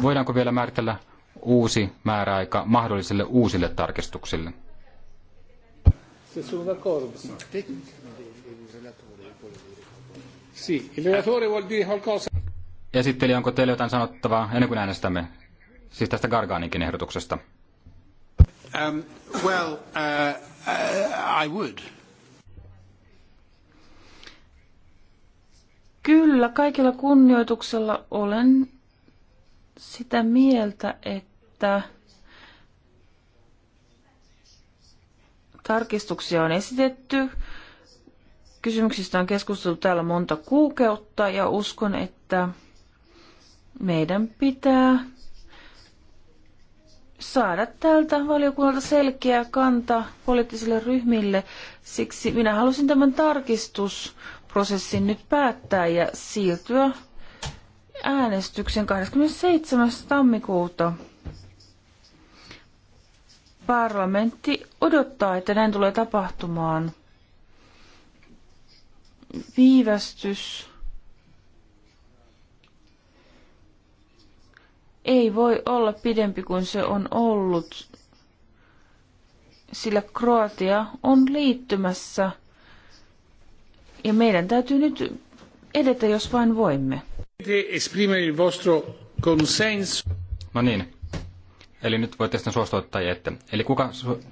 voidaanko vielä määritellä uusi määräaika mahdollisille uusille tarkistuksille? Esitteli, onko teille jotain sanottavaa ennen kuin äänestämme? Siis tästä Garganinkin ehdotuksesta. Um, well, uh, uh, I would. Kyllä, kaikilla kunnioituksella olen sitä mieltä, että tarkistuksia on esitetty. Kysymyksistä on keskusteltu täällä monta kuukautta ja uskon, että meidän pitää saada tältä valiokunnalta selkeä kanta poliittisille ryhmille. Siksi minä halusin tämän tarkistus prosessin nyt päättää ja siirtyä äänestyksen 27. tammikuuta. Parlamentti odottaa, että näin tulee tapahtumaan. Viivästys ei voi olla pidempi kuin se on ollut, sillä Kroatia on liittymässä – ja meidän täytyy nyt edetä, jos vain voimme. No niin. Eli nyt voitte sitten suostua tai ette. Eli kuka su-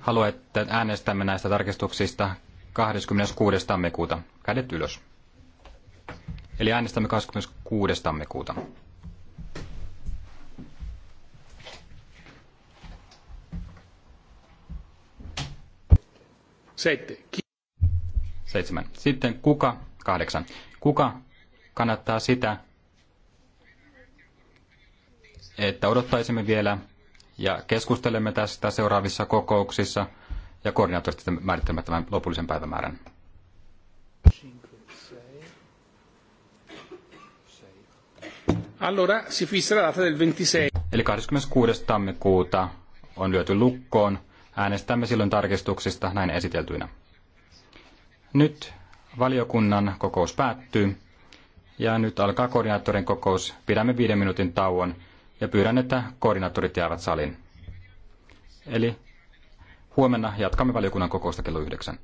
haluaa, että äänestämme näistä tarkistuksista 26. tammikuuta? Kädet ylös. Eli äänestämme 26. tammikuuta. Sette. Seitsemän. Sitten kuka? Kahdeksan. Kuka kannattaa sitä, että odottaisimme vielä ja keskustelemme tästä seuraavissa kokouksissa ja koordinaattorit sitten määrittelemme tämän lopullisen päivämäärän. Allora si fissa la data del 26. Eli 26. tammikuuta on lyöty lukkoon. Äänestämme silloin tarkistuksista näin esiteltyinä. Nyt valiokunnan kokous päättyy ja nyt alkaa koordinaattorin kokous. Pidämme viiden minuutin tauon ja pyydän, että koordinaattorit jäävät saliin. Eli huomenna jatkamme valiokunnan kokousta kello yhdeksän.